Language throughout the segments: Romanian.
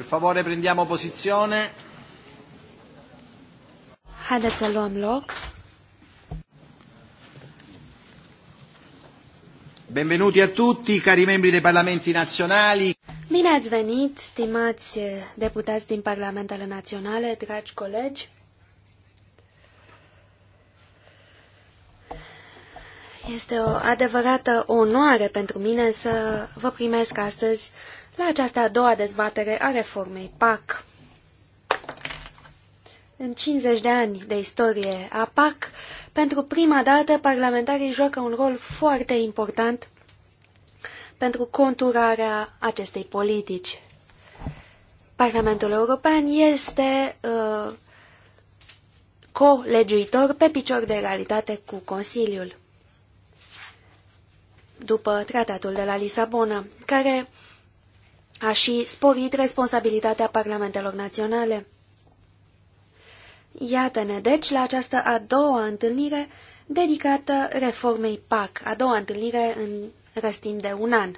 Per favore prendiamo posizione. Haideți să luăm loc. Benvenuti a tutti, cari membri dei parlamenti nazionali. Bine ați venit, stimați deputați din parlamentele naționale, dragi colegi. Este o adevărată onoare pentru mine să vă primesc astăzi la această a doua dezbatere a reformei PAC. În 50 de ani de istorie a PAC, pentru prima dată parlamentarii joacă un rol foarte important pentru conturarea acestei politici. Parlamentul European este uh, colegiuitor pe picior de egalitate cu Consiliul după tratatul de la Lisabona, care a și sporit responsabilitatea parlamentelor naționale. Iată-ne, deci, la această a doua întâlnire dedicată reformei PAC, a doua întâlnire în răstim de un an.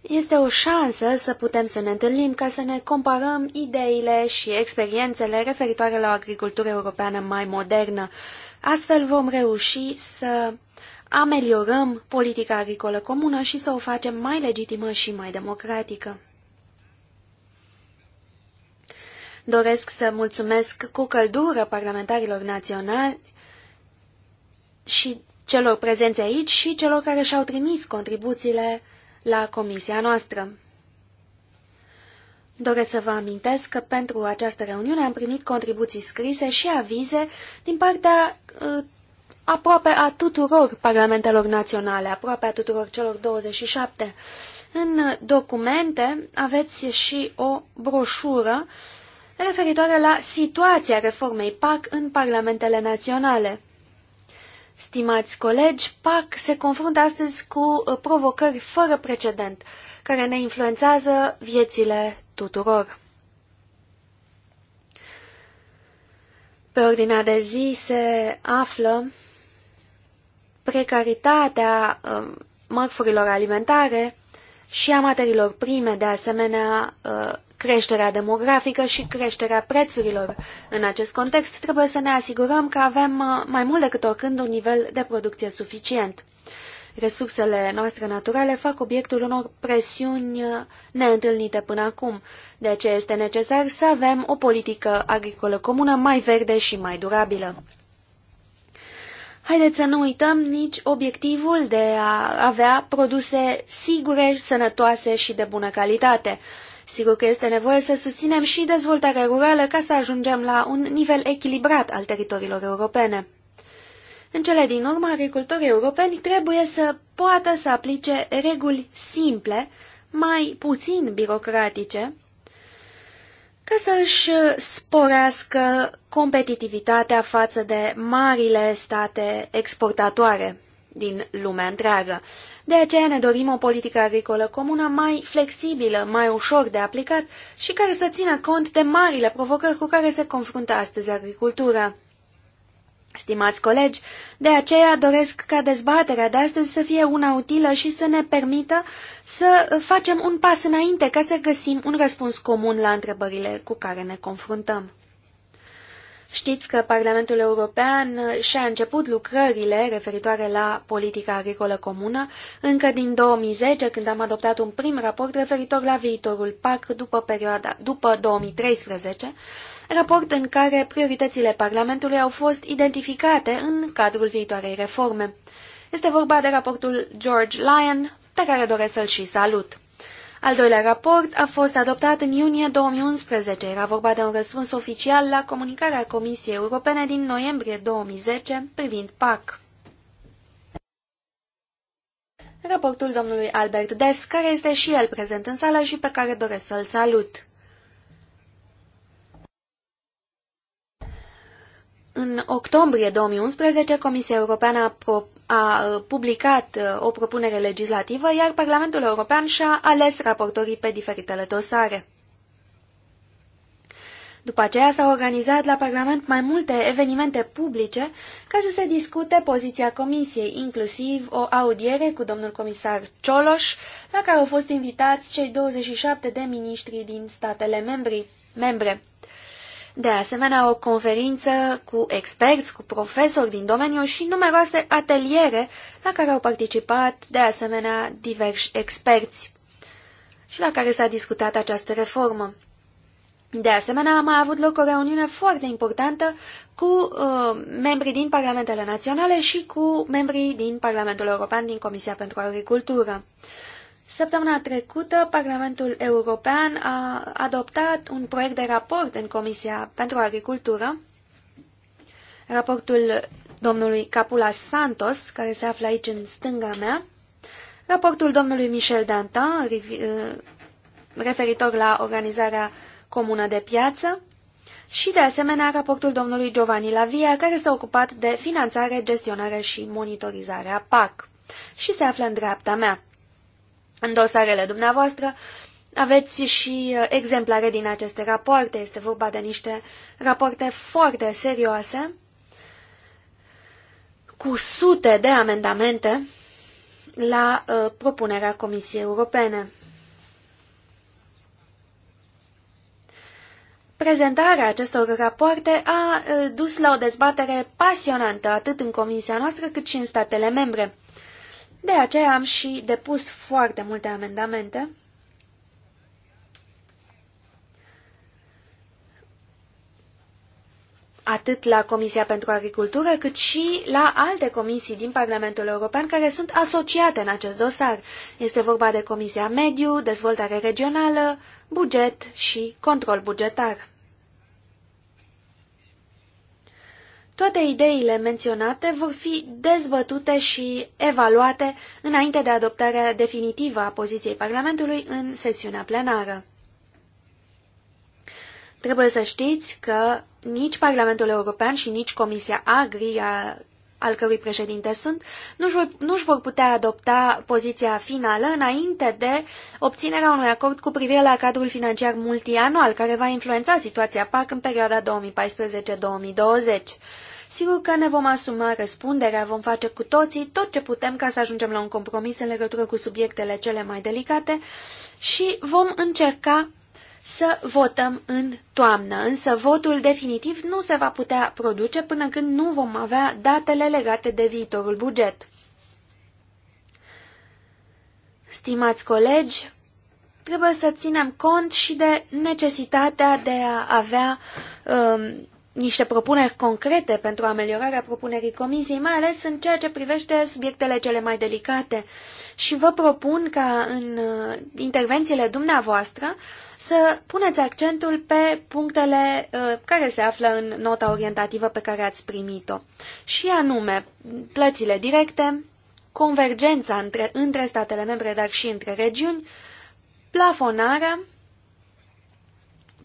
Este o șansă să putem să ne întâlnim ca să ne comparăm ideile și experiențele referitoare la o agricultură europeană mai modernă. Astfel vom reuși să ameliorăm politica agricolă comună și să o facem mai legitimă și mai democratică. Doresc să mulțumesc cu căldură parlamentarilor naționali și celor prezenți aici și celor care și-au trimis contribuțiile la comisia noastră. Doresc să vă amintesc că pentru această reuniune am primit contribuții scrise și avize din partea uh, aproape a tuturor parlamentelor naționale, aproape a tuturor celor 27. În documente aveți și o broșură referitoare la situația reformei PAC în parlamentele naționale. Stimați colegi, PAC se confruntă astăzi cu uh, provocări fără precedent, care ne influențează viețile tuturor. Pe ordinea de zi se află precaritatea um, mărfurilor alimentare și a materiilor prime, de asemenea uh, creșterea demografică și creșterea prețurilor. În acest context, trebuie să ne asigurăm că avem uh, mai mult decât oricând un nivel de producție suficient. Resursele noastre naturale fac obiectul unor presiuni uh, neîntâlnite până acum. De aceea este necesar să avem o politică agricolă comună mai verde și mai durabilă. Haideți să nu uităm nici obiectivul de a avea produse sigure, sănătoase și de bună calitate. Sigur că este nevoie să susținem și dezvoltarea rurală ca să ajungem la un nivel echilibrat al teritoriilor europene. În cele din urmă, agricultorii europeni trebuie să poată să aplice reguli simple, mai puțin birocratice, ca să își uh, sporească competitivitatea față de marile state exportatoare din lumea întreagă. De aceea ne dorim o politică agricolă comună mai flexibilă, mai ușor de aplicat și care să țină cont de marile provocări cu care se confruntă astăzi agricultura. Stimați colegi, de aceea doresc ca dezbaterea de astăzi să fie una utilă și să ne permită să facem un pas înainte ca să găsim un răspuns comun la întrebările cu care ne confruntăm. Știți că Parlamentul European și-a început lucrările referitoare la politica agricolă comună încă din 2010, când am adoptat un prim raport referitor la viitorul PAC după, perioada, după 2013, raport în care prioritățile Parlamentului au fost identificate în cadrul viitoarei reforme. Este vorba de raportul George Lyon, pe care doresc să-l și salut. Al doilea raport a fost adoptat în iunie 2011. Era vorba de un răspuns oficial la comunicarea Comisiei Europene din noiembrie 2010 privind PAC. Raportul domnului Albert Des, care este și el prezent în sală și pe care doresc să-l salut. În octombrie 2011, Comisia Europeană a, pro, a uh, publicat uh, o propunere legislativă, iar Parlamentul European și-a ales raportorii pe diferitele dosare. După aceea s-au organizat la Parlament mai multe evenimente publice ca să se discute poziția Comisiei, inclusiv o audiere cu domnul comisar Cioloș, la care au fost invitați cei 27 de miniștri din statele membri, membre de asemenea o conferință cu experți, cu profesori din domeniu și numeroase ateliere la care au participat de asemenea diversi experți și la care s-a discutat această reformă. De asemenea, a mai avut loc o reuniune foarte importantă cu uh, membrii din Parlamentele Naționale și cu membrii din Parlamentul European din Comisia pentru Agricultură. Uh, Săptămâna trecută, Parlamentul European a adoptat un proiect de raport în Comisia pentru Agricultură, raportul domnului Capula Santos, care se află aici în stânga mea, raportul domnului Michel Dantin, eh, referitor la organizarea comună de piață, și de asemenea raportul domnului Giovanni Lavia, care s-a ocupat de finanțare, gestionare și monitorizarea PAC și se află în dreapta mea. În dosarele dumneavoastră aveți și uh, exemplare din aceste rapoarte. Este vorba de niște rapoarte foarte serioase, cu sute de amendamente la uh, propunerea Comisiei Europene. Prezentarea acestor rapoarte a uh, dus la o dezbatere pasionantă atât în comisia noastră cât și în statele membre. De aceea am și depus foarte multe amendamente. atât la Comisia pentru Agricultură, cât și la alte comisii din Parlamentul European care sunt asociate în acest dosar. Este vorba de Comisia Mediu, Dezvoltare Regională, Buget și Control Bugetar. Toate ideile menționate vor fi dezbătute și evaluate înainte de adoptarea definitivă a poziției Parlamentului în sesiunea plenară. Trebuie să știți că nici Parlamentul European și nici Comisia Agri a al cărui președinte sunt, nu-și vor, nu vor putea adopta poziția finală înainte de obținerea unui acord cu privire la cadrul financiar multianual, care va influența situația PAC în perioada 2014-2020. Sigur că ne vom asuma răspunderea, vom face cu toții tot ce putem ca să ajungem la un compromis în legătură cu subiectele cele mai delicate și vom încerca să votăm în toamnă, însă votul definitiv nu se va putea produce până când nu vom avea datele legate de viitorul buget. Stimați colegi, trebuie să ținem cont și de necesitatea de a avea um, niște propuneri concrete pentru ameliorarea propunerii comisiei, mai ales în ceea ce privește subiectele cele mai delicate. Și vă propun ca în uh, intervențiile dumneavoastră să puneți accentul pe punctele uh, care se află în nota orientativă pe care ați primit-o, și anume plățile directe, convergența între, între statele membre, dar și între regiuni, plafonarea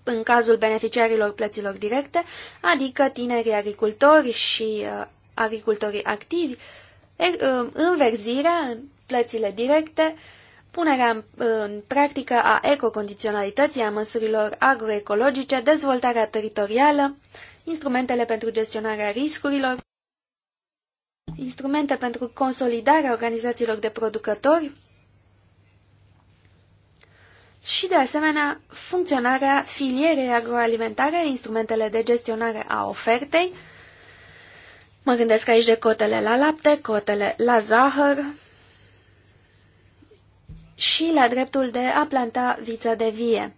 în cazul beneficiarilor plăților directe, adică tinerii agricultori și uh, agricultorii activi, er, uh, înverzirea în plățile directe, uh, punerea în, în practică a ecocondiționalității a măsurilor agroecologice, dezvoltarea teritorială, instrumentele pentru gestionarea riscurilor, instrumente pentru consolidarea organizațiilor de producători și, de asemenea, funcționarea filierei agroalimentare, instrumentele de gestionare a ofertei, mă gândesc aici de cotele la lapte, cotele la zahăr, și la dreptul de a planta viță de vie.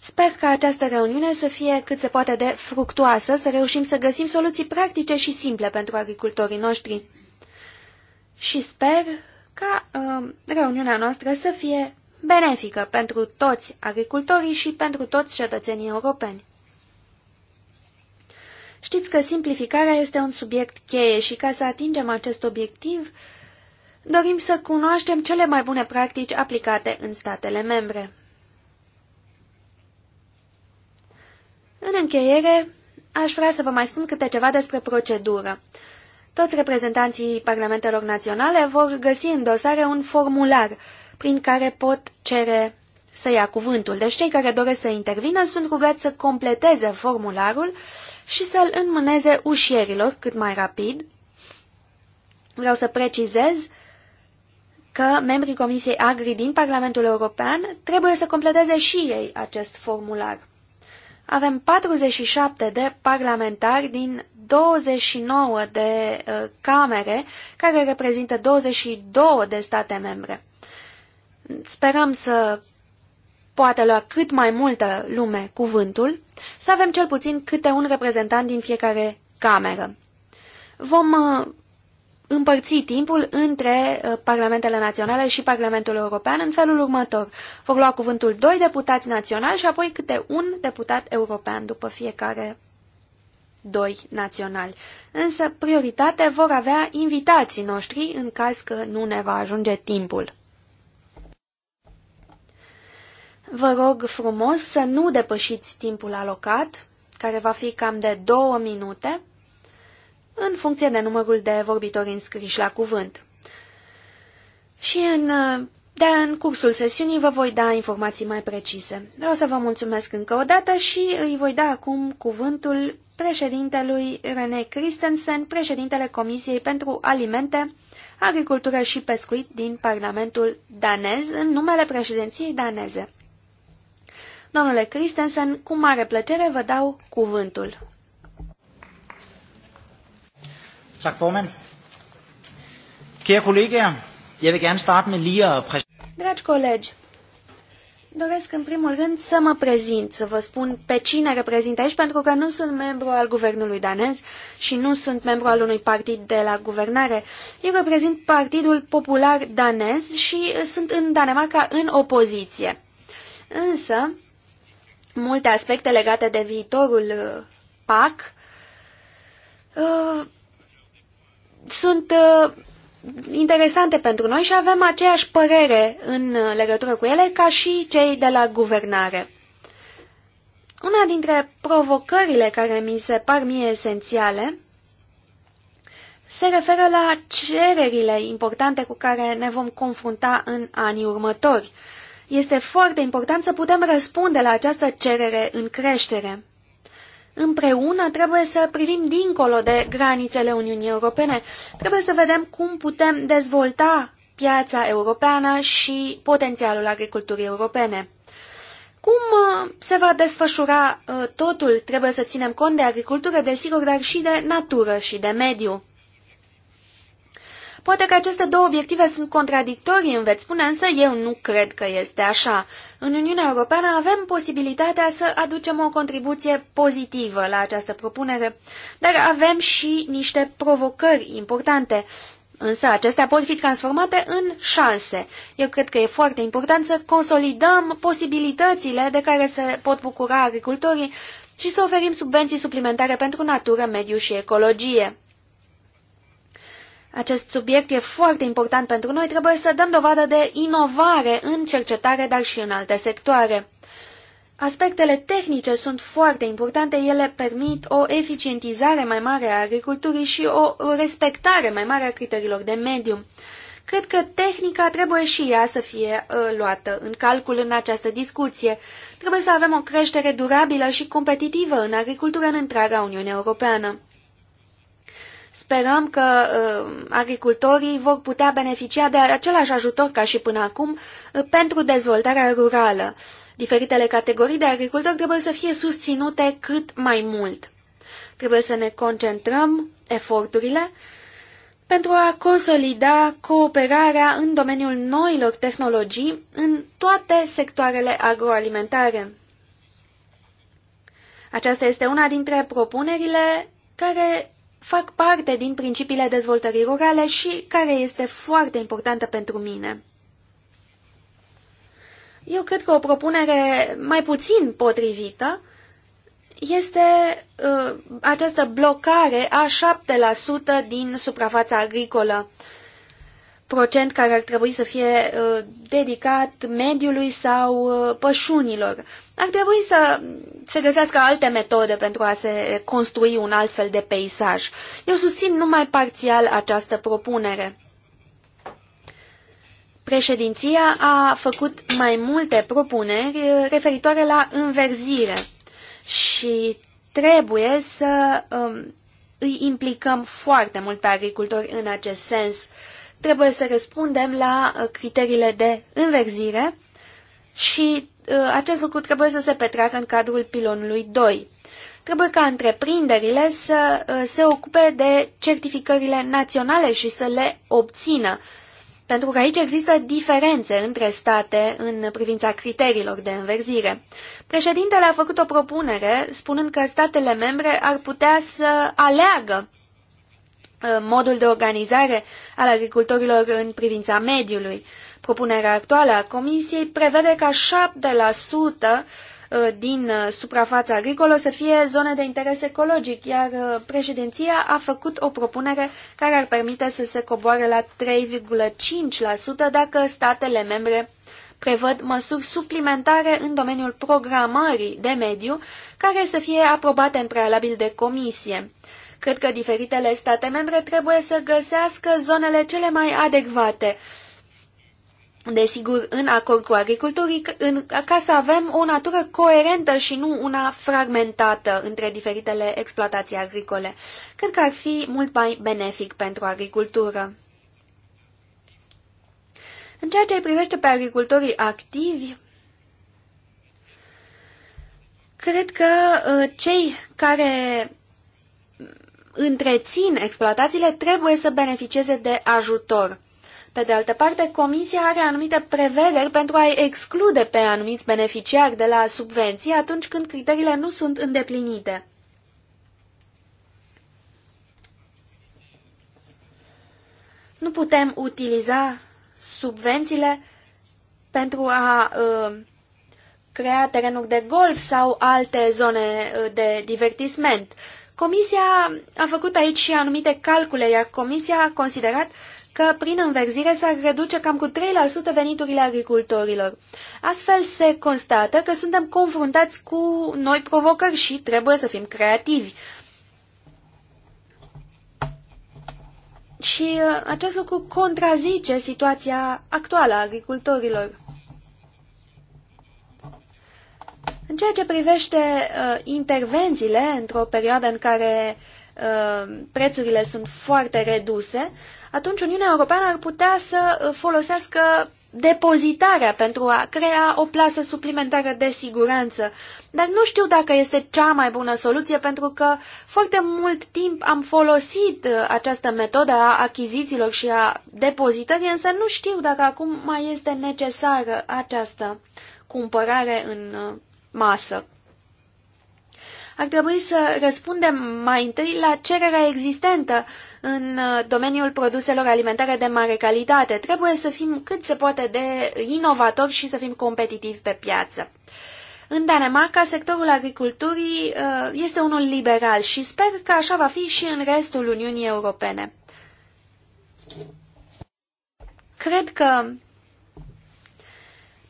Sper că această reuniune să fie cât se poate de fructuoasă, să reușim să găsim soluții practice și simple pentru agricultorii noștri. Și sper ca uh, reuniunea noastră să fie benefică pentru toți agricultorii și pentru toți cetățenii europeni. Știți că simplificarea este un subiect cheie și ca să atingem acest obiectiv, uh, Dorim să cunoaștem cele mai bune practici aplicate în statele membre. În încheiere, aș vrea să vă mai spun câte ceva despre procedură. Toți reprezentanții parlamentelor naționale vor găsi în dosare un formular prin care pot cere să ia cuvântul. Deci cei care doresc să intervină sunt rugați să completeze formularul și să-l înmâneze ușierilor cât mai rapid. Vreau să precizez că membrii Comisiei Agri din Parlamentul European trebuie să completeze și ei acest formular. Avem 47 de parlamentari din 29 de uh, camere, care reprezintă 22 de state membre. Sperăm să poate lua cât mai multă lume cuvântul, să avem cel puțin câte un reprezentant din fiecare cameră. Vom uh, împărți timpul între uh, Parlamentele Naționale și Parlamentul European în felul următor. Vor lua cuvântul doi deputați naționali și apoi câte un deputat european după fiecare doi naționali. Însă prioritate vor avea invitații noștri în caz că nu ne va ajunge timpul. Vă rog frumos să nu depășiți timpul alocat, care va fi cam de două minute, în funcție de numărul de vorbitori înscriși la cuvânt. Și în, de, în cursul sesiunii vă voi da informații mai precise. Vreau să vă mulțumesc încă o dată și îi voi da acum cuvântul președintelui René Christensen, președintele Comisiei pentru Alimente, Agricultură și Pescuit din Parlamentul danez, în numele președinției daneze. Domnule Christensen, cu mare plăcere vă dau cuvântul. Tak formand. Kære kollegaer, jeg vil gerne starte med lige at præsentere. Dragi colegi, doresc în primul rând să mă prezint, să vă spun pe cine reprezint aici, pentru că nu sunt membru al guvernului danez și nu sunt membru al unui partid de la guvernare. Eu reprezint Partidul Popular Danez și uh, sunt în Danemarca în opoziție. Însă, multe aspecte legate de viitorul uh, PAC uh, sunt uh, interesante pentru noi și avem aceeași părere în uh, legătură cu ele ca și cei de la guvernare. Una dintre provocările care mi se par mie esențiale se referă la cererile importante cu care ne vom confrunta în anii următori. Este foarte important să putem răspunde la această cerere în creștere. Împreună trebuie să privim dincolo de granițele Uniunii Europene. Trebuie să vedem cum putem dezvolta piața europeană și potențialul agriculturii europene. Cum uh, se va desfășura uh, totul? Trebuie să ținem cont de agricultură, desigur, dar și de natură și de mediu. Poate că aceste două obiective sunt contradictorii, îmi veți spune, însă eu nu cred că este așa. În Uniunea Europeană avem posibilitatea să aducem o contribuție pozitivă la această propunere, dar avem și niște provocări importante. Însă acestea pot fi transformate în șanse. Eu cred că e foarte important să consolidăm posibilitățile de care se pot bucura agricultorii și să oferim subvenții suplimentare pentru natură, mediu și ecologie. Acest subiect e foarte important pentru noi, trebuie să dăm dovadă de inovare în cercetare, dar și în alte sectoare. Aspectele tehnice sunt foarte importante, ele permit o eficientizare mai mare a agriculturii și o respectare mai mare a criteriilor de mediu. Cred că tehnica trebuie și ea să fie uh, luată în calcul în această discuție. Trebuie să avem o creștere durabilă și competitivă în agricultură în întreaga Uniune Europeană. Sperăm că uh, agricultorii vor putea beneficia de același ajutor ca și până acum uh, pentru dezvoltarea rurală. Diferitele categorii de agricultori trebuie să fie susținute cât mai mult. Trebuie să ne concentrăm eforturile pentru a consolida cooperarea în domeniul noilor tehnologii în toate sectoarele agroalimentare. Aceasta este una dintre propunerile care fac parte din principiile dezvoltării rurale și care este foarte importantă pentru mine. Eu cred că o propunere mai puțin potrivită este uh, această blocare a 7% din suprafața agricolă procent care ar trebui să fie uh, dedicat mediului sau uh, pășunilor. Ar trebui să se găsească alte metode pentru a se construi un alt fel de peisaj. Eu susțin numai parțial această propunere. Președinția a făcut mai multe propuneri uh, referitoare la înverzire și trebuie să um, îi implicăm foarte mult pe agricultori în acest sens. Uh, trebuie să răspundem la uh, criteriile de înverzire și uh, acest lucru trebuie să se petreacă în cadrul pilonului 2. Trebuie ca întreprinderile să uh, se ocupe de certificările naționale și să le obțină, pentru că aici există diferențe între state în privința criteriilor de înverzire. Președintele a făcut o propunere spunând că statele membre ar putea să aleagă Uh, modul de organizare al agricultorilor în privința mediului. Propunerea actuală a Comisiei prevede ca 7% uh, din uh, suprafața agricolă să fie zone de interes ecologic, iar președinția a făcut o propunere care ar permite să se coboare la 3,5% dacă statele membre prevăd măsuri suplimentare în domeniul programării de mediu, care să fie aprobate în prealabil de comisie. Cred că diferitele state membre trebuie să găsească zonele cele mai adecvate. Desigur, în acord cu agriculturii, în, ca să avem o natură coerentă și nu una fragmentată între diferitele exploatații agricole. Cred că ar fi mult mai benefic pentru agricultură. În ceea ce îi privește pe agricultorii activi, cred că uh, cei care întrețin exploatațiile trebuie să beneficieze de ajutor. Pe de altă parte, Comisia are anumite prevederi pentru a-i exclude pe anumiți beneficiari de la subvenții atunci când criteriile nu sunt îndeplinite. Nu putem utiliza subvențiile pentru a uh, crea terenuri de golf sau alte zone ă, de divertisment. Comisia a făcut aici și anumite calcule, iar Comisia a considerat că prin înverzire s-ar reduce cam cu 3% veniturile agricultorilor. Astfel se constată că suntem confruntați cu noi provocări și trebuie să fim creativi. Și uh, acest lucru contrazice situația actuală a agricultorilor. În ceea ce privește uh, intervențiile într-o perioadă în care uh, prețurile sunt foarte reduse, atunci Uniunea Europeană ar putea să uh, folosească depozitarea pentru a crea o plasă suplimentară de siguranță. Dar nu știu dacă este cea mai bună soluție, pentru că foarte mult timp am folosit uh, această metodă a achizițiilor și a depozitării, însă nu știu dacă acum mai este necesară această cumpărare în uh, masă. Ar trebui să răspundem mai întâi la cererea existentă în uh, domeniul produselor alimentare de mare calitate. Trebuie să fim cât se poate de inovatori și să fim competitivi pe piață. În Danemarca, sectorul agriculturii uh, este unul liberal și sper că așa va fi și în restul Uniunii Europene. Cred că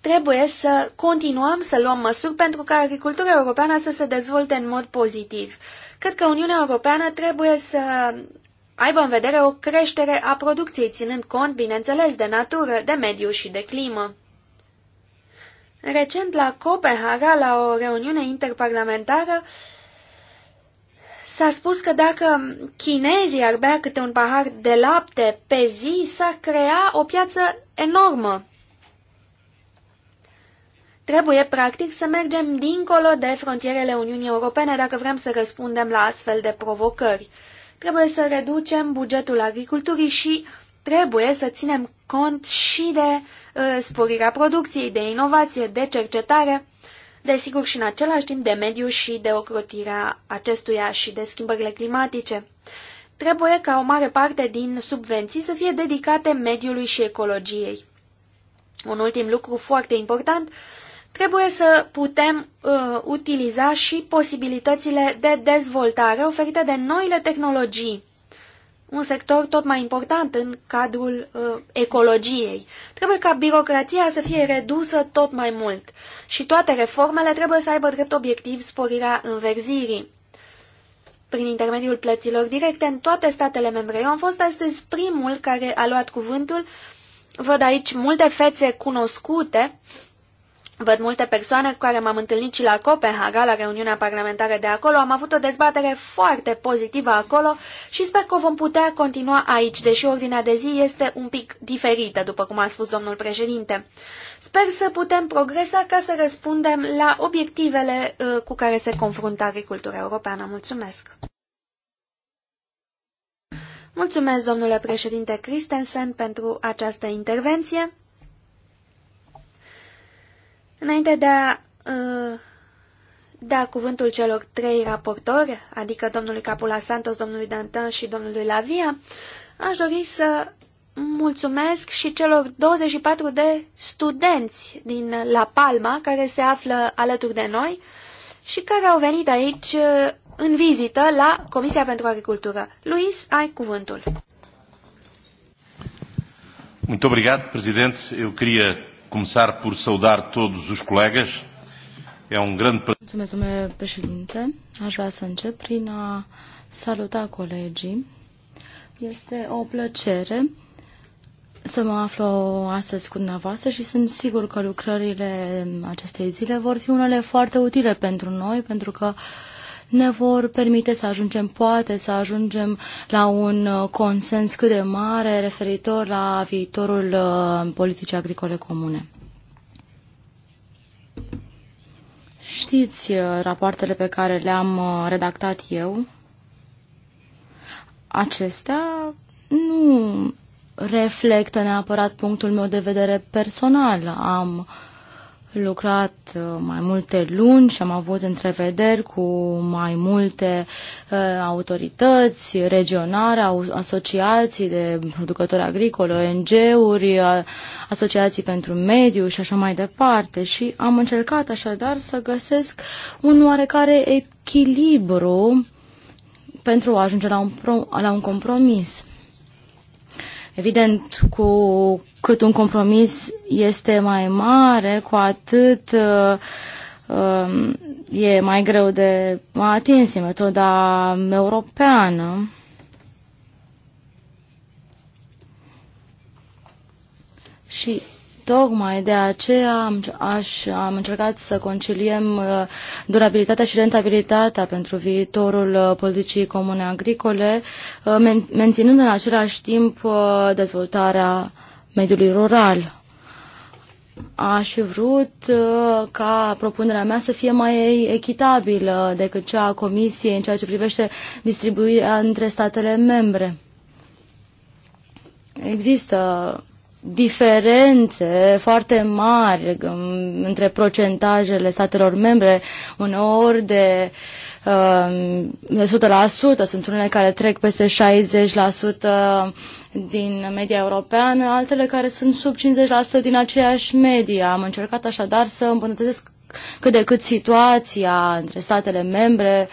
Trebuie să continuăm să luăm măsuri pentru ca agricultura europeană să se dezvolte în mod pozitiv. Cred că Uniunea Europeană trebuie să aibă în vedere o creștere a producției, ținând cont, bineînțeles, de natură, de mediu și de climă. Recent la Copenhaga, la o reuniune interparlamentară, s-a spus că dacă chinezii ar bea câte un pahar de lapte pe zi, s-ar crea o piață enormă Trebuie, practic, să mergem dincolo de frontierele Uniunii Europene dacă vrem să răspundem la astfel de provocări. Trebuie să reducem bugetul agriculturii și trebuie să ținem cont și de uh, sporirea producției, de inovație, de cercetare, desigur și în același timp de mediu și de ocrotirea acestuia și de schimbările climatice. Trebuie ca o mare parte din subvenții să fie dedicate mediului și ecologiei. Un ultim lucru foarte important Trebuie să putem uh, utiliza și posibilitățile de dezvoltare oferite de noile tehnologii, un sector tot mai important în cadrul uh, ecologiei. Trebuie ca birocrația să fie redusă tot mai mult și toate reformele trebuie să aibă drept obiectiv sporirea înverzirii prin intermediul plăților directe în toate statele membre. Eu am fost astăzi primul care a luat cuvântul. Văd aici multe fețe cunoscute Văd multe persoane cu care m-am întâlnit și la Copenhaga, la reuniunea parlamentară de acolo. Am avut o dezbatere foarte pozitivă acolo și sper că o vom putea continua aici, deși ordinea de zi este un pic diferită, după cum a spus domnul președinte. Sper să putem progresa ca să răspundem la obiectivele uh, cu care se confruntă agricultura europeană. Mulțumesc! Mulțumesc, domnule președinte Christensen, pentru această intervenție. Înainte de a uh, da cuvântul celor trei raportori, adică domnului Capula Santos, domnului Dantin și domnului Lavia, aș dori să mulțumesc și celor 24 de studenți din La Palma care se află alături de noi și care au venit aici ă, în vizită la Comisia pentru Agricultură. Luis, ai cuvântul. Muito obrigado, Presidente. Eu queria começar por saudar todos os colegas. É um grande prazer. Mulțumesc, domnule președinte. Aș vrea să încep prin a saluta colegii. Este o plăcere să mă aflu astăzi cu dumneavoastră și sunt sigur că lucrările acestei zile vor fi unele foarte utile pentru noi, pentru că uh, ne vor permite să ajungem, poate să ajungem la un uh, consens cât de mare referitor la viitorul uh, politicii agricole comune. Știți uh, rapoartele pe care le-am redactat eu? Acestea nu reflectă neapărat punctul meu de vedere personal. Am lucrat uh, mai multe luni și am avut întrevederi cu mai multe uh, autorități regionale, asociații de producători agricoli, ONG-uri, uh, asociații pentru mediu și așa mai departe și am încercat așadar să găsesc un oarecare echilibru pentru a ajunge la un, pro, la un compromis. Evident, cu cât un compromis este mai mare, cu atât uh, um, e mai greu de atins e metoda europeană. Și tocmai de aceea am, aș, am încercat să conciliem uh, durabilitatea și rentabilitatea pentru viitorul uh, politicii comune agricole, uh, men, menținând în același timp dezvoltarea mediului rural. Aș fi vrut uh, ca propunerea mea să fie mai echitabilă decât cea a Comisiei în ceea ce privește distribuirea între statele membre. Există diferențe foarte mari um, între procentajele statelor membre, uneori de, uh, um, 100%, sunt unele care trec peste 60% din media europeană, altele care sunt sub 50% din aceeași medie. Am încercat așadar să îmbunătățesc cât de cât situația între statele membre,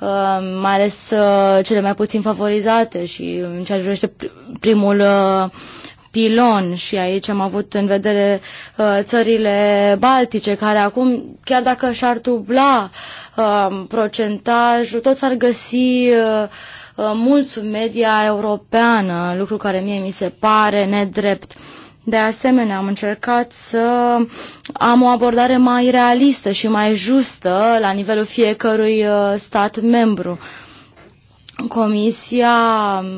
um, mai ales uh, cele mai puțin favorizate și în ceea ce privește primul uh, pilon și aici am avut în vedere uh, țările baltice care acum, chiar dacă și-ar dubla uh, procentajul, tot s-ar găsi uh, uh mult sub media europeană, lucru care mie mi se pare nedrept. De asemenea, am încercat să am o abordare mai realistă și mai justă la nivelul fiecărui uh, stat membru. Uh, Comisia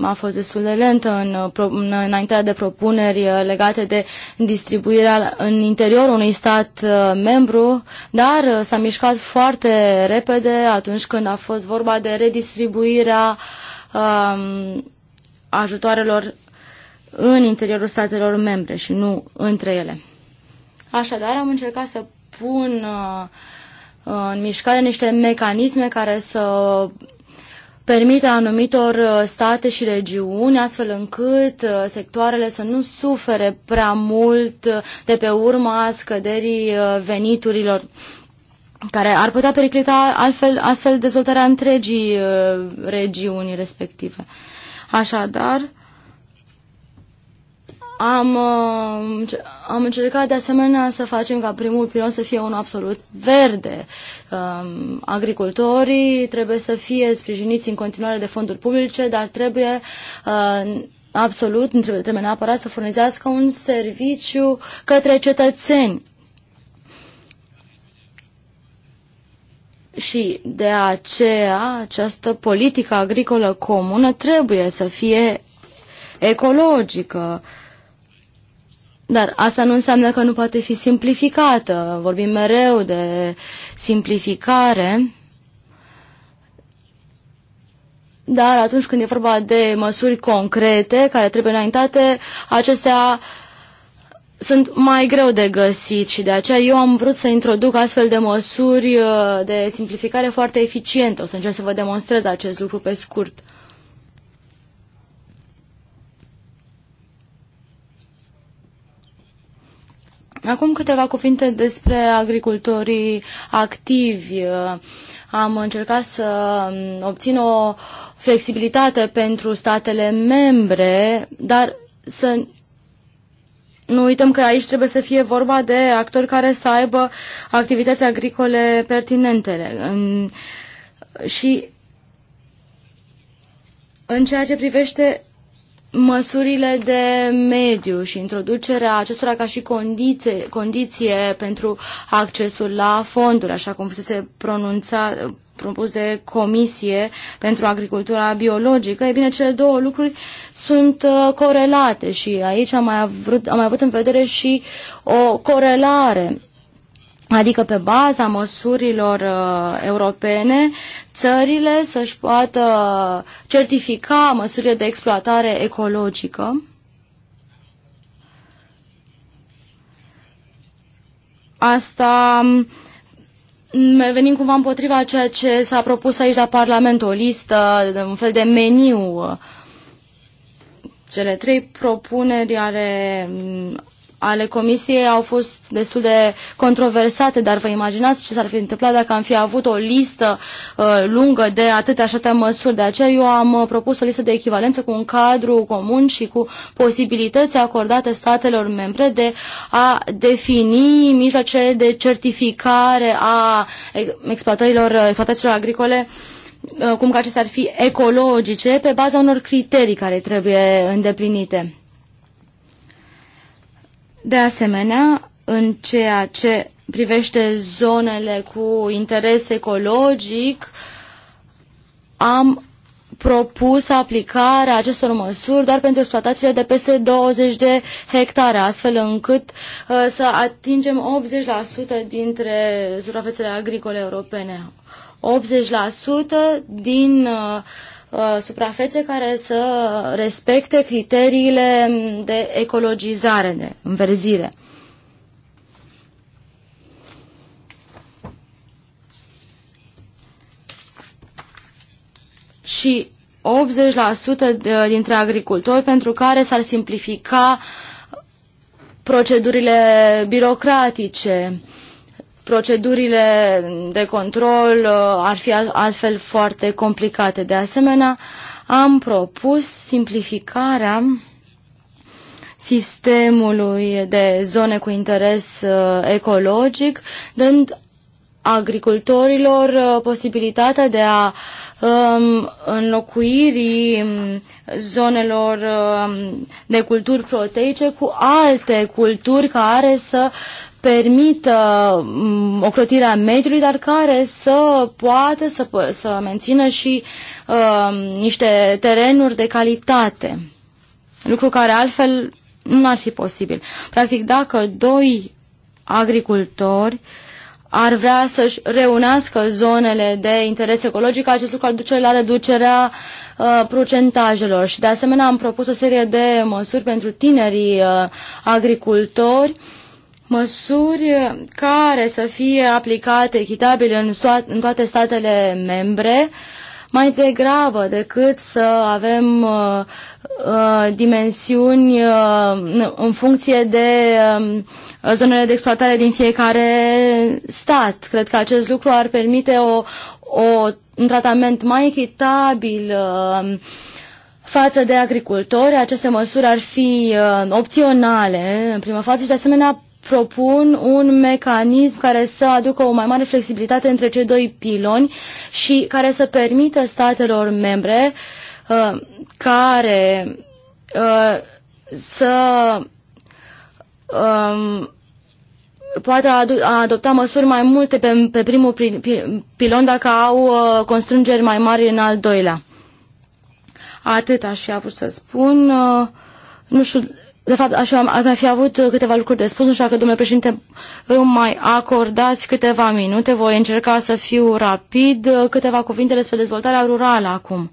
a fost destul de lentă în, uh, în înaintarea de propuneri uh, legate de distribuirea în interiorul unui stat uh, membru, dar s-a mișcat foarte repede atunci când a fost vorba de redistribuirea um, ajutoarelor în interiorul statelor membre și nu între ele. Așadar, am încercat să pun uh, în mișcare niște mecanisme care să permite anumitor uh, state și regiuni, astfel încât uh, sectoarele să nu sufere prea mult uh, de pe urma scăderii veniturilor care ar putea periclita altfel, astfel dezvoltarea întregii regiuni respective. Așadar, am, uh, am încercat de asemenea să facem ca primul pilon să fie unul absolut verde. Um, agricultorii trebuie să fie sprijiniți în continuare de fonduri publice, dar trebuie uh, absolut, trebuie, trebuie neapărat să furnizească un serviciu către cetățeni. Și de aceea această politică agricolă comună trebuie să fie ecologică. Uh, dar asta nu înseamnă că nu poate fi simplificată. Vorbim mereu de simplificare. Dar atunci când e vorba de măsuri concrete care trebuie înaintate, acestea sunt mai greu de găsit și de aceea eu am vrut să introduc astfel de măsuri uh, de simplificare foarte eficiente. O să încerc să vă demonstrez acest lucru pe scurt. Acum câteva cuvinte despre agricultorii activi. Am încercat să mm, obțin o flexibilitate pentru statele membre, dar să nu uităm că aici trebuie să fie vorba de actori care să aibă activități agricole pertinente. și în ceea ce privește măsurile de mediu și introducerea acestora ca și condiție, condiție pentru accesul la fonduri, așa cum fusese pronunțat, propus de Comisie pentru Agricultura Biologică, e bine, cele două lucruri sunt uh, corelate și aici am mai, avut, am mai avut în vedere și o corelare adică pe baza măsurilor uh, europene, țările să-și poată certifica măsurile de exploatare ecologică. Asta mm, venim cumva împotriva ceea ce s-a propus aici la Parlament, o listă, un fel de meniu. Cele trei propuneri ale mm, ale comisiei au fost destul de controversate, dar vă imaginați ce s-ar fi întâmplat dacă am fi avut o listă uh, lungă de atâtea și atâtea măsuri. De aceea eu am uh, propus o listă de echivalență cu un cadru comun și cu posibilități acordate statelor membre de a defini mijloace de certificare a exploatărilor, uh, exploatațiilor agricole uh, cum că acestea ar fi ecologice, pe baza unor criterii care trebuie îndeplinite. De asemenea, în ceea ce privește zonele cu interes ecologic, am propus aplicarea acestor măsuri doar pentru exploatațiile de peste 20 de hectare, astfel încât uh, să atingem 80% dintre suprafețele agricole europene. 80% din uh, Uh, suprafețe care să respecte criteriile de ecologizare, de înverzire. Și 80% dintre agricultori pentru care s-ar simplifica procedurile birocratice, procedurile de control uh, ar fi altfel foarte complicate. De asemenea, am propus simplificarea sistemului de zone cu interes uh, ecologic, dând agricultorilor uh, posibilitatea de a um, înlocuirii um, zonelor um, de culturi proteice cu alte culturi care să permită mm, ocrotirea mediului, dar care să poată să, să mențină și uh, niște terenuri de calitate, lucru care altfel nu ar fi posibil. Practic, dacă doi agricultori ar vrea să-și reunească zonele de interes ecologic, acest lucru ar duce la reducerea uh, procentajelor. Și de asemenea am propus o serie de măsuri pentru tinerii uh, agricultori uh, măsuri care să fie aplicate echitabil în, în toate statele membre, mai degrabă decât să avem uh, uh dimensiuni uh, în funcție de uh, zonele de exploatare din fiecare stat. Cred că acest lucru ar permite o, o, un tratament mai echitabil uh, față de agricultori. Aceste măsuri ar fi uh, opționale în prima fază, și de asemenea propun un mecanism care să aducă o mai mare flexibilitate între cei doi piloni și care să permită statelor membre uh, care uh, să um, poate adopta măsuri mai multe pe, pe primul pilon dacă au uh, constrângeri mai mari în al doilea. Atât aș fi avut să spun. Uh, nu știu de fapt, aș, ar mai fi avut câteva lucruri de spus, nu știu dacă, domnule președinte, îmi mai acordați câteva minute. Voi încerca să fiu rapid. Câteva cuvinte despre dezvoltarea rurală acum.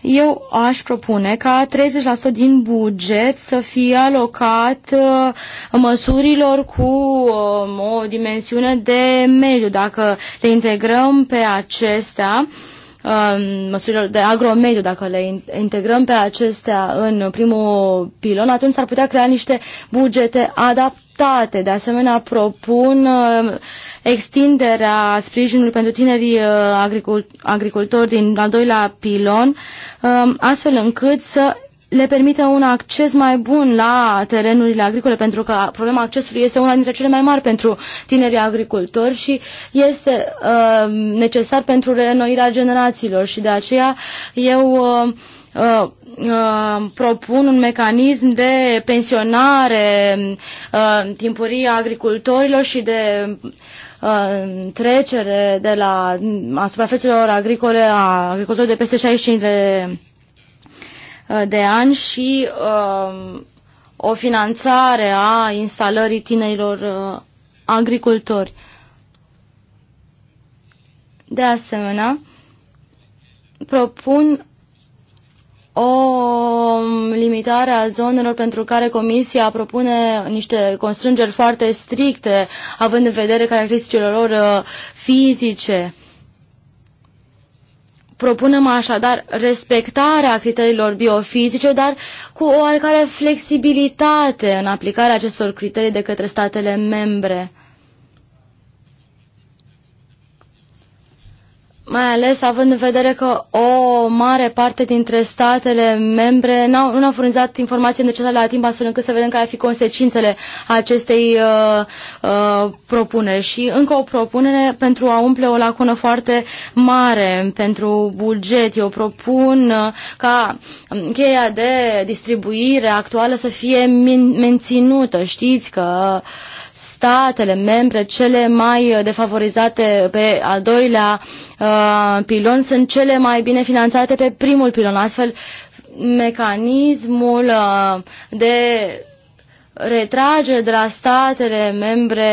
Eu aș propune ca 30% din buget să fie alocat uh, măsurilor cu um, o dimensiune de mediu. Dacă le integrăm pe acestea, Um, de agromediu, dacă le integrăm pe acestea în primul pilon, atunci s-ar putea crea niște bugete adaptate. De asemenea, propun um, extinderea sprijinului pentru tinerii uh, agricultori din al doilea pilon, um, astfel încât să le permite un acces mai bun la terenurile agricole, pentru că problema accesului este una dintre cele mai mari pentru tinerii agricultori și este uh, necesar pentru reînnoirea generațiilor și de aceea eu uh, uh, uh, propun un mecanism de pensionare uh, timpurii agricultorilor și de uh, trecere de la a suprafețelor agricole a agricultorilor de peste 65 de Uh, de ani și uh, o finanțare a instalării tinerilor uh, agricultori. De asemenea, propun o limitare a zonelor pentru care Comisia propune niște constrângeri foarte stricte, având în vedere caracteristicile lor fizice. Propunem așadar respectarea criteriilor biofizice, dar cu o oarecare flexibilitate în aplicarea acestor criterii de către statele membre. mai ales având în vedere că o mare parte dintre statele membre n-au, nu au furnizat informații necesare la timp astfel încât să vedem care ar fi consecințele acestei uh, uh, propuneri. Și încă o propunere pentru a umple o lacună foarte mare pentru buget. Eu propun uh, ca cheia de distribuire actuală să fie menținută. Știți că uh, statele membre cele mai uh, defavorizate pe al doilea uh, pilon sunt cele mai bine finanțate pe primul pilon. Astfel, mecanismul uh, de retragere de la statele membre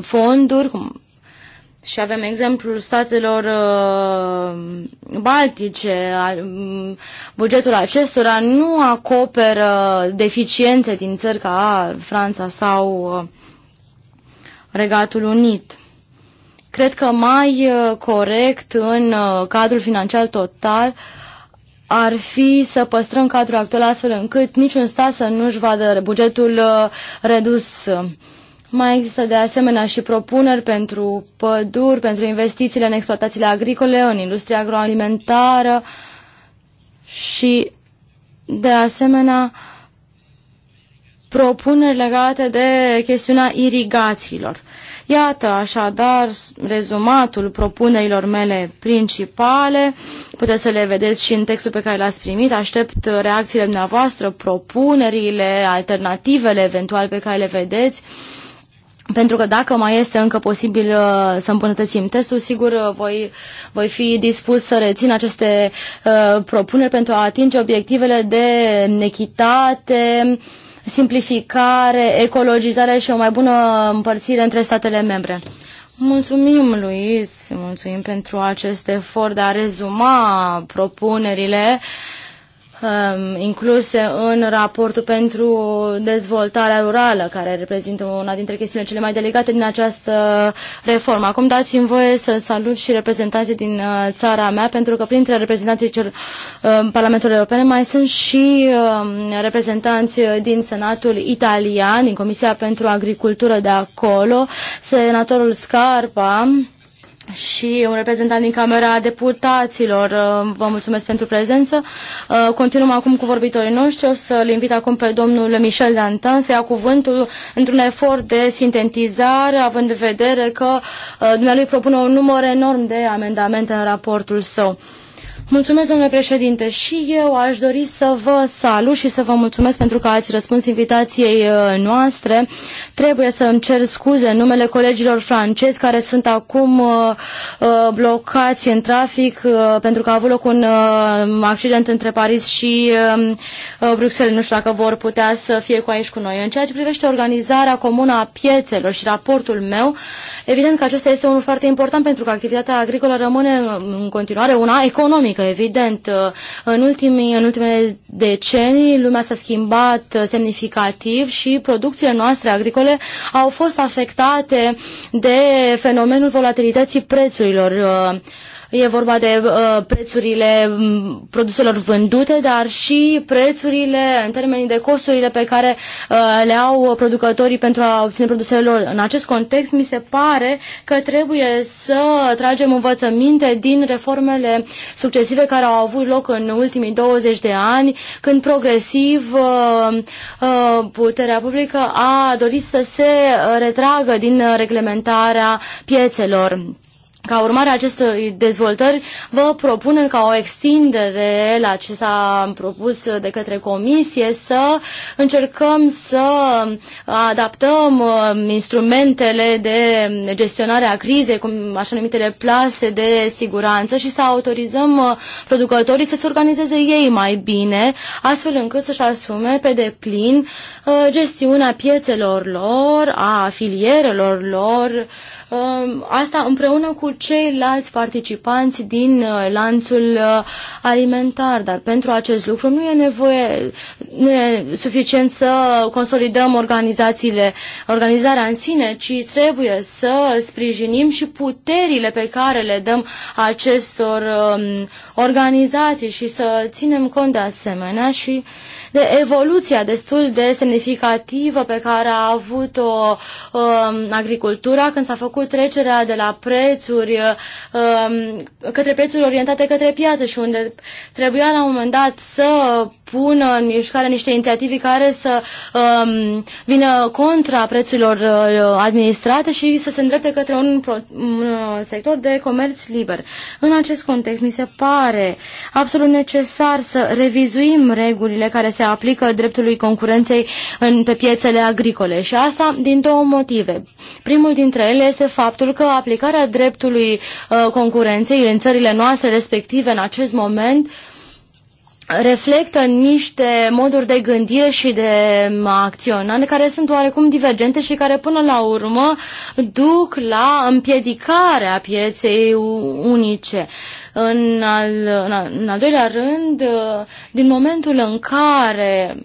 fonduri, cum și avem exemplul statelor uh, baltice, mm, bugetul acestora nu acoperă deficiențe din țări ca Franța sau uh, Regatul Unit. Cred că mai uh, corect în cadrul financiar total ar fi să păstrăm cadrul actual astfel încât niciun stat să nu-și vadă bugetul redus mai există de asemenea și propuneri pentru păduri, pentru investițiile în exploatațiile agricole, în industria agroalimentară și de asemenea propuneri legate de chestiunea irigațiilor. Iată așadar rezumatul propunerilor mele principale. Puteți să le vedeți și în textul pe care l-ați primit. Aștept reacțiile dumneavoastră, propunerile, alternativele eventual pe care le vedeți pentru că dacă mai este încă posibil uh, să îmbunătățim testul, sigur uh, voi, voi fi dispus să rețin aceste uh, propuneri pentru a atinge obiectivele de echitate, simplificare, ecologizare și o mai bună împărțire între statele membre. Mulțumim, Luis, mulțumim pentru acest efort de a rezuma propunerile uh, Um, incluse în raportul pentru dezvoltarea rurală, care reprezintă una dintre chestiunile cele mai delicate din această reformă. Acum dați-mi voie să salut și reprezentanții din uh, țara mea, pentru că printre reprezentanții cel, um, Parlamentului European mai sunt și um, reprezentanți din Senatul Italian, din Comisia pentru Agricultură de acolo, senatorul Scarpa, și un reprezentant din Camera Deputaților. Uh, vă mulțumesc pentru prezență. Uh, continuăm acum cu vorbitorii noștri. O să-l invit acum pe domnul Michel Dantan să ia cuvântul într-un efort de sintetizare, având în vedere că uh, dumnealui propune un număr enorm de amendamente în raportul său. Mulțumesc, domnule președinte, și eu aș dori să vă salut și să vă mulțumesc pentru că ați răspuns invitației uh, noastre. Trebuie să îmi cer scuze în numele colegilor francezi care sunt acum uh, uh, blocați în trafic pentru că a avut loc un accident între Paris și um, Bruxelles. Nu știu dacă vor putea să fie cu aici cu noi. În ceea ce privește organizarea comună a piețelor și raportul meu, evident că acesta este unul foarte important pentru că activitatea agricolă rămâne în continuare una economică că, evident, în, ultimii, în ultimele decenii lumea s-a schimbat semnificativ și producțiile noastre agricole au fost afectate de fenomenul volatilității prețurilor E vorba de uh, prețurile mm, produselor vândute, dar și prețurile în termenii de costurile pe care uh, le au producătorii pentru a obține produsele lor. În acest context, mi se pare că trebuie să tragem învățăminte din reformele succesive care au avut loc în ultimii 20 de ani, când progresiv uh, uh, puterea publică a dorit să se retragă din uh, reglementarea piețelor. Ca urmare a acestor dezvoltări, vă propunem ca o extindere la ce s-a propus de către comisie să încercăm să adaptăm um, instrumentele de gestionare a crizei, cum așa numitele plase de siguranță și să autorizăm uh, producătorii să se organizeze ei mai bine, astfel încât să-și asume pe deplin uh, gestiunea piețelor lor, a filierelor lor, um, asta împreună cu ceilalți participanți din uh, lanțul uh, alimentar, dar pentru acest lucru nu e nevoie, nu e suficient să consolidăm organizațiile, organizarea în sine, ci trebuie să sprijinim și puterile pe care le dăm acestor um, organizații și să ținem cont de asemenea și de evoluția destul de semnificativă pe care a avut-o um, agricultura când s-a făcut trecerea de la prețuri um, către prețuri orientate către piață și unde trebuia la un moment dat să pună în mișcare niște inițiative care să um, vină contra prețurilor uh, administrate și să se îndrepte către un, pro, un uh, sector de comerț liber. În acest context, mi se pare absolut necesar să revizuim regulile care se se aplică dreptului concurenței în, pe piețele agricole și asta din două motive. Primul dintre ele este faptul că aplicarea dreptului uh, concurenței în țările noastre respective în acest moment uh, reflectă niște moduri de gândire și de acționare care sunt oarecum divergente și care până la urmă duc la împiedicarea pieței unice. În al, în al, în al doilea rând, din momentul în care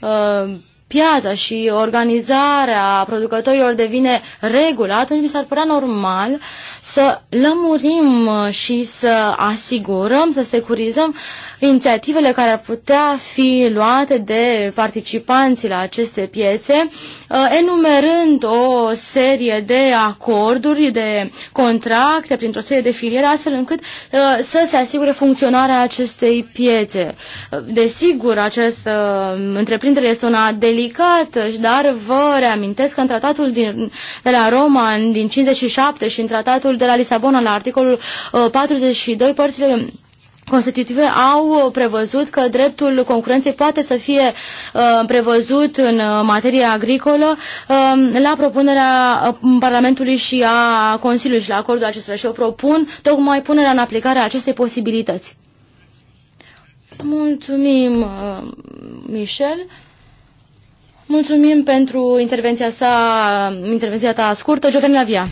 uh, piața și organizarea producătorilor devine regulă, atunci mi s-ar părea normal să lămurim și să asigurăm, să securizăm inițiativele care ar putea fi luate de participanții la aceste piețe, uh, enumerând o serie de acorduri, de contracte, printr-o serie de filiere, astfel încât uh, să se asigure funcționarea acestei piețe. Uh, desigur, această întreprindere este una delicată, ridicată, dar vă reamintesc că în tratatul din, de la Roma din 57 și în tratatul de la Lisabona la articolul 42 uh, părțile constitutive au prevăzut că dreptul concurenței poate să fie uh, prevăzut în uh, materie agricolă uh, la propunerea uh, Parlamentului și a Consiliului și la acordul acestora și eu propun tocmai punerea în aplicare a acestei posibilități. Mulțumim, uh, Michel. Mulțumim pentru intervenția sa, intervenția ta scurtă, Giovanni Lavia.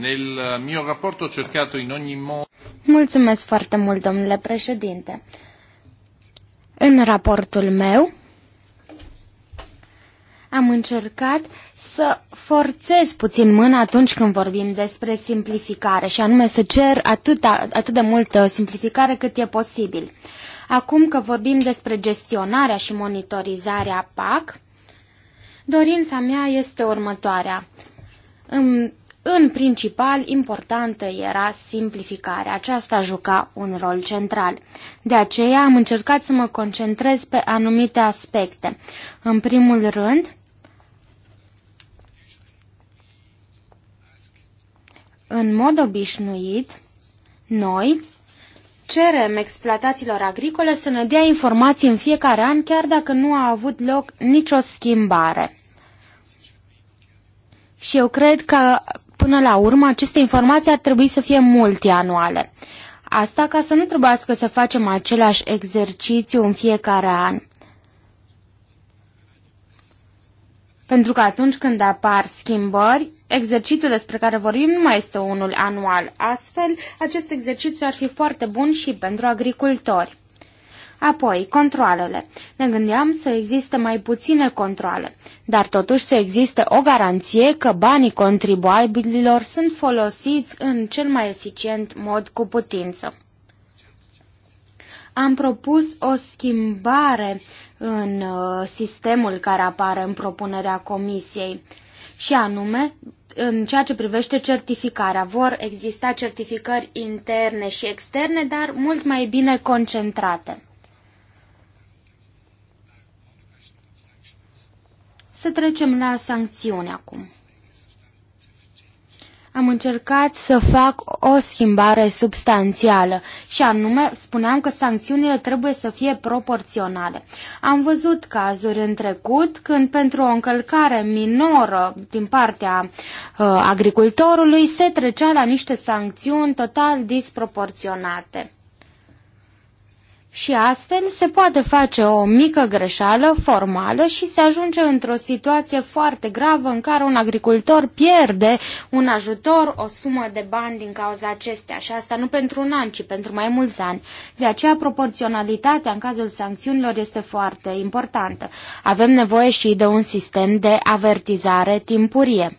Nel mio raport ho cercato in ogni modo... Mulțumesc foarte mult, domnule președinte. În raportul meu am încercat să forțez puțin mâna atunci când vorbim despre simplificare și anume să cer atâta, atât de multă simplificare cât e posibil. Acum că vorbim despre gestionarea și monitorizarea PAC, Dorința mea este următoarea. În, în principal, importantă era simplificarea. Aceasta juca un rol central. De aceea am încercat să mă concentrez pe anumite aspecte. În primul rând, în mod obișnuit, noi cerem exploatațiilor agricole să ne dea informații în fiecare an, chiar dacă nu a avut loc nicio schimbare. Și eu cred că, până la urmă, aceste informații ar trebui să fie multianuale. Asta ca să nu trebuiască să facem același exercițiu în fiecare an. Pentru că atunci când apar schimbări, exercițiul despre care vorbim nu mai este unul anual. Astfel, acest exercițiu ar fi foarte bun și pentru agricultori. Apoi, controlele. Ne gândeam să existe mai puține controle, dar totuși să existe o garanție că banii contribuabililor sunt folosiți în cel mai eficient mod cu putință. Am propus o schimbare în uh, sistemul care apare în propunerea comisiei, și anume în ceea ce privește certificarea. Vor exista certificări interne și externe, dar mult mai bine concentrate. Să trecem la sancțiuni acum am încercat să fac o schimbare substanțială și anume spuneam că sancțiunile trebuie să fie proporționale. Am văzut cazuri în trecut când pentru o încălcare minoră din partea uh, agricultorului se trecea la niște sancțiuni total disproporționate. Și astfel se poate face o mică greșeală formală și se ajunge într-o situație foarte gravă în care un agricultor pierde un ajutor, o sumă de bani din cauza acestea. Și asta nu pentru un an, ci pentru mai mulți ani. De aceea proporționalitatea în cazul sancțiunilor este foarte importantă. Avem nevoie și de un sistem de avertizare timpurie.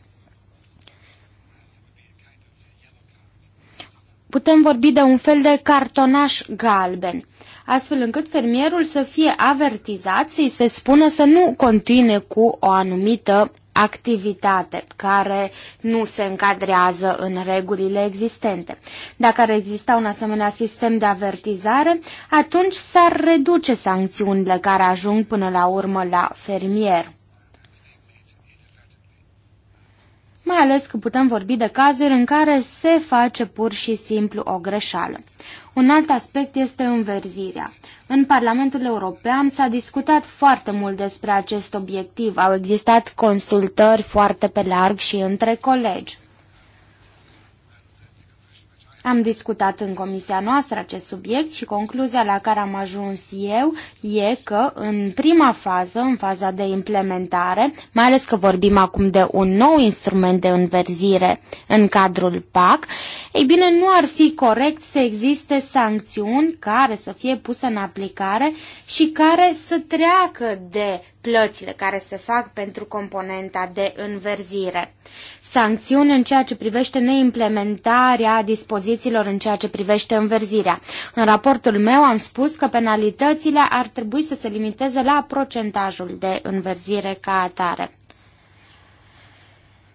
Putem vorbi de un fel de cartonaș galben astfel încât fermierul să fie avertizat, să-i se spună să nu continue cu o anumită activitate care nu se încadrează în regulile existente. Dacă ar exista un asemenea sistem de avertizare, atunci s-ar reduce sancțiunile care ajung până la urmă la fermier. mai ales că putem vorbi de cazuri în care se face pur și simplu o greșeală. Un alt aspect este înverzirea. În Parlamentul European s-a discutat foarte mult despre acest obiectiv, au existat consultări foarte pe larg și între colegi. Am discutat în comisia noastră acest subiect și concluzia la care am ajuns eu e că în prima fază, în faza de implementare, mai ales că vorbim acum de un nou instrument de înverzire în cadrul PAC, ei bine, nu ar fi corect să existe sancțiuni care să fie puse în aplicare și care să treacă de plățile care se fac pentru componenta de înverzire. Sancțiuni în ceea ce privește neimplementarea dispozițiilor în ceea ce privește înverzirea. În raportul meu am spus că penalitățile ar trebui să se limiteze la procentajul de înverzire ca atare.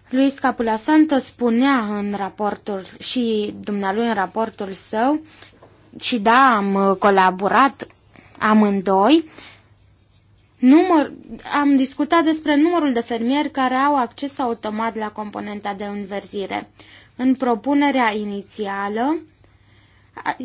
Luis Capula Santos spunea în raportul și dumnealui în raportul său și da, am colaborat amândoi Număr, am discutat despre numărul de fermieri care au acces automat la componenta de înverzire. În propunerea inițială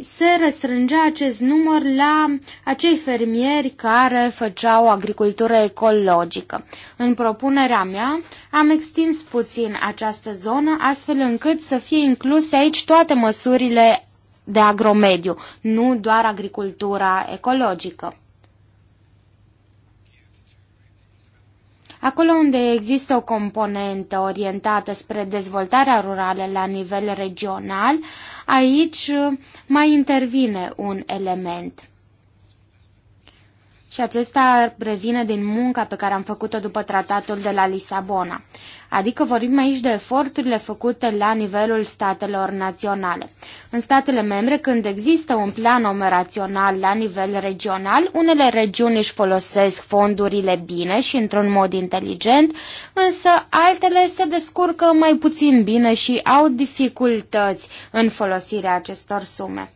se răstrângea acest număr la acei fermieri care făceau agricultură ecologică. În propunerea mea am extins puțin această zonă astfel încât să fie incluse aici toate măsurile de agromediu, nu doar agricultura ecologică. Acolo unde există o componentă orientată spre dezvoltarea rurală la nivel regional, aici uh, mai intervine un element. Și acesta revine din munca pe care am făcut-o după tratatul de la Lisabona. Adică vorbim aici de eforturile făcute la nivelul statelor naționale. În statele membre, când există un plan operațional la nivel regional, unele regiuni își folosesc fondurile bine și într-un mod inteligent, însă altele se descurcă mai puțin bine și au dificultăți în folosirea acestor sume.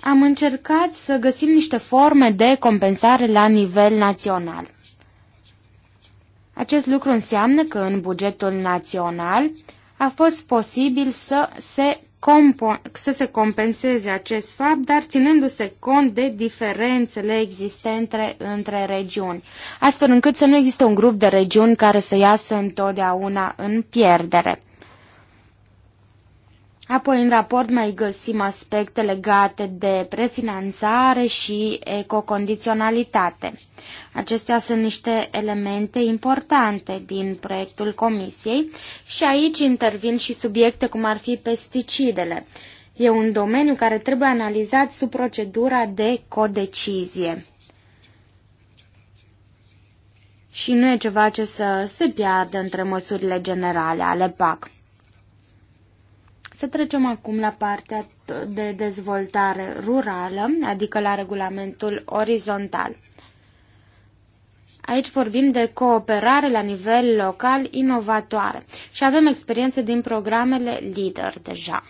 Am încercat să găsim niște forme de compensare la nivel național. Acest lucru înseamnă că în bugetul național a fost posibil să se, să se compenseze acest fapt, dar ținându-se cont de diferențele existente între regiuni, astfel încât să nu există un grup de regiuni care să iasă întotdeauna în pierdere. Apoi, în raport mai găsim aspecte legate de prefinanțare și ecocondiționalitate. Acestea sunt niște elemente importante din proiectul Comisiei și aici intervin și subiecte cum ar fi pesticidele. E un domeniu care trebuie analizat sub procedura de codecizie. Și nu e ceva ce să se piardă între măsurile generale ale PAC. Să trecem acum la partea de dezvoltare rurală, adică la regulamentul orizontal. Aici vorbim de cooperare la nivel local inovatoare și avem experiență din programele LEADER deja.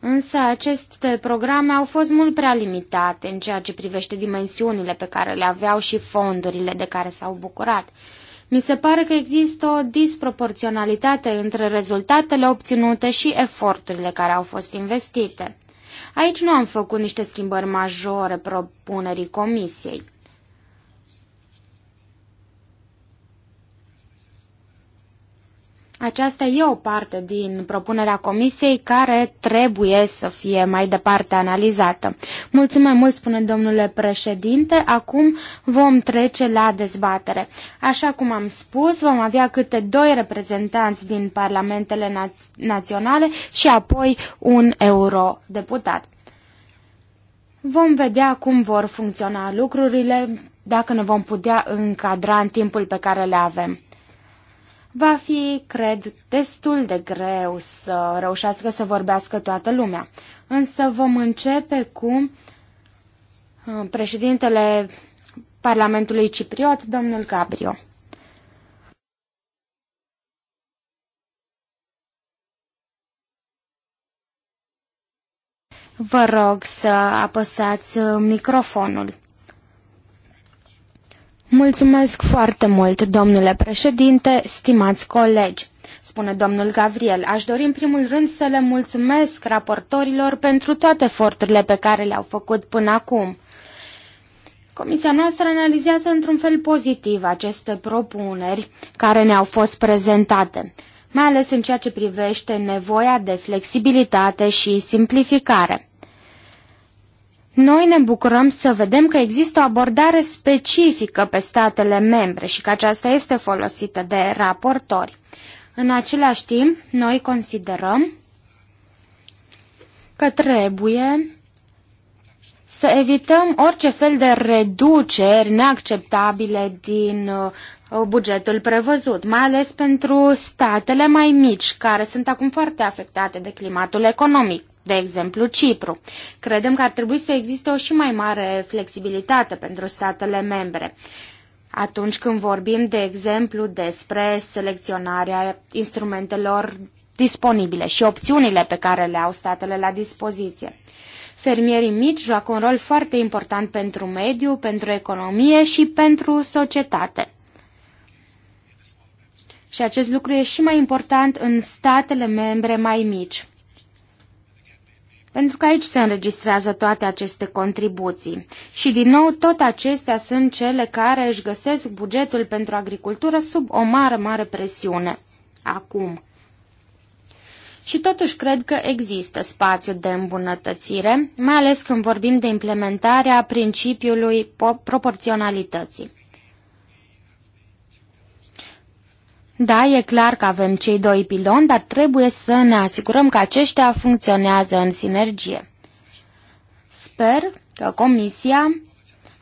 Însă aceste programe au fost mult prea limitate în ceea ce privește dimensiunile pe care le aveau și fondurile de care s-au bucurat. Mi se pare că există o disproporționalitate între rezultatele obținute și eforturile care au fost investite. Aici nu am făcut niște schimbări majore propunerii comisiei. Aceasta e o parte din propunerea comisiei care trebuie să fie mai departe analizată. Mulțumim mult, spune domnule președinte. Acum vom trece la dezbatere. Așa cum am spus, vom avea câte doi reprezentanți din parlamentele naț- naționale și apoi un eurodeputat. Vom vedea cum vor funcționa lucrurile, dacă ne vom putea încadra în timpul pe care le avem va fi, cred, destul de greu să reușească să vorbească toată lumea. Însă vom începe cu uh, președintele Parlamentului Cipriot, domnul Gabrio. Vă rog să apăsați microfonul. Mulțumesc foarte mult, domnule președinte, stimați colegi spune domnul Gabriel. Aș dori în primul rând să le mulțumesc raportorilor pentru toate eforturile pe care le-au făcut până acum. Comisia noastră analizează într-un fel pozitiv aceste propuneri care ne-au fost prezentate, mai ales în ceea ce privește nevoia de flexibilitate și simplificare. Noi ne bucurăm să vedem că există o abordare specifică pe statele membre și că aceasta este folosită de raportori. În același timp, noi considerăm că trebuie să evităm orice fel de reduceri neacceptabile din uh, bugetul prevăzut, mai ales pentru statele mai mici, care sunt acum foarte afectate de climatul economic de exemplu Cipru. Credem că ar trebui să existe o și mai mare flexibilitate pentru statele membre. Atunci când vorbim, de exemplu, despre selecționarea instrumentelor disponibile și opțiunile pe care le au statele la dispoziție. Fermierii mici joacă un rol foarte important pentru mediu, pentru economie și pentru societate. Și acest lucru e și mai important în statele membre mai mici. Pentru că aici se înregistrează toate aceste contribuții. Și din nou, tot acestea sunt cele care își găsesc bugetul pentru agricultură sub o mare, mare presiune. Acum. Și totuși cred că există spațiu de îmbunătățire, mai ales când vorbim de implementarea principiului proporționalității. Da, e clar că avem cei doi piloni, dar trebuie să ne asigurăm că aceștia funcționează în sinergie. Sper că Comisia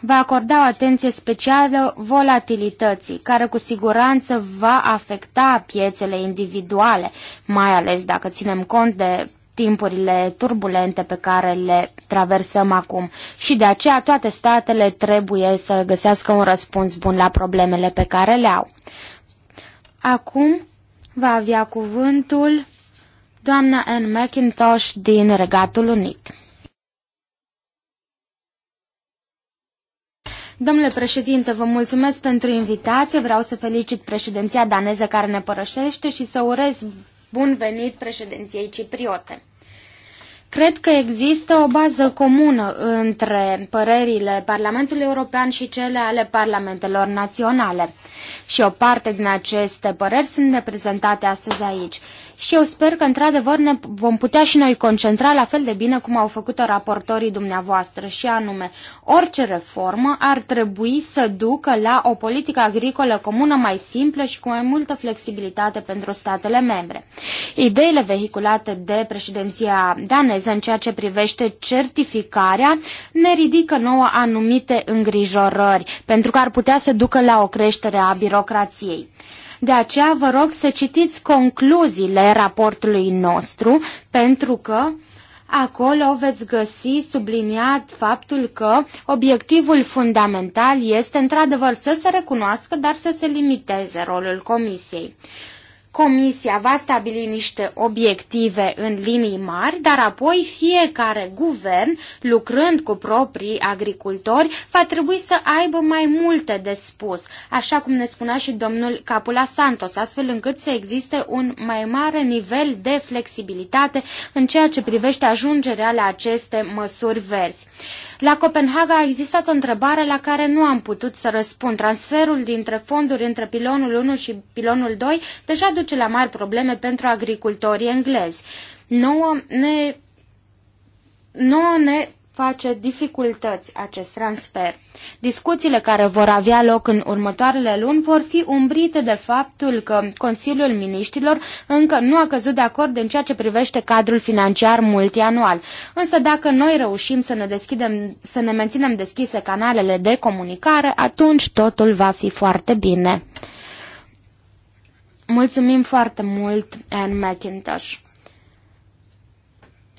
va acorda o atenție specială volatilității, care cu siguranță va afecta piețele individuale, mai ales dacă ținem cont de timpurile turbulente pe care le traversăm acum. Și de aceea toate statele trebuie să găsească un răspuns bun la problemele pe care le au. Acum va avea cuvântul doamna Anne McIntosh din Regatul Unit. Domnule președinte, vă mulțumesc pentru invitație. Vreau să felicit președinția daneză care ne părășește și să urez bun venit președinției cipriote. Cred că există o bază comună între părerile Parlamentului European și cele ale parlamentelor naționale și o parte din aceste păreri sunt reprezentate astăzi aici. Și eu sper că, într-adevăr, ne vom putea și noi concentra la fel de bine cum au făcut-o raportorii dumneavoastră, și anume, orice reformă ar trebui să ducă la o politică agricolă comună mai simplă și cu mai multă flexibilitate pentru statele membre. Ideile vehiculate de președinția daneză în ceea ce privește certificarea ne ridică nouă anumite îngrijorări, pentru că ar putea să ducă la o creștere a birocrației. De aceea vă rog să citiți concluziile raportului nostru, pentru că Acolo veți găsi subliniat faptul că obiectivul fundamental este într-adevăr să se recunoască, dar să se limiteze rolul comisiei. Comisia va stabili niște obiective în linii mari, dar apoi fiecare guvern, lucrând cu proprii agricultori, va trebui să aibă mai multe de spus, așa cum ne spunea și domnul Capula Santos, astfel încât să existe un mai mare nivel de flexibilitate în ceea ce privește ajungerea la aceste măsuri verzi. La Copenhaga a existat o întrebare la care nu am putut să răspund. Transferul dintre fonduri între pilonul 1 și pilonul 2 deja duce la mari probleme pentru agricultorii englezi. Nouă ne, nouă ne face dificultăți acest transfer. Discuțiile care vor avea loc în următoarele luni vor fi umbrite de faptul că Consiliul Miniștrilor încă nu a căzut de acord în ceea ce privește cadrul financiar multianual. Însă dacă noi reușim să ne, deschidem, să ne menținem deschise canalele de comunicare, atunci totul va fi foarte bine. Mulțumim foarte mult, Anne McIntosh.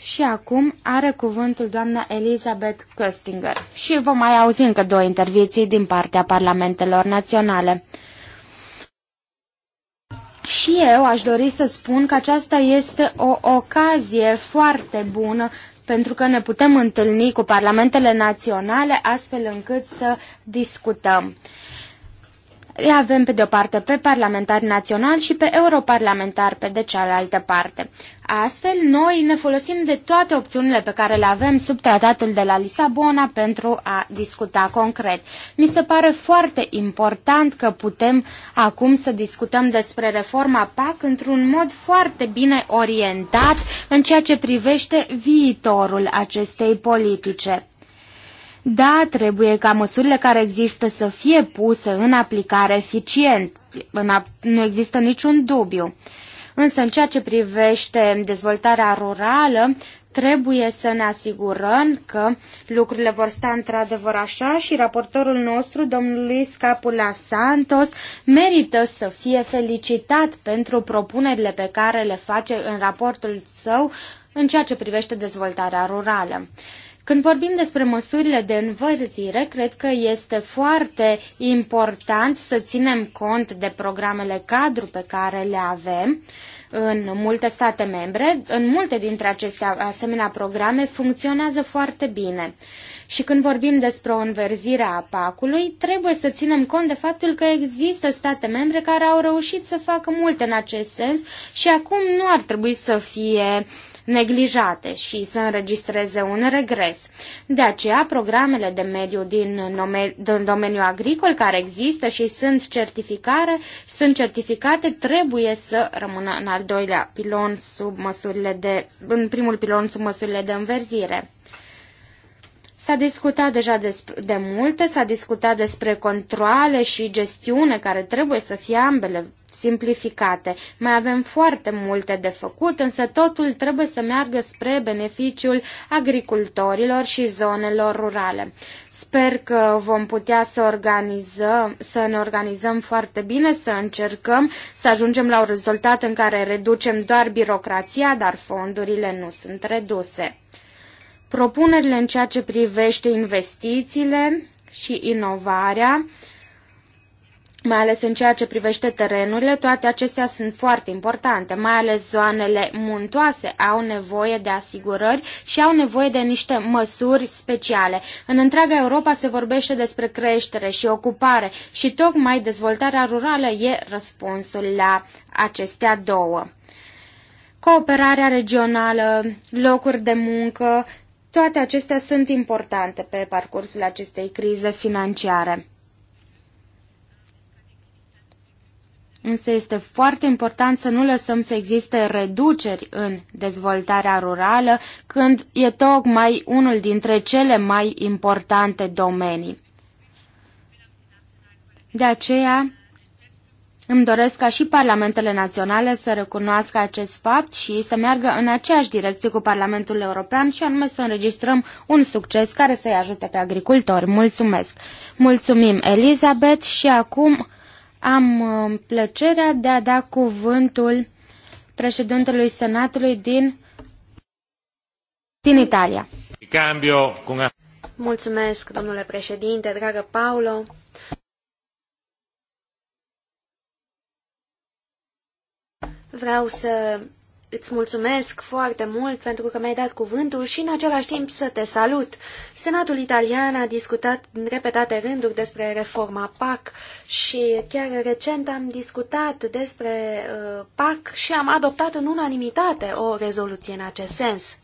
Și acum are cuvântul doamna Elizabeth Köstinger și vom mai auzi încă două intervenții din partea parlamentelor naționale. Și eu aș dori să spun că aceasta este o ocazie foarte bună pentru că ne putem întâlni cu parlamentele naționale astfel încât să discutăm. Îi avem pe de o parte pe parlamentari național și pe europarlamentar pe de cealaltă parte. Astfel, noi ne folosim de toate opțiunile pe care le avem sub tratatul de la Lisabona pentru a discuta concret. Mi se pare foarte important că putem acum să discutăm despre reforma PAC într-un mod foarte bine orientat în ceea ce privește viitorul acestei politice. Da, trebuie ca măsurile care există să fie puse în aplicare eficient. Nu există niciun dubiu. Însă în ceea ce privește dezvoltarea rurală, trebuie să ne asigurăm că lucrurile vor sta într-adevăr așa și raportorul nostru, domnul Luis Capula Santos, merită să fie felicitat pentru propunerile pe care le face în raportul său în ceea ce privește dezvoltarea rurală. Când vorbim despre măsurile de învățire, cred că este foarte important să ținem cont de programele cadru pe care le avem în multe state membre. În multe dintre aceste asemenea programe funcționează foarte bine. Și când vorbim despre o înverzire a pacului, trebuie să ținem cont de faptul că există state membre care au reușit să facă multe în acest sens și acum nu ar trebui să fie uh, neglijate și să înregistreze un regres. De aceea, programele de mediu din, din domeniul agricol care există și sunt, certificare, sunt certificate trebuie să rămână în al doilea pilon sub măsurile de, în primul pilon sub măsurile de înverzire. S-a discutat deja de multe, s-a discutat despre controle și gestiune care trebuie să fie ambele simplificate. Mai avem foarte multe de făcut, însă totul trebuie să meargă spre beneficiul agricultorilor și zonelor rurale. Sper că vom putea să, organizăm, să ne organizăm foarte bine, să încercăm să ajungem la un rezultat în care reducem doar birocrația, dar fondurile nu sunt reduse. Propunerile în ceea ce privește investițiile și inovarea mai ales în ceea ce privește terenurile, toate acestea sunt foarte importante, mai ales zonele muntoase au nevoie de asigurări și au nevoie de niște măsuri speciale. În întreaga Europa se vorbește despre creștere și ocupare și tocmai dezvoltarea rurală e răspunsul la acestea două. Cooperarea regională, locuri de muncă, toate acestea sunt importante pe parcursul acestei crize financiare. Însă este foarte important să nu lăsăm să existe reduceri în dezvoltarea rurală, când e tocmai unul dintre cele mai importante domenii. De aceea, îmi doresc ca și parlamentele naționale să recunoască acest fapt și să meargă în aceeași direcție cu Parlamentul European și anume să înregistrăm un succes care să-i ajute pe agricultori. Mulțumesc! Mulțumim, Elizabeth, și acum am um, plăcerea de a da cuvântul președintelui Senatului din, din Italia. Mulțumesc, domnule președinte, dragă Paulo. Vreau să îți mulțumesc foarte mult pentru că mi-ai dat cuvântul și în același timp să te salut. Senatul italian a discutat în repetate rânduri despre reforma PAC și chiar recent am discutat despre uh, PAC și am adoptat în unanimitate o rezoluție în acest sens.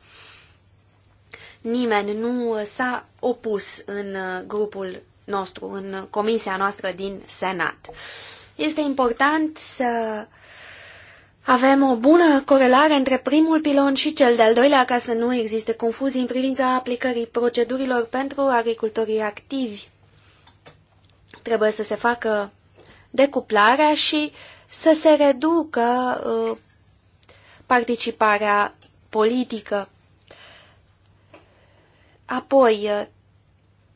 Nimeni nu s-a opus în uh, grupul nostru, în comisia noastră din Senat. Este important să avem o bună corelare între primul pilon și cel de-al doilea ca să nu existe confuzii în privința aplicării procedurilor pentru agricultorii activi. Trebuie să se facă decuplarea și să se reducă uh, participarea politică. Apoi,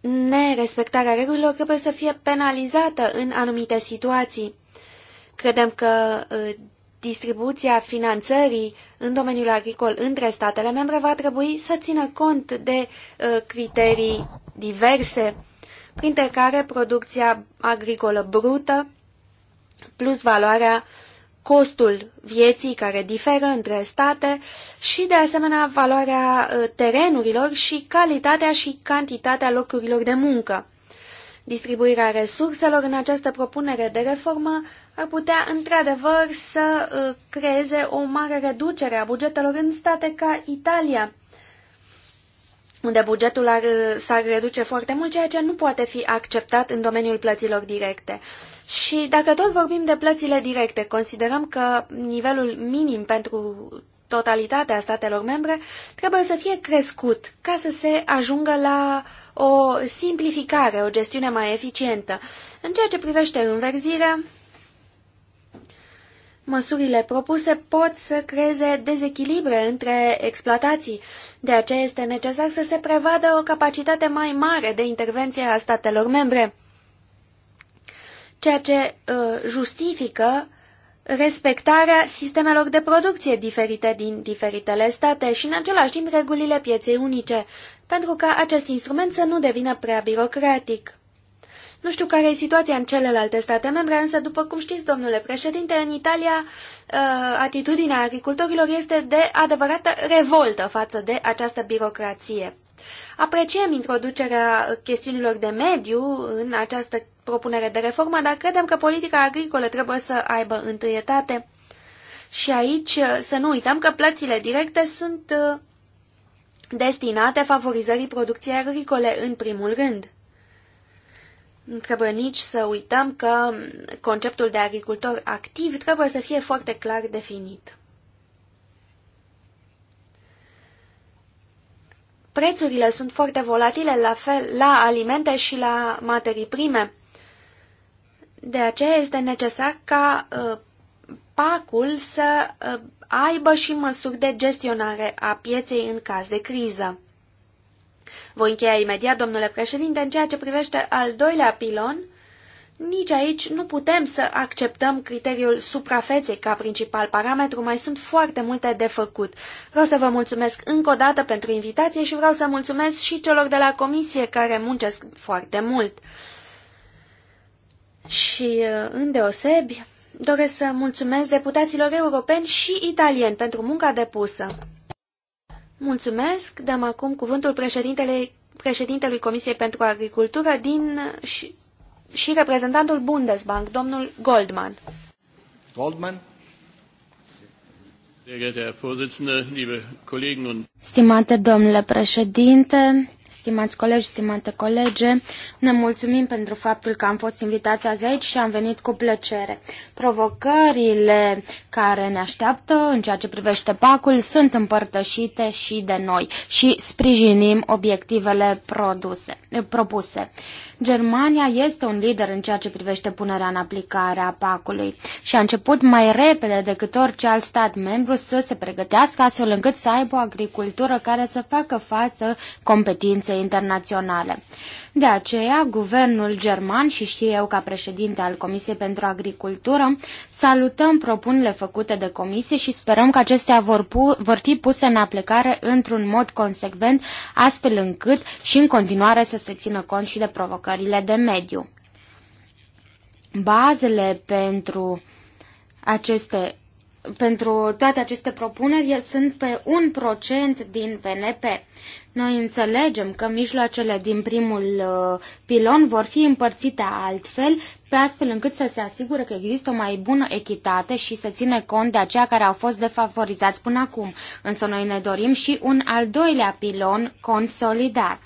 nerespectarea regulilor trebuie să fie penalizată în anumite situații. Credem că uh, distribuția finanțării în domeniul agricol între statele membre va trebui să țină cont de uh, criterii diverse, printre care producția agricolă brută plus valoarea costul vieții care diferă între state și, de asemenea, valoarea uh, terenurilor și calitatea și cantitatea locurilor de muncă. Distribuirea resurselor în această propunere de reformă ar putea într-adevăr să uh, creeze o mare reducere a bugetelor în state ca Italia, unde bugetul ar, s-ar reduce foarte mult, ceea ce nu poate fi acceptat în domeniul plăților directe. Și dacă tot vorbim de plățile directe, considerăm că nivelul minim pentru totalitatea statelor membre trebuie să fie crescut ca să se ajungă la o simplificare, o gestiune mai eficientă. În ceea ce privește înverzirea, Măsurile propuse pot să creeze dezechilibre între exploatații, de aceea este necesar să se prevadă o capacitate mai mare de intervenție a statelor membre, ceea ce uh, justifică respectarea sistemelor de producție diferite din diferitele state și în același timp regulile pieței unice, pentru ca acest instrument să nu devină prea birocratic. Nu știu care e situația în celelalte state membre, însă, după cum știți, domnule președinte, în Italia uh, atitudinea agricultorilor este de adevărată revoltă față de această birocrație. Apreciem introducerea chestiunilor de mediu în această propunere de reformă, dar credem că politica agricolă trebuie să aibă întâietate. Și aici uh, să nu uităm că plățile directe sunt uh, destinate favorizării producției agricole în primul rând. Nu trebuie nici să uităm că conceptul de agricultor activ trebuie să fie foarte clar definit. Prețurile sunt foarte volatile la, fel, la alimente și la materii prime. De aceea este necesar ca uh, pacul să uh, aibă și măsuri de gestionare a pieței în caz de criză. Voi încheia imediat, domnule președinte, în ceea ce privește al doilea pilon, nici aici nu putem să acceptăm criteriul suprafeței ca principal parametru, mai sunt foarte multe de făcut. Vreau să vă mulțumesc încă o dată pentru invitație și vreau să mulțumesc și celor de la comisie care muncesc foarte mult. Și uh, îndeosebi doresc să mulțumesc deputaților europeni și italieni pentru munca depusă. Mulțumesc. Dăm acum cuvântul președintelui Comisiei pentru Agricultură din, și, și reprezentantul Bundesbank, domnul Goldman. Goldman. Stimate domnule președinte, Stimați colegi, stimate colege, ne mulțumim pentru faptul că am fost invitați azi aici și am venit cu plăcere. Provocările care ne așteaptă în ceea ce privește pacul sunt împărtășite și de noi și sprijinim obiectivele produse, propuse. Germania este un lider în ceea ce privește punerea în aplicare a pacului și a început mai repede decât orice alt stat membru să se pregătească astfel încât să aibă o agricultură care să facă față competinței internaționale. De aceea, guvernul german și știu eu ca președinte al Comisiei pentru Agricultură, salutăm propunerile făcute de comisie și sperăm că acestea vor, pu- vor fi puse în aplicare într-un mod consecvent, astfel încât și în continuare să se țină cont și de provocările de mediu. Bazele pentru aceste pentru toate aceste propuneri sunt pe 1% din PNP. Noi înțelegem că mijloacele din primul uh, pilon vor fi împărțite altfel, pe astfel încât să se asigure că există o mai bună echitate și să ține cont de aceia care au fost defavorizați până acum. Însă noi ne dorim și un al doilea pilon consolidat.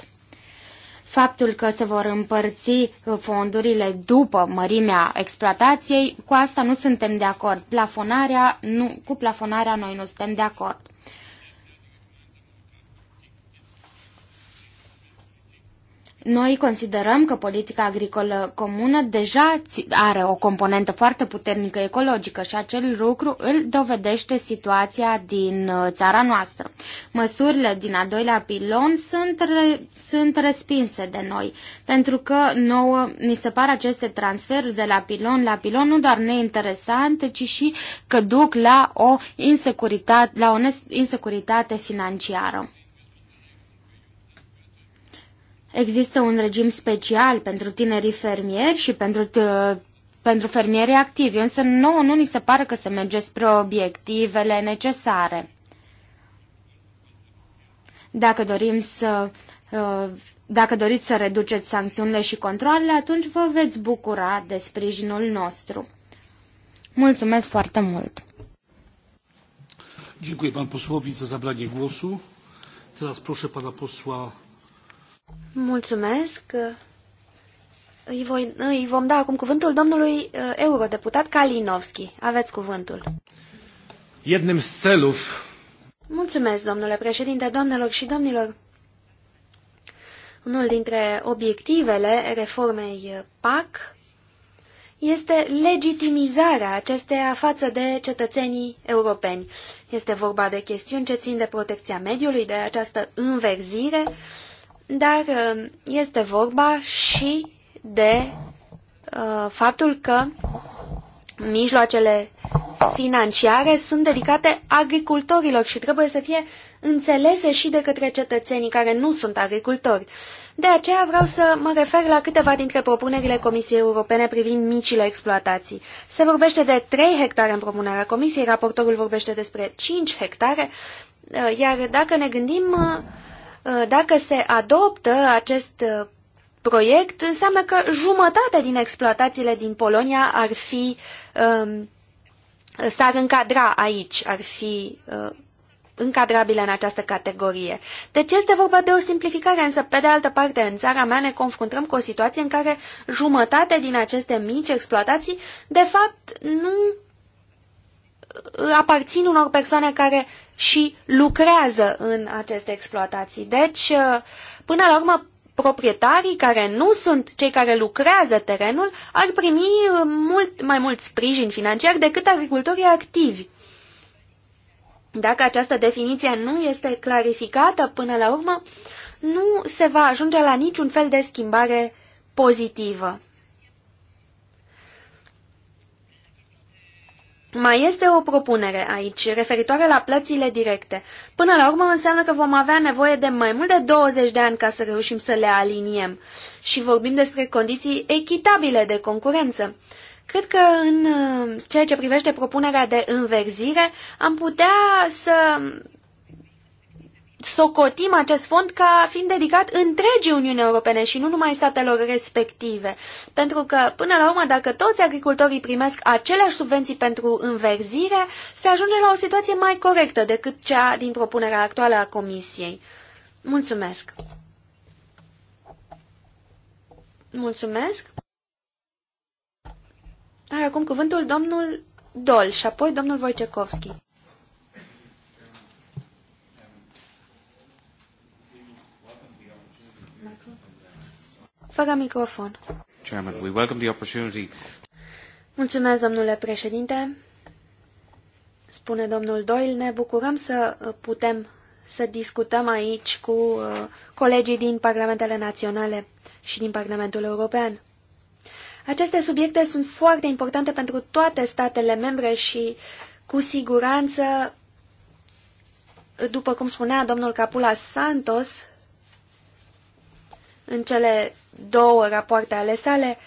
Faptul că se vor împărți uh, fondurile după mărimea exploatației, cu asta nu suntem de acord. Plafonarea, nu, cu plafonarea noi nu suntem de acord. Noi considerăm că politica agricolă comună deja are o componentă foarte puternică ecologică și acel lucru îl dovedește situația din uh, țara noastră. Măsurile din a doilea pilon sunt, re, sunt respinse de noi, pentru că nouă ni se par aceste transferuri de la pilon la pilon nu doar neinteresante, ci și că duc la o insecuritate, la o insecuritate financiară. Există un regim special pentru tinerii fermieri și pentru, pentru fermierii activi, însă nouă nu ni se pare că se merge spre obiectivele necesare. Dacă dorim să uh, dacă doriți să reduceți sancțiunile și controlele, atunci vă veți bucura de sprijinul nostru. Mulțumesc foarte mult! Dziękuję panu posłowi za zabranie głosu. Teraz proszę pana posła Mulțumesc. Îi, voi, îi vom da acum cuvântul domnului uh, eurodeputat Kalinowski. Aveți cuvântul. Jednym z celów. Mulțumesc, domnule președinte, doamnelor și domnilor. Unul dintre obiectivele reformei PAC este legitimizarea acesteia față de cetățenii europeni. Este vorba de chestiuni ce țin de protecția mediului, de această înverzire dar uh, este vorba și de uh, faptul că mijloacele financiare sunt dedicate agricultorilor și trebuie să fie înțelese și de către cetățenii care nu sunt agricultori. De aceea vreau să mă refer la câteva dintre propunerile Comisiei Europene privind micile exploatații. Se vorbește de 3 hectare în propunerea Comisiei, raportorul vorbește despre 5 hectare, uh, iar dacă ne gândim, Uh, dacă se adoptă acest uh, proiect, înseamnă că jumătate din exploatațiile din Polonia ar fi um, s-ar încadra aici, ar fi uh, încadrabile în această categorie. Deci este vorba de o simplificare, însă pe de altă parte în țara mea ne confruntăm cu o situație în care jumătate din aceste mici exploatații de fapt nu aparțin unor persoane care și lucrează în aceste exploatații. Deci, uh, până la urmă, proprietarii care nu sunt cei care lucrează terenul ar primi uh, mult mai mult sprijin financiar decât agricultorii activi. Dacă această definiție nu este clarificată până la urmă, nu se va ajunge la niciun fel de schimbare pozitivă. Mai este o propunere aici, referitoare la plățile directe. Până la urmă înseamnă că vom avea nevoie de mai mult de 20 de ani ca să reușim să le aliniem. Și vorbim despre condiții echitabile de concurență. Cred că în uh, ceea ce privește propunerea de înverzire, am putea să socotim acest fond ca fiind dedicat întregii Uniunii Europene și nu numai statelor respective. Pentru că, până la urmă, dacă toți agricultorii primesc aceleași subvenții pentru înverzire, se ajunge la o situație mai corectă decât cea din propunerea actuală a Comisiei. Mulțumesc! Mulțumesc! Are acum cuvântul domnul Dol și apoi domnul Wojciechowski. Fără microfon. Chairman, we welcome the opportunity. Mulțumesc, domnule președinte. Spune domnul Doyle, ne bucurăm să uh, putem să discutăm aici cu uh, colegii din Parlamentele Naționale și din Parlamentul European. Aceste subiecte sunt foarte importante pentru toate statele membre și, cu siguranță, după cum spunea domnul Capula Santos, în cele două rapoarte ale sale.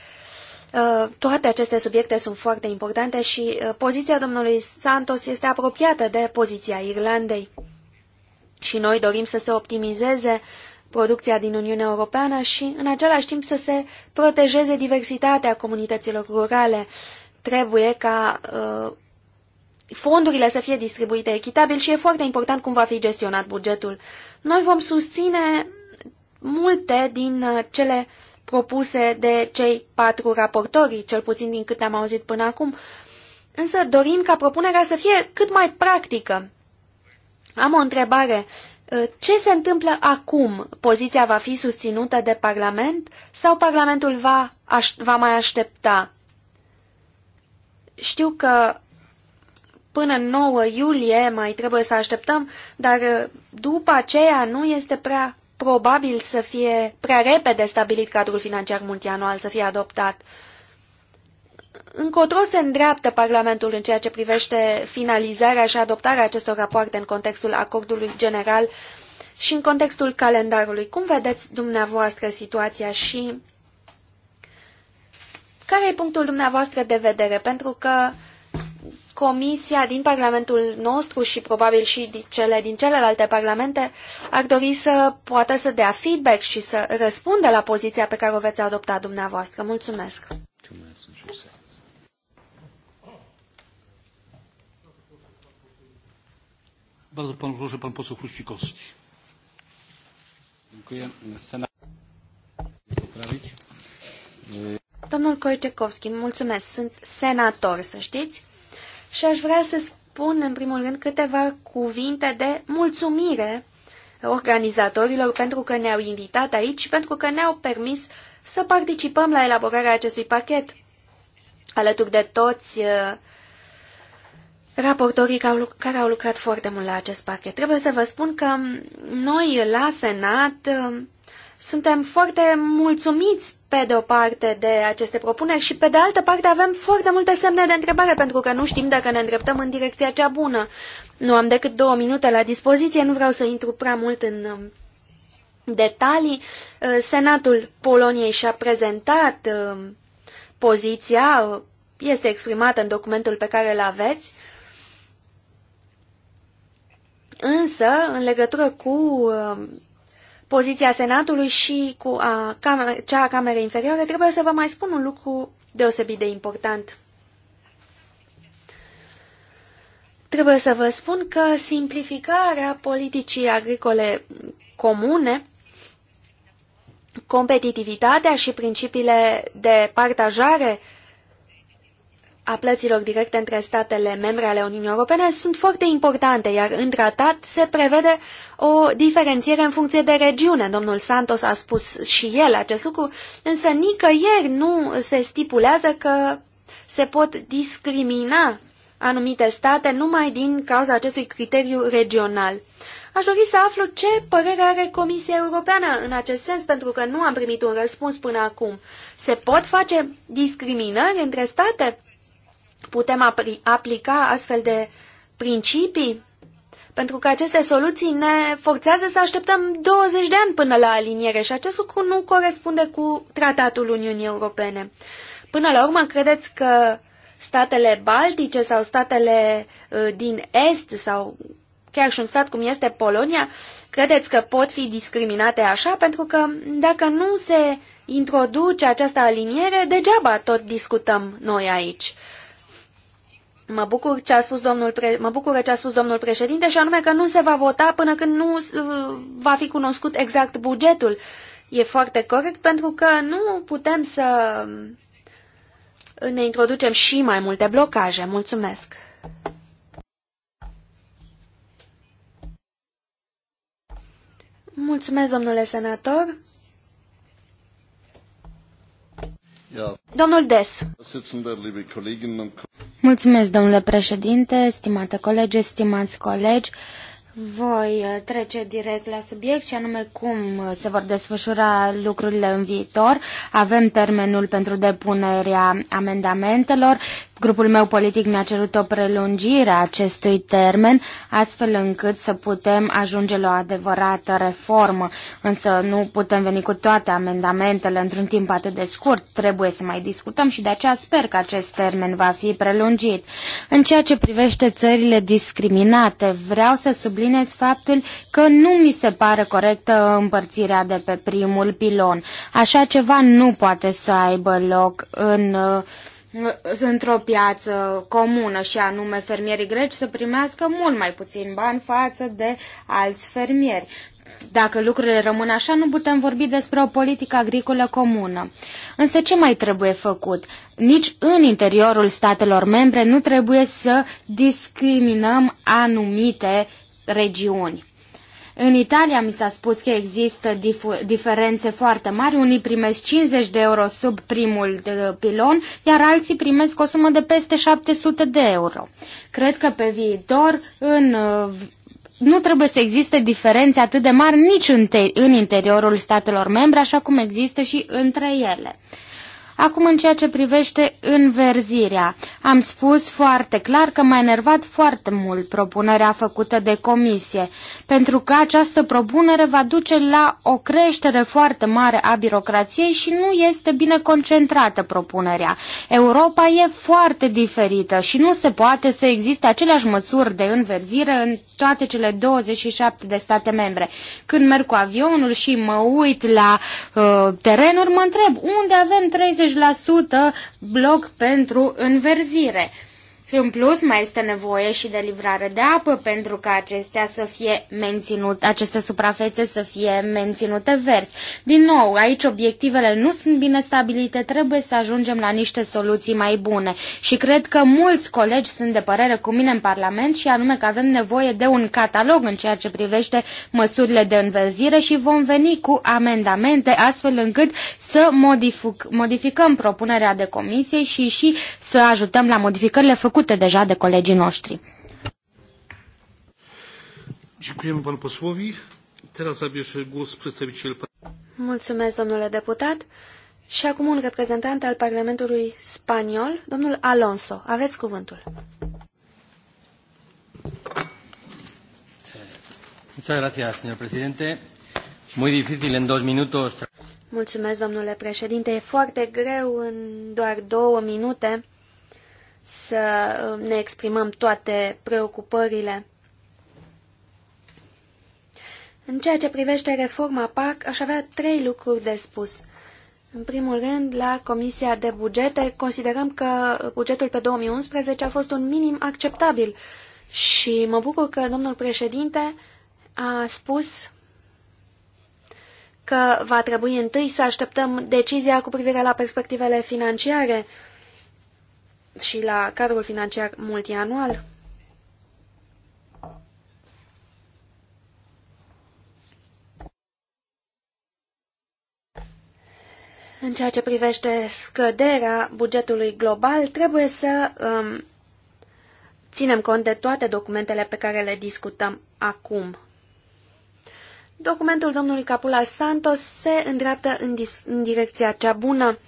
Uh, toate aceste subiecte sunt foarte importante și uh, poziția domnului Santos este apropiată de poziția Irlandei. Și noi dorim să se optimizeze producția din Uniunea Europeană și, în același timp, să se protejeze diversitatea comunităților rurale. Trebuie ca uh, fondurile să fie distribuite echitabil și e foarte important cum va fi gestionat bugetul. Noi vom susține multe din uh, cele propuse de cei patru raportori, cel puțin din câte am auzit până acum, însă dorim ca propunerea să fie cât mai practică. Am o întrebare. Uh, ce se întâmplă acum? Poziția va fi susținută de Parlament sau Parlamentul va, aș, va mai aștepta? Știu că până 9 iulie mai trebuie să așteptăm, dar uh, după aceea nu este prea probabil să fie prea repede stabilit cadrul financiar multianual să fie adoptat. Încotro se îndreaptă Parlamentul în ceea ce privește finalizarea și adoptarea acestor rapoarte în contextul acordului general și în contextul calendarului. Cum vedeți dumneavoastră situația și care e punctul dumneavoastră de vedere? Pentru că Comisia din Parlamentul nostru și probabil și cele din celelalte parlamente ar dori să poată să dea feedback și să răspundă la poziția pe care o veți adopta dumneavoastră. Mulțumesc! Domnul Koicekowski, mulțumesc. Sunt senator, să știți și aș vrea să spun în primul rând câteva cuvinte de mulțumire organizatorilor pentru că ne-au invitat aici și pentru că ne-au permis să participăm la elaborarea acestui pachet alături de toți uh, raportorii care au lucrat foarte mult la acest pachet. Trebuie să vă spun că mm, noi la Senat uh, suntem foarte mulțumiți, pe de o parte, de aceste propuneri și, pe de altă parte, avem foarte multe semne de întrebare, pentru că nu știm dacă ne îndreptăm în direcția cea bună. Nu am decât două minute la dispoziție, nu vreau să intru prea mult în um, detalii. Uh, Senatul Poloniei și-a prezentat um, poziția, uh, este exprimată în documentul pe care îl aveți, însă, în legătură cu um, poziția Senatului și cu a, cam, cea a Camerei Inferioare, trebuie să vă mai spun un lucru deosebit de important. Trebuie să vă spun că simplificarea politicii agricole comune, competitivitatea și principiile de partajare a plăților directe între statele membre ale Uniunii Europene sunt foarte importante, iar în tratat se prevede o diferențiere în funcție de regiune. Domnul Santos a spus și el acest lucru, însă nicăieri nu se stipulează că se pot discrimina anumite state numai din cauza acestui criteriu regional. Aș dori să aflu ce părere are Comisia Europeană în acest sens, pentru că nu am primit un răspuns până acum. Se pot face discriminări între state? Putem aplica astfel de principii? Pentru că aceste soluții ne forțează să așteptăm 20 de ani până la aliniere și acest lucru nu corespunde cu tratatul Uniunii Europene. Până la urmă, credeți că statele baltice sau statele uh, din Est sau chiar și un stat cum este Polonia, credeți că pot fi discriminate așa? Pentru că dacă nu se introduce această aliniere, degeaba tot discutăm noi aici. Uh, Mă bucur, ce a spus domnul pre... mă bucur ce a spus domnul președinte și anume că nu se va vota până când nu uh, va fi cunoscut exact bugetul. E foarte corect pentru că nu putem să ne introducem și mai multe blocaje. Mulțumesc! Mulțumesc, domnule senator! Domnul Des. Mulțumesc, domnule președinte, stimate colegi, stimați colegi. Voi uh, trece direct la subiect și anume cum uh, se vor desfășura lucrurile în viitor. Avem termenul pentru depunerea amendamentelor Grupul meu politic mi-a cerut o prelungire a acestui termen, astfel încât să putem ajunge la o adevărată reformă, însă nu putem veni cu toate amendamentele într-un timp atât de scurt, trebuie să mai discutăm și de aceea sper că acest termen va fi prelungit. În ceea ce privește țările discriminate, vreau să subliniez faptul că nu mi se pare corectă împărțirea de pe primul pilon. Așa ceva nu poate să aibă loc în uh, într-o piață comună și anume fermierii greci să primească mult mai puțin bani față de alți fermieri. Dacă lucrurile rămân așa, nu putem vorbi despre o politică agricolă comună. Însă ce mai trebuie făcut? Nici în interiorul statelor membre nu trebuie să discriminăm anumite regiuni. În Italia mi s-a spus că există diferențe foarte mari. Unii primesc 50 de euro sub primul pilon, iar alții primesc o sumă de peste 700 de euro. Cred că pe viitor în uh, nu trebuie să existe diferențe atât de mari nici în, în interiorul statelor membre, așa cum există și între ele. Acum, în ceea ce privește înverzirea, am spus foarte clar că m-a enervat foarte mult propunerea făcută de comisie, pentru că această propunere va duce la o creștere foarte mare a birocrației și nu este bine concentrată propunerea. Europa e foarte diferită și nu se poate să existe aceleași măsuri de înverzire în toate cele 27 de state membre. Când merg cu avionul și mă uit la uh, terenuri, mă întreb unde avem 30 30% bloc pentru înverzire. Și în plus mai este nevoie și de livrare de apă pentru ca acestea să fie menținute, aceste suprafețe să fie menținute verzi. Din nou, aici obiectivele nu sunt bine stabilite, trebuie să ajungem la niște soluții mai bune. Și cred că mulți colegi sunt de părere cu mine în Parlament și anume că avem nevoie de un catalog în ceea ce privește măsurile de înverzire și vom veni cu amendamente astfel încât să modific, modificăm propunerea de comisie și și să ajutăm la modificările făcute făcute deja de colegii noștri. Mulțumesc, domnule deputat. Și acum un reprezentant al Parlamentului Spaniol, domnul Alonso. Aveți cuvântul. Mulțumesc, domnule președinte. E foarte greu în doar două minute să um, ne exprimăm toate preocupările. În ceea ce privește reforma PAC, aș avea trei lucruri de spus. În primul rând, la Comisia de Bugete, considerăm că bugetul pe 2011 a fost un minim acceptabil și mă bucur că domnul președinte a spus că va trebui întâi să așteptăm decizia cu privire la perspectivele financiare și la cadrul financiar multianual? În ceea ce privește scăderea bugetului global, trebuie să um, ținem cont de toate documentele pe care le discutăm acum. Documentul domnului Capula Santos se îndreaptă în, în direcția cea bună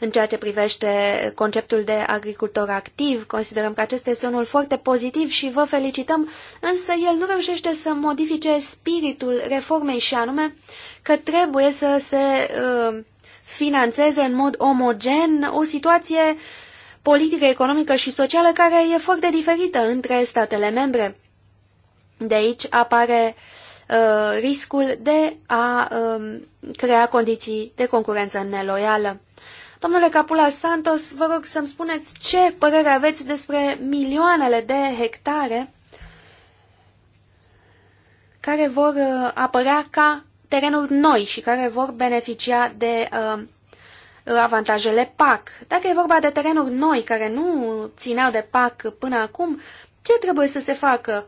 în ceea ce privește conceptul de agricultor activ, considerăm că acesta este unul foarte pozitiv și vă felicităm, însă el nu reușește să modifice spiritul reformei și anume că trebuie să se uh, financeze în mod omogen o situație politică, economică și socială care e foarte diferită între statele membre. De aici apare uh, riscul de a uh, crea condiții de concurență neloială. Domnule Capula Santos, vă rog să-mi spuneți ce părere aveți despre milioanele de hectare care vor uh, apărea ca terenuri noi și care vor beneficia de uh, avantajele PAC. Dacă e vorba de terenuri noi care nu țineau de PAC până acum, ce trebuie să se facă?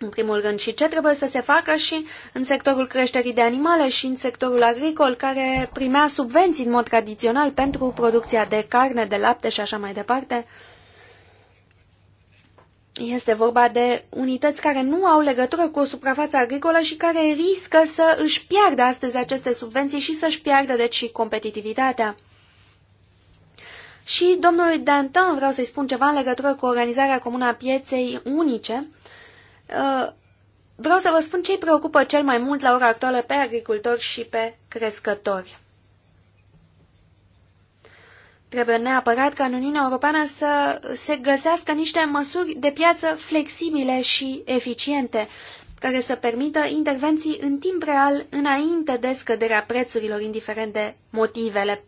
în primul rând, și ce trebuie să se facă și în sectorul creșterii de animale și în sectorul agricol, care primea subvenții în mod tradițional pentru producția de carne, de lapte și așa mai departe. Este vorba de unități care nu au legătură cu o suprafață agricolă și care riscă să își piardă astăzi aceste subvenții și să-și piardă, deci, și competitivitatea. Și domnului Danton vreau să-i spun ceva în legătură cu organizarea comună a pieței unice, Uh, vreau să vă spun ce îi preocupă cel mai mult la ora actuală pe agricultori și pe crescători. Trebuie neapărat ca în Uniunea Europeană să se găsească niște măsuri de piață flexibile și eficiente, care să permită intervenții în timp real înainte de scăderea prețurilor, indiferent de motivele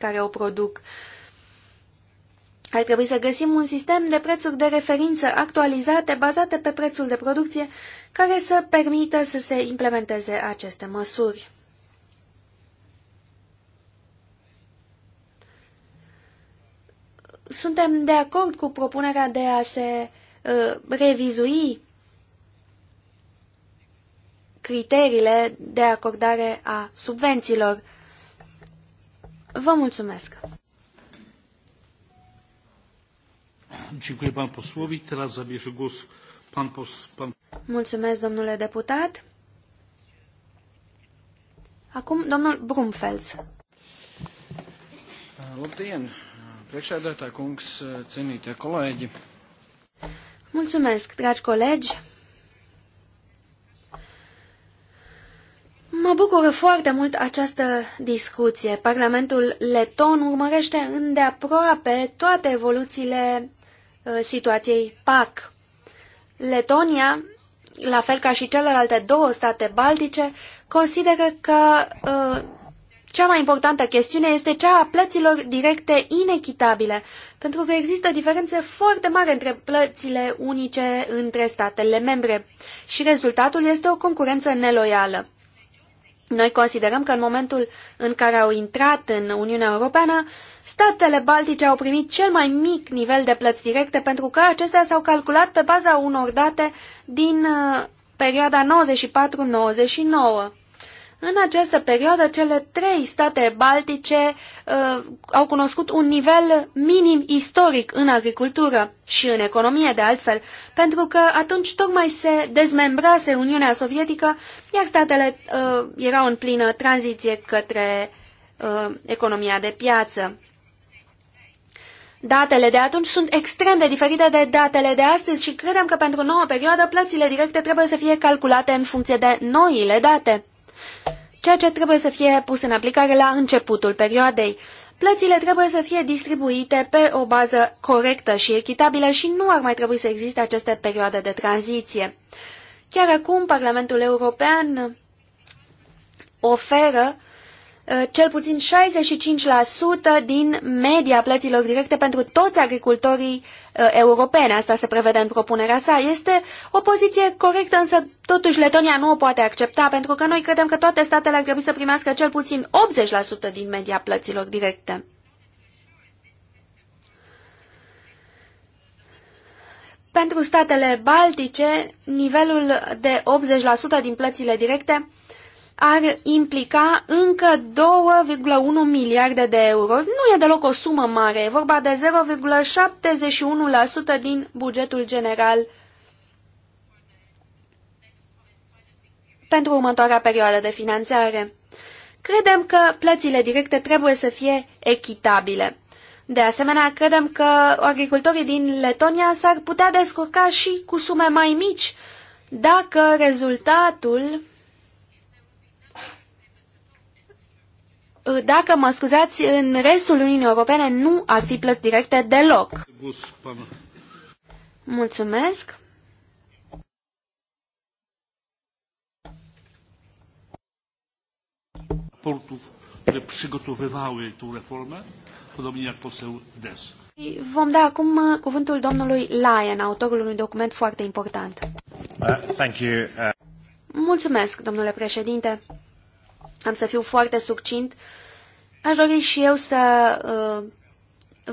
care o produc. Ar trebui să găsim un sistem de prețuri de referință actualizate, bazate pe prețul de producție, care să permită să se implementeze aceste măsuri. Suntem de acord cu propunerea de a se uh, revizui criteriile de acordare a subvențiilor. Vă mulțumesc! Dziękuję panu posłowi. Teraz zabierze głos pan pos... Pan... Mulțumesc, domnule deputat. Acum, domnul Brumfels. Labdien, președinte, kungs, cenite colegi. Mulțumesc, dragi colegi. Mă bucură foarte mult această discuție. Parlamentul leton urmărește îndeaproape toate evoluțiile Uh, situației PAC. Letonia, la fel ca și celelalte două state baltice, consideră că uh, cea mai importantă chestiune este cea a plăților directe inechitabile, pentru că există diferențe foarte mari între plățile unice între statele membre și rezultatul este o concurență neloială. Noi considerăm că în momentul în care au intrat în Uniunea Europeană, statele baltice au primit cel mai mic nivel de plăți directe pentru că acestea s-au calculat pe baza unor date din uh, perioada 94-99. În această perioadă, cele trei state baltice uh, au cunoscut un nivel minim istoric în agricultură și în economie, de altfel, pentru că atunci tocmai se dezmembrase Uniunea Sovietică, iar statele uh, erau în plină tranziție către uh, economia de piață. Datele de atunci sunt extrem de diferite de datele de astăzi și credem că pentru noua perioadă plățile directe trebuie să fie calculate în funcție de noile date ceea ce trebuie să fie pus în aplicare la începutul perioadei. Plățile trebuie să fie distribuite pe o bază corectă și echitabilă și nu ar mai trebui să existe aceste perioade de tranziție. Chiar acum, Parlamentul European oferă Eh, cel puțin 65% din media plăților directe pentru toți agricultorii eh, europene. Asta se prevede în propunerea sa. Este o poziție corectă, însă totuși Letonia nu o poate accepta, pentru că noi credem că toate statele ar trebui să primească cel puțin 80% din media plăților directe. Pentru statele baltice, nivelul de 80% din plățile directe ar implica încă 2,1 miliarde de euro. Nu e deloc o sumă mare, e vorba de 0,71% din bugetul general pentru următoarea perioadă de finanțare. Credem că plățile directe trebuie să fie echitabile. De asemenea, credem că agricultorii din Letonia s-ar putea descurca și cu sume mai mici dacă rezultatul Uh, dacă mă scuzați, în restul Uniunii Europene nu ar fi plăți directe deloc. Mulțumesc. Vom da acum uh, cuvântul domnului Lyon, autorul unui document foarte important. Uh, Mulțumesc, domnule președinte. Am să fiu foarte succint. Aș dori și eu să uh,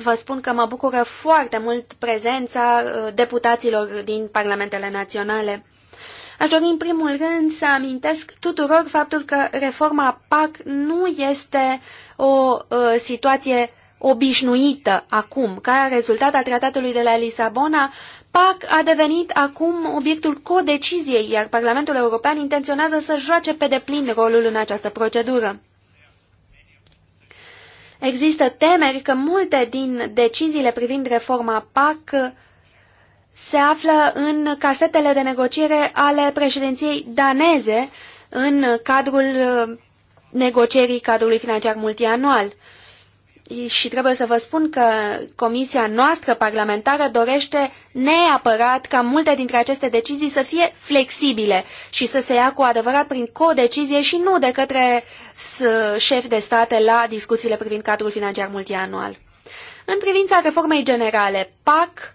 vă spun că mă bucură foarte mult prezența uh, deputaților din parlamentele naționale. Aș dori în primul rând să amintesc tuturor faptul că reforma PAC nu este o uh, situație obișnuită acum. Ca rezultat al tratatului de la Lisabona, PAC a devenit acum obiectul codeciziei, iar Parlamentul European intenționează să joace pe deplin rolul în această procedură. Există temeri că multe din deciziile privind reforma PAC se află în casetele de negociere ale președinției daneze în cadrul uh, negocierii cadrului financiar multianual și trebuie să vă spun că comisia noastră parlamentară dorește neapărat ca multe dintre aceste decizii să fie flexibile și să se ia cu adevărat prin codecizie și nu de către șefi de state la discuțiile privind cadrul financiar multianual. În privința reformei generale, PAC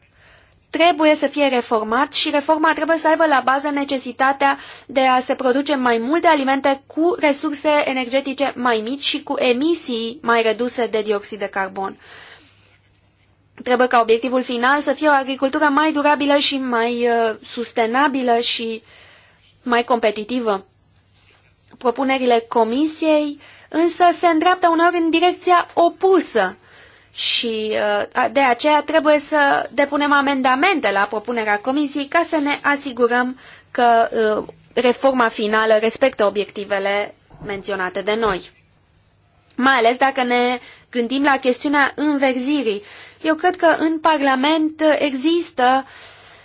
trebuie să fie reformat și reforma trebuie să aibă la bază necesitatea de a se produce mai multe alimente cu resurse energetice mai mici și cu emisii mai reduse de dioxid de carbon. Trebuie ca obiectivul final să fie o agricultură mai durabilă și mai uh, sustenabilă și mai competitivă. Propunerile comisiei însă se îndreaptă uneori în direcția opusă și uh, de aceea trebuie să depunem amendamente la propunerea Comisiei ca să ne asigurăm că uh, reforma finală respectă obiectivele menționate de noi. Mai ales dacă ne gândim la chestiunea înverzirii. Eu cred că în Parlament există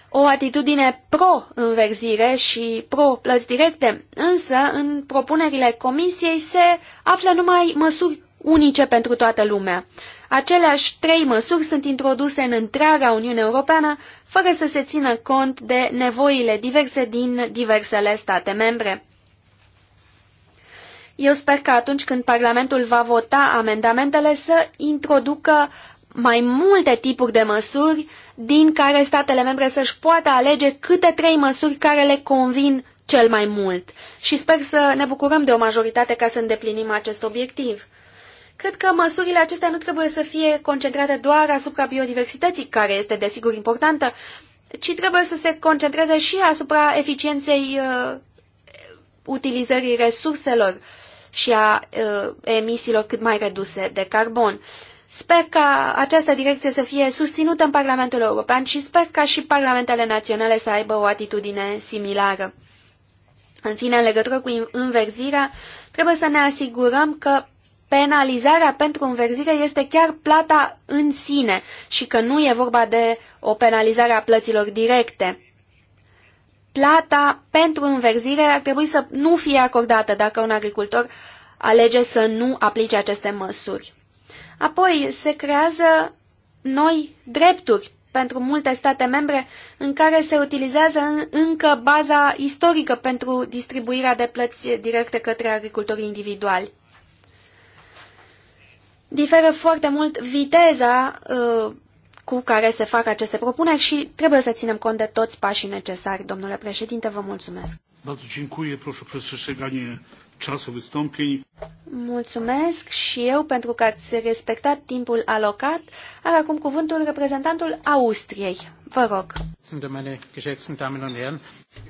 o atitudine pro-înverzire și pro-plăți directe, însă în propunerile Comisiei se află numai măsuri unice pentru toată lumea. Aceleași trei măsuri sunt introduse în întreaga Uniune Europeană, fără să se țină cont de nevoile diverse din diversele state membre. Eu sper că atunci când Parlamentul va vota amendamentele să introducă mai multe tipuri de măsuri din care statele membre să-și poată alege câte trei măsuri care le convin cel mai mult. Și sper să ne bucurăm de o majoritate ca să îndeplinim acest obiectiv. Cred că măsurile acestea nu trebuie să fie concentrate doar asupra biodiversității, care este desigur importantă, ci trebuie să se concentreze și asupra eficienței uh, utilizării resurselor și a uh, emisiilor cât mai reduse de carbon. Sper ca această direcție să fie susținută în Parlamentul European și sper ca și parlamentele naționale să aibă o atitudine similară. În fine, în legătură cu înverzirea, trebuie să ne asigurăm că penalizarea pentru înverzire este chiar plata în sine și că nu e vorba de o penalizare a plăților directe. Plata pentru înverzire ar trebui să nu fie acordată dacă un agricultor alege să nu aplice aceste măsuri. Apoi se creează noi drepturi pentru multe state membre în care se utilizează încă baza istorică pentru distribuirea de plăți directe către agricultorii individuali. Diferă foarte mult viteza uh, cu care se fac aceste propuneri și trebuie să ținem cont de toți pașii necesari. Domnule președinte, vă mulțumesc. Bardzo dziękuję. Proszę o przestrzeganie czasu wystąpień. Mulțumesc și eu pentru că ați respectat timpul alocat. Are acum cuvântul reprezentantul Austriei. Vă rog.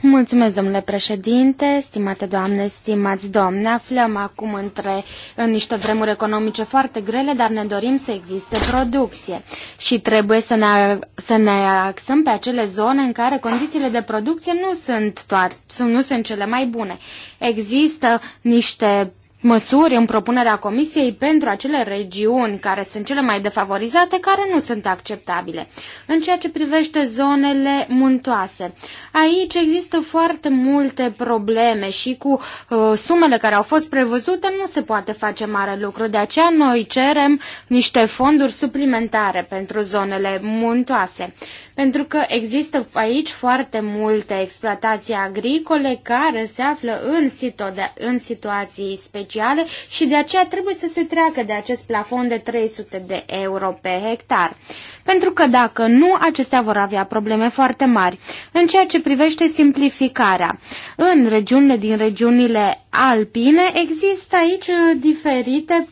Mulțumesc, domnule președinte, stimate doamne, stimați domni. Aflăm acum între, în niște vremuri economice foarte grele, dar ne dorim să existe producție. Și trebuie să ne, să ne axăm pe acele zone în care condițiile de producție nu sunt, toate, nu sunt cele mai bune. Există niște măsuri în propunerea Comisiei pentru acele regiuni care sunt cele mai defavorizate, care nu sunt acceptabile. În ceea ce privește zonele muntoase, aici există foarte multe probleme și cu uh, sumele care au fost prevăzute nu se poate face mare lucru. De aceea noi cerem niște fonduri suplimentare pentru zonele muntoase pentru că există aici foarte multe exploatații agricole care se află în, situ- în situații speciale și de aceea trebuie să se treacă de acest plafon de 300 de euro pe hectar. Pentru că dacă nu, acestea vor avea probleme foarte mari. În ceea ce privește simplificarea, în regiunile din regiunile alpine există aici uh, diferite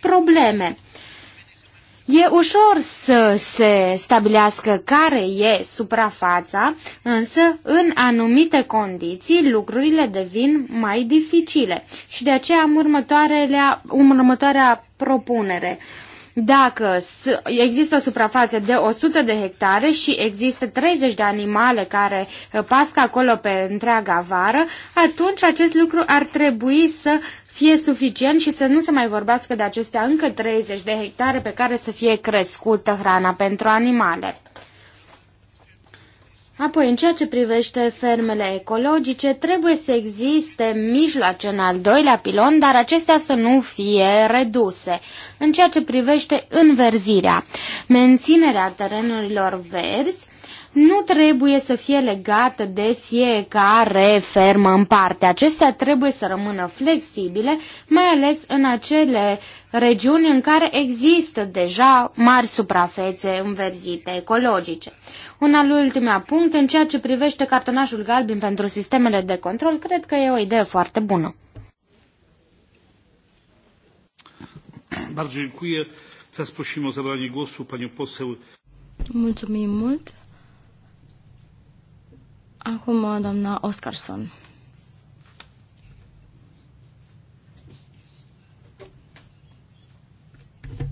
probleme E ușor să se stabilească care e suprafața, însă în anumite condiții lucrurile devin mai dificile și de aceea am următoarea, următoarea propunere. Dacă există o suprafață de 100 de hectare și există 30 de animale care uh, pască acolo pe întreaga vară, atunci acest lucru ar trebui să fie suficient și să nu se mai vorbească de acestea încă 30 de hectare pe care să fie crescută hrana pentru animale. Apoi, în ceea ce privește fermele ecologice, trebuie să existe mijloace în al doilea pilon, dar acestea să nu fie reduse. În ceea ce privește înverzirea, menținerea terenurilor verzi, nu trebuie să fie legată de fiecare fermă în parte. Acestea trebuie să rămână flexibile, mai ales în acele regiuni în care există deja mari suprafețe înverzite ecologice. Un al ultimea punct, în ceea ce privește cartonașul galben pentru sistemele de control, cred că e o idee foarte bună. Bardzo dziękuję. Teraz prosimy o zabranie głosu panią poseł. Mulțumim mult. Acum, doamna Oscarson.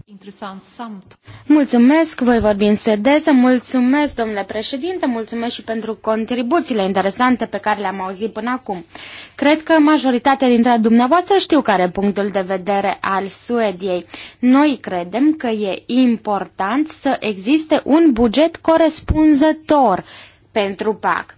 interesant samt. Mulțumesc, voi vorbi în suedeză, mulțumesc, domnule președinte, mulțumesc și pentru contribuțiile interesante pe care le-am auzit până acum. Cred că majoritatea dintre dumneavoastră știu care e punctul de vedere al Suediei. Noi credem că e important să existe un buget corespunzător pentru PAC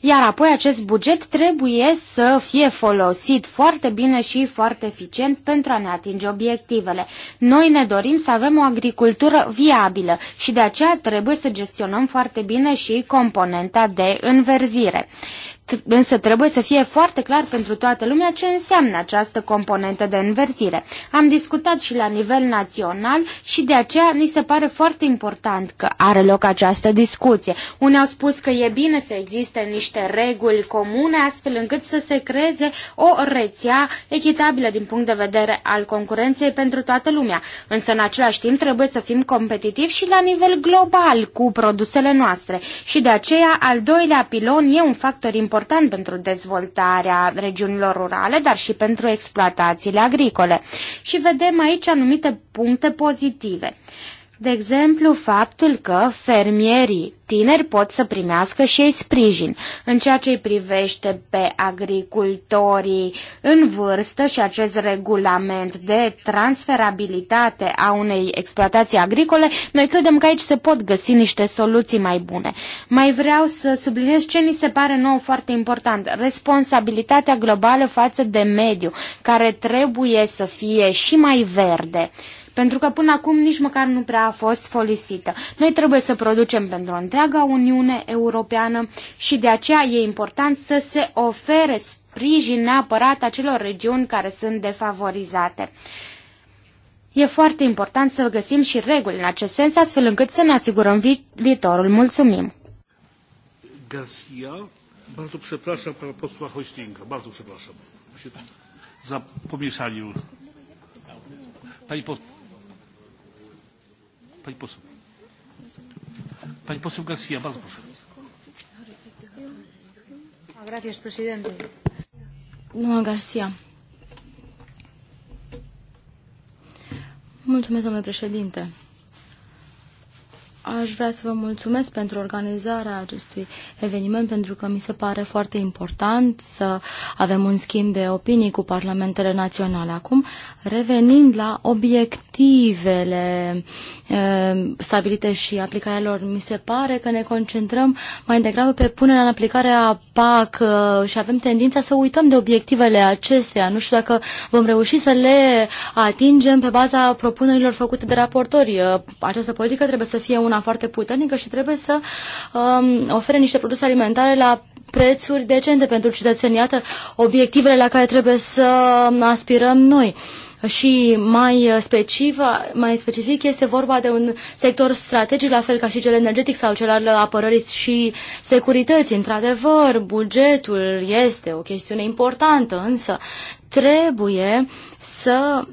iar apoi acest buget trebuie să fie folosit foarte bine și foarte eficient pentru a ne atinge obiectivele. Noi ne dorim să avem o agricultură viabilă și de aceea trebuie să gestionăm foarte bine și componenta de înverzire însă trebuie să fie foarte clar pentru toată lumea ce înseamnă această componentă de înverzire. Am discutat și la nivel național și de aceea ni se pare foarte important că are loc această discuție. Unii au spus că e bine să existe niște reguli comune astfel încât să se creeze o rețea echitabilă din punct de vedere al concurenței pentru toată lumea. Însă în același timp trebuie să fim competitivi și la nivel global cu produsele noastre și de aceea al doilea pilon e un factor important important pentru dezvoltarea regiunilor rurale, dar și pentru exploatațiile agricole. Și vedem aici anumite puncte pozitive. De exemplu, faptul că fermierii tineri pot să primească și ei sprijin în ceea ce îi privește pe agricultorii în vârstă și acest regulament de transferabilitate a unei exploatații agricole, noi credem că aici se pot găsi niște soluții mai bune. Mai vreau să subliniez ce ni se pare nou foarte important, responsabilitatea globală față de mediu, care trebuie să fie și mai verde pentru că până acum nici măcar nu prea a fost folosită. Noi trebuie să producem pentru întreaga Uniune Europeană și de aceea e important să se ofere sprijin neapărat acelor regiuni care sunt defavorizate. E foarte important să găsim și reguli în acest sens, astfel încât să ne asigurăm vi viitorul. Mulțumim! Garcia, bardzo przepraszam pana posła Hoślinga, bardzo przepraszam za pomieszanie. Pani posła. Pani poseł. Pani poseł Garcia, bardzo proszę. Gracias, presidente. Doamna Garcia. Mulțumesc, domnule președinte. Aș vrea să vă mulțumesc pentru organizarea acestui eveniment, pentru că mi se pare foarte important să avem un schimb de opinii cu parlamentele naționale. Acum, revenind la obiectivele Ehm, stabilite și aplicarea lor. Mi se pare că ne concentrăm mai degrabă pe punerea în aplicare a PAC uh, și avem tendința să uităm de obiectivele acestea. Nu știu dacă vom reuși să le atingem pe baza propunerilor făcute de raportori. Uh, această politică trebuie să fie una foarte puternică și trebuie să um, ofere niște produse alimentare la prețuri decente pentru cetățeni. Iată obiectivele la care trebuie să um, aspirăm noi și mai uh, specific, mai specific este vorba de un sector strategic, la fel ca și cel energetic sau cel al apărării și securității. Într-adevăr, bugetul este o chestiune importantă, însă trebuie să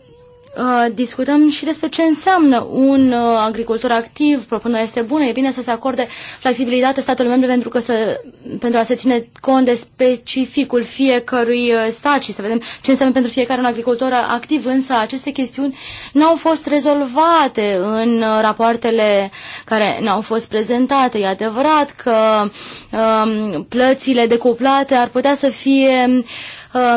Uh, discutăm și despre ce înseamnă un uh, agricultor activ. Propunerea este bună, e bine să se acorde flexibilitate statului membru pentru, că să, pentru a se ține cont de specificul fiecărui uh, stat și să vedem ce înseamnă pentru fiecare un agricultor activ, însă aceste chestiuni n-au fost rezolvate în rapoartele care n-au fost prezentate. E adevărat că uh, plățile decuplate ar putea să fie uh,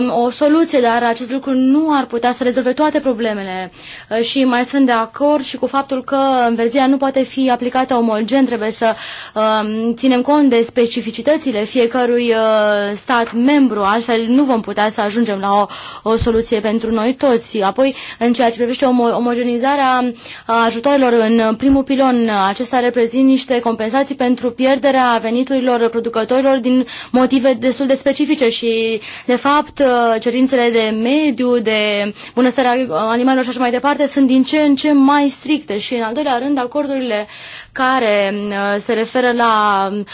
um, o soluție, dar acest lucru nu ar putea să rezolve toate problemele. Uh, și mai sunt de acord și cu faptul că înverzirea nu poate fi aplicată omogen, trebuie să um, ținem cont de specificitățile fiecărui uh, stat membru, altfel nu vom putea să ajungem la o, o soluție pentru noi toți. Apoi, în ceea ce privește om- omogenizarea ajutoarelor în primul pilon, acesta reprezintă niște compensații pentru pierderea veniturilor producătorilor din motive destul de specifice și, de fapt, fapt, uh, cerințele de mediu, de bunăstare animalelor și așa mai departe, sunt din ce în ce mai stricte și, în al doilea rând, acordurile care mm, se referă la mm,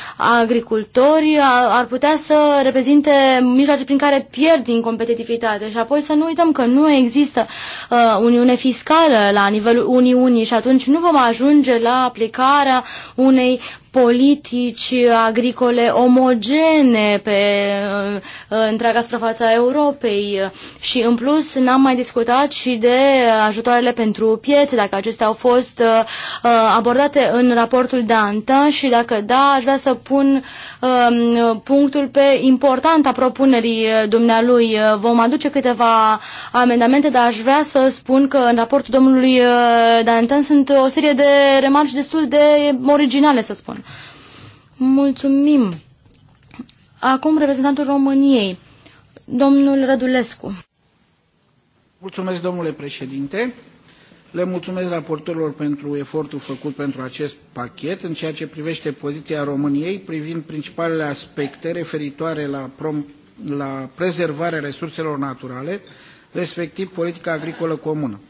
agricultori ar putea să reprezinte mijloace prin care pierd din competitivitate și apoi să nu uităm că nu există uh, uniune fiscală la nivelul Uniunii și atunci nu vom ajunge la aplicarea unei politici agricole omogene pe uh, uh, întreaga suprafață a Europei și în plus n-am mai discutat și de ajutoarele pentru piețe, dacă acestea au fost abordate în în raportul de antă și dacă da, aș vrea să pun um, punctul pe importanta propunerii uh, dumnealui. Uh, vom aduce câteva amendamente, dar aș vrea să spun că în raportul domnului uh, Dantin sunt o serie de remarci destul de originale, să spun. Mulțumim. Acum reprezentantul României, domnul Rădulescu. Mulțumesc, domnule președinte. Le mulțumesc raportorilor pentru efortul făcut pentru acest pachet în ceea ce privește poziția României privind principalele aspecte referitoare la, la prezervarea resurselor naturale, respectiv politica agricolă comună.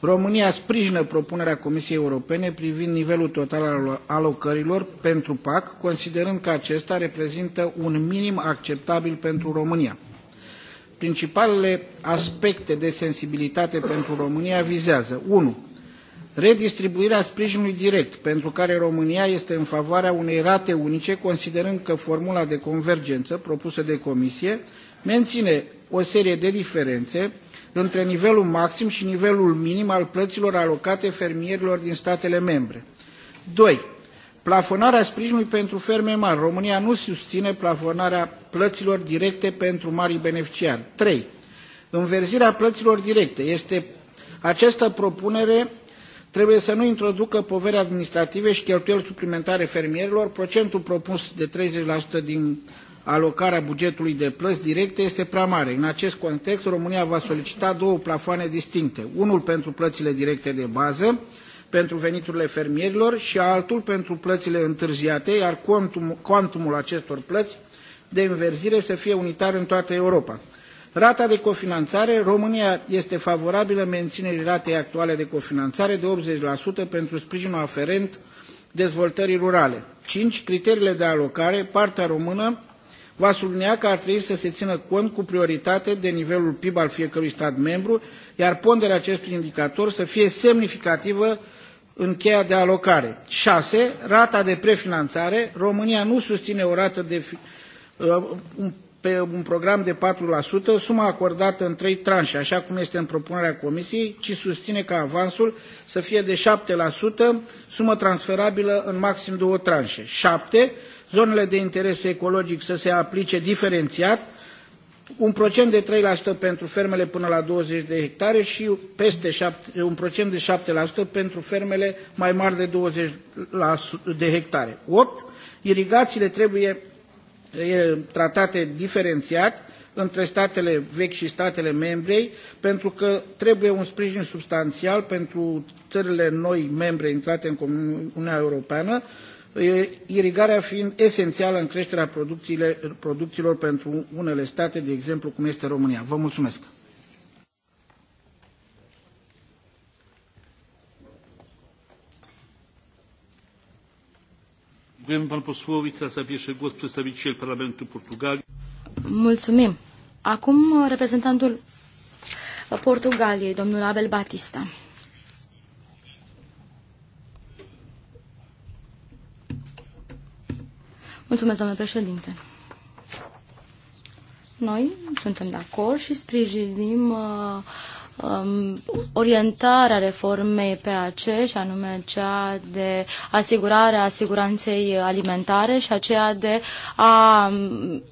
România sprijină propunerea Comisiei Europene privind nivelul total al alocărilor pentru PAC, considerând că acesta reprezintă un minim acceptabil pentru România. Principalele aspecte de sensibilitate pentru România vizează 1. Redistribuirea sprijinului direct, pentru care România este în favoarea unei rate unice, considerând că formula de convergență propusă de Comisie menține o serie de diferențe între nivelul maxim și nivelul minim al plăților alocate fermierilor din statele membre. 2. Plafonarea sprijinului pentru ferme mari. România nu susține plafonarea plăților directe pentru mari beneficiari. 3. Înverzirea plăților directe. Este această propunere trebuie să nu introducă povere administrative și cheltuieli suplimentare fermierilor. Procentul propus de 30% din alocarea bugetului de plăți directe este prea mare. În acest context, România va solicita două plafoane distincte. Unul pentru plățile directe de bază pentru veniturile fermierilor și altul pentru plățile întârziate, iar quantum, quantumul acestor plăți de înverzire să fie unitar în toată Europa. Rata de cofinanțare, România este favorabilă menținerii ratei actuale de cofinanțare de 80% pentru sprijinul aferent dezvoltării rurale. 5. Criteriile de alocare, partea română va sublinia că ar trebui să se țină cont cu prioritate de nivelul PIB al fiecărui stat membru, iar ponderea acestui indicator să fie semnificativă în cheia de alocare. 6. Rata de prefinanțare. România nu susține o rată de uh, un, pe un program de 4%, suma acordată în trei tranșe, așa cum este în propunerea Comisiei, ci susține ca avansul să fie de 7%, sumă transferabilă în maxim două tranșe. 7. Zonele de interes ecologic să se aplice diferențiat, un procent de 3% pentru fermele până la 20 de hectare și peste 7, un procent de 7% pentru fermele mai mari de 20 de hectare. 8. Irigațiile trebuie tratate diferențiat între statele vechi și statele membrei, pentru că trebuie un sprijin substanțial pentru țările noi membre intrate în Uniunea Europeană, irigarea fiind esențială în creșterea producțiilor pentru unele state, de exemplu cum este România. Vă mulțumesc! Mulțumim. Acum reprezentantul Portugaliei, domnul Abel Batista. Mulțumesc, domnule președinte. Noi suntem de acord și sprijinim uh, um, orientarea reformei PAC și anume cea de asigurare a siguranței alimentare și aceea de a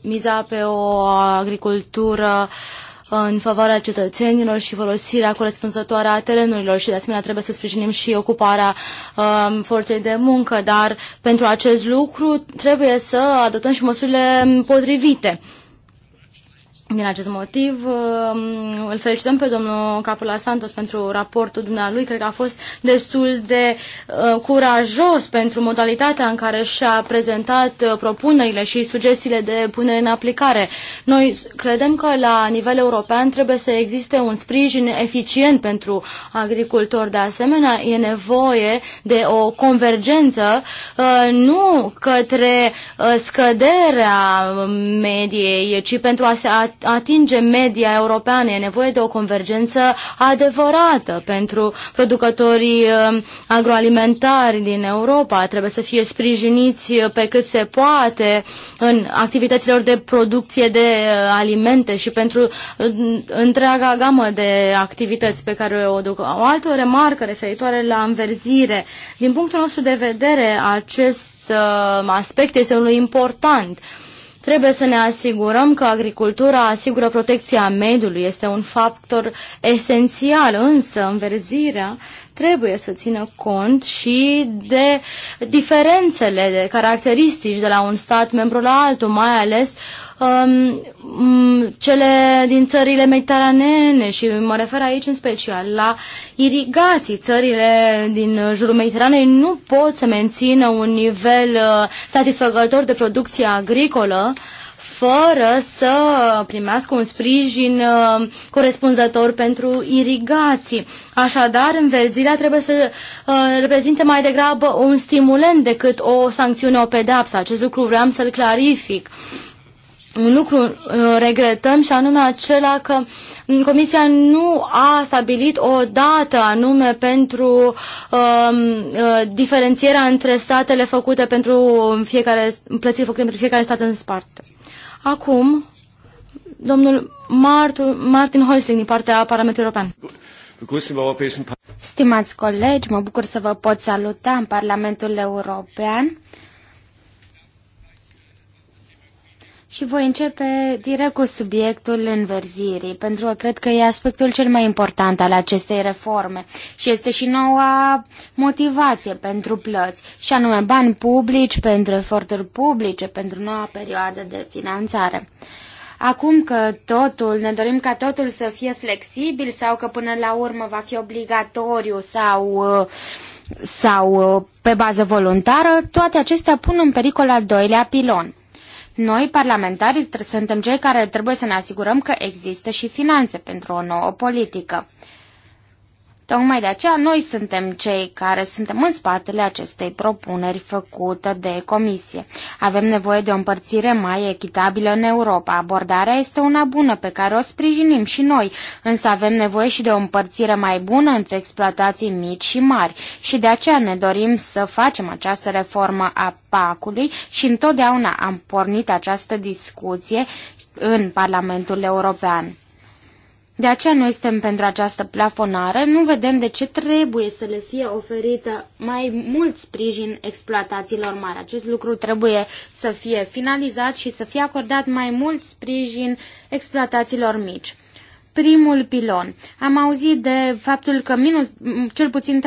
miza pe o agricultură uh, în favoarea cetățenilor și folosirea corespunzătoare a terenurilor și de asemenea trebuie să sprijinim și ocuparea um, forței de muncă, dar pentru acest lucru trebuie să adoptăm și măsurile potrivite. Din acest motiv, um, îl felicităm pe domnul Capula Santos pentru raportul dumnealui. Cred că a fost destul de uh, curajos pentru modalitatea în care și-a prezentat uh, propunerile și sugestiile de punere în aplicare. Noi credem că la nivel european trebuie să existe un sprijin eficient pentru agricultori. De asemenea, e nevoie de o convergență uh, nu către scăderea um, mediei, ci pentru a se atinge media europeană. E nevoie de o convergență adevărată pentru producătorii um, agroalimentari din Europa. Trebuie să fie sprijiniți uh, pe cât se poate în activităților de producție de uh, alimente și pentru uh, întreaga gamă de activități pe care o duc. O altă remarcă referitoare la înverzire. Din punctul nostru de vedere, acest aspect este unul important. Uh, Trebuie să ne asigurăm că agricultura asigură protecția mediului. Este un factor esențial, însă înverzirea trebuie să țină cont și de diferențele de caracteristici de la un stat membru la altul, mai ales um, cele din țările mediteranene și mă refer aici în special la irigații. Țările din jurul Mediteranei nu pot să mențină un nivel uh, satisfăcător de producție agricolă uh, fără să primească un sprijin uh, corespunzător pentru irigații. Așadar, înverzirea trebuie să uh, reprezinte mai degrabă un stimulent decât o sancțiune, o pedapsă. Acest lucru vreau să-l clarific un lucru uh, regretăm și anume acela că Comisia nu a stabilit o dată anume pentru um, diferențierea între statele făcute pentru fiecare, plățiri făcute pentru fiecare stat în spate. Acum, domnul Martin Hoisling din partea Parlamentului European. Stimați colegi, mă bucur să vă pot saluta în Parlamentul European. Și voi începe direct cu subiectul înverzirii, pentru că cred că e aspectul cel mai important al acestei reforme și este și noua motivație pentru plăți, și anume bani publici pentru eforturi publice, pentru noua perioadă de finanțare. Acum că totul, ne dorim ca totul să fie flexibil sau că până la urmă va fi obligatoriu sau, sau pe bază voluntară, toate acestea pun în pericol al doilea pilon noi, parlamentarii, suntem cei care trebuie să ne asigurăm că există și finanțe pentru o nouă politică. Tocmai de aceea noi suntem cei care suntem în spatele acestei propuneri făcute de comisie. Avem nevoie de o împărțire mai echitabilă în Europa. Abordarea este una bună pe care o sprijinim și noi, însă avem nevoie și de o împărțire mai bună între exploatații mici și mari și de aceea ne dorim să facem această reformă a PAC-ului și întotdeauna am pornit această discuție în Parlamentul European. De aceea noi suntem pentru această plafonare, nu vedem de ce trebuie să le fie oferită mai mult sprijin exploatațiilor mari. Acest lucru trebuie să fie finalizat și să fie acordat mai mult sprijin exploatațiilor mici primul pilon. Am auzit de faptul că minus, cel puțin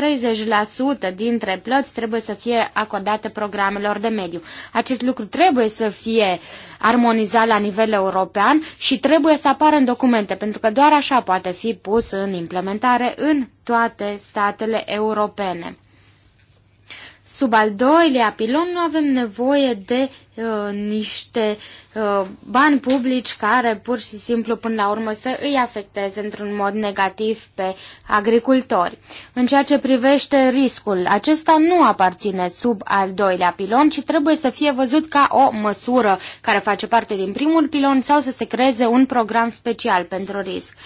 30% dintre plăți trebuie să fie acordate programelor de mediu. Acest lucru trebuie să fie armonizat la nivel european și trebuie să apară în documente, pentru că doar așa poate fi pus în implementare în toate statele europene. Sub al doilea pilon nu avem nevoie de uh, niște uh, bani publici care pur și simplu până la urmă să îi afecteze într-un mod negativ pe agricultori. În ceea ce privește riscul, acesta nu aparține sub al doilea pilon, ci trebuie să fie văzut ca o măsură care face parte din primul pilon sau să se creeze un program special pentru risc.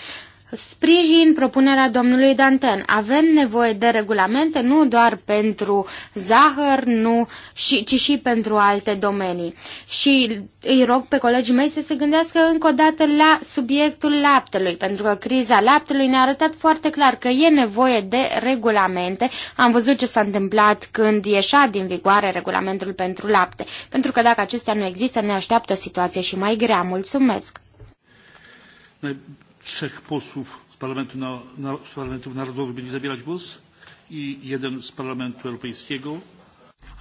Sprijin propunerea domnului Danten. Avem nevoie de regulamente nu doar pentru zahăr, nu, și, ci și pentru alte domenii. Și îi rog pe colegii mei să se gândească încă o dată la subiectul laptelui, pentru că criza laptelui ne-a arătat foarte clar că e nevoie de regulamente. Am văzut ce s-a întâmplat când ieșa din vigoare regulamentul pentru lapte, pentru că dacă acestea nu există, ne așteaptă o situație și mai grea. Mulțumesc! trzech posłów z, Parlamentu na, na, z parlamentów narodowych będzie zabierać głos i jeden z Parlamentu Europejskiego.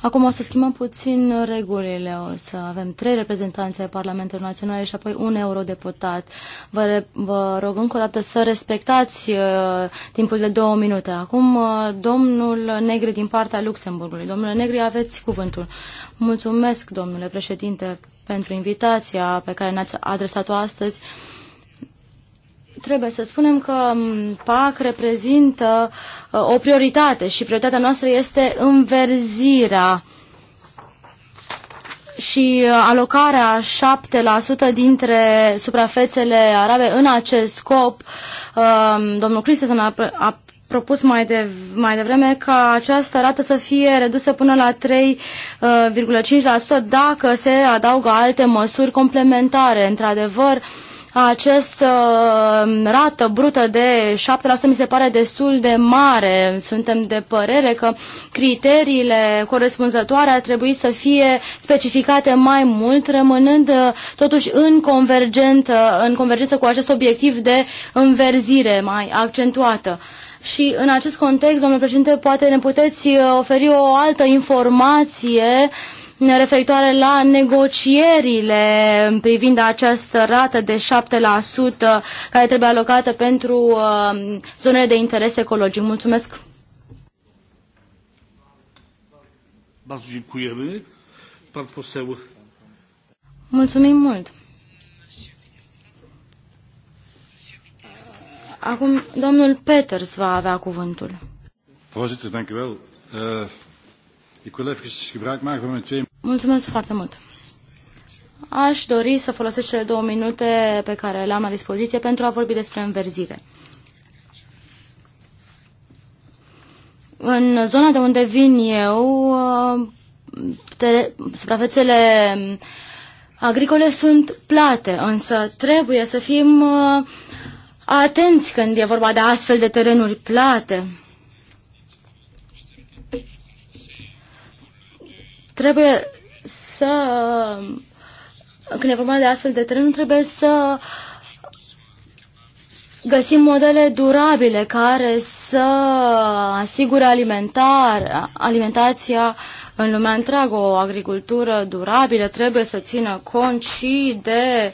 Acum o să schimbăm puțin regulile. O să avem trei reprezentanți ai Parlamentului Național și apoi un eurodeputat. Vă, re- vă rog încă o dată să respectați uh, timpul de două minute. Acum, uh, domnul Negri din partea Luxemburgului. Domnule Negri, aveți cuvântul. Mulțumesc, domnule președinte, pentru invitația pe care ne-ați adresat-o astăzi. Uh, trebuie să spunem că PAC reprezintă uh, o prioritate și prioritatea noastră este înverzirea și uh, alocarea 7% dintre suprafețele arabe în acest scop. Um, domnul Christensen a, a propus mai, de, mai devreme ca această rată să fie redusă până la 3,5% uh, dacă se adaugă alte măsuri complementare. Într-adevăr, uh, această uh, rată brută de 7% mi se pare destul de mare. Suntem de părere că criteriile corespunzătoare ar trebui să fie specificate mai mult, rămânând uh, totuși în, uh, în convergență cu acest obiectiv de înverzire mai accentuată. Și în acest context, domnule președinte, poate ne puteți uh, oferi o altă informație uh, referitoare la negocierile privind această rată de 7% care trebuie alocată pentru uh, zonele de interes ecologic. Mulțumesc! Mulțumim mult! Acum domnul Peters va avea cuvântul. Voorzitter, dank u wel. Uh, Mulțumesc foarte mult. Aș dori să folosesc cele două minute pe care le am la dispoziție pentru a vorbi despre înverzire. În zona de unde vin eu, suprafețele agricole sunt plate, însă trebuie să fim uh, atenți când e vorba de astfel de terenuri plate. trebuie să, când e vorba de astfel de teren, trebuie să găsim modele durabile care să asigure alimentar, alimentația în lumea întreagă, o agricultură durabilă, trebuie să țină cont și de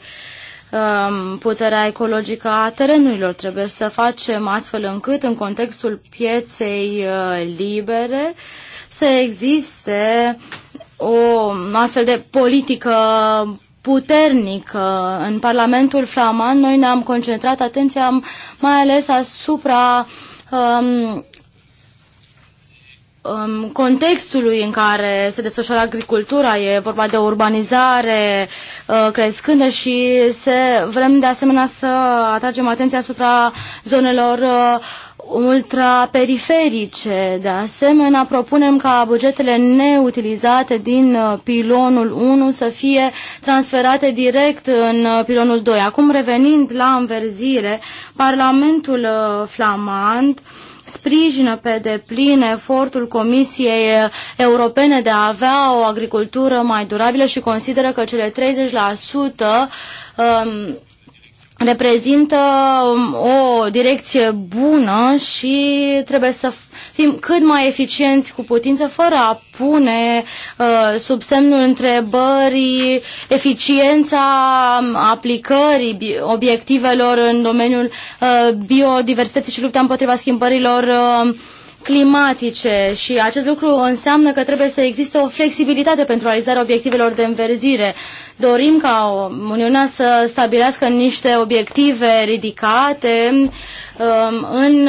um, puterea ecologică a terenurilor. Trebuie să facem astfel încât, în contextul pieței uh, libere, să existe uh, o astfel de politică puternică în Parlamentul flamand, noi ne-am concentrat atenția mai ales asupra um, um, contextului în care se desfășoară agricultura, e vorba de urbanizare uh, crescândă și se, vrem de asemenea să atragem atenția asupra zonelor uh, ultraperiferice. De asemenea, propunem ca bugetele neutilizate din uh, pilonul 1 să fie transferate direct în uh, pilonul 2. Acum, revenind la înverzire, Parlamentul uh, flamand sprijină pe deplin efortul Comisiei Europene de a avea o agricultură mai durabilă și consideră că cele 30% um, reprezintă um, o direcție bună și trebuie să fim cât mai eficienți cu putință fără a pune uh, sub semnul întrebării eficiența um, aplicării obiectivelor în domeniul uh, biodiversității și lupta împotriva schimbărilor uh, climatice și acest lucru înseamnă că trebuie să existe o flexibilitate pentru realizarea obiectivelor de înverzire. Dorim ca Uniunea să stabilească niște obiective ridicate um, în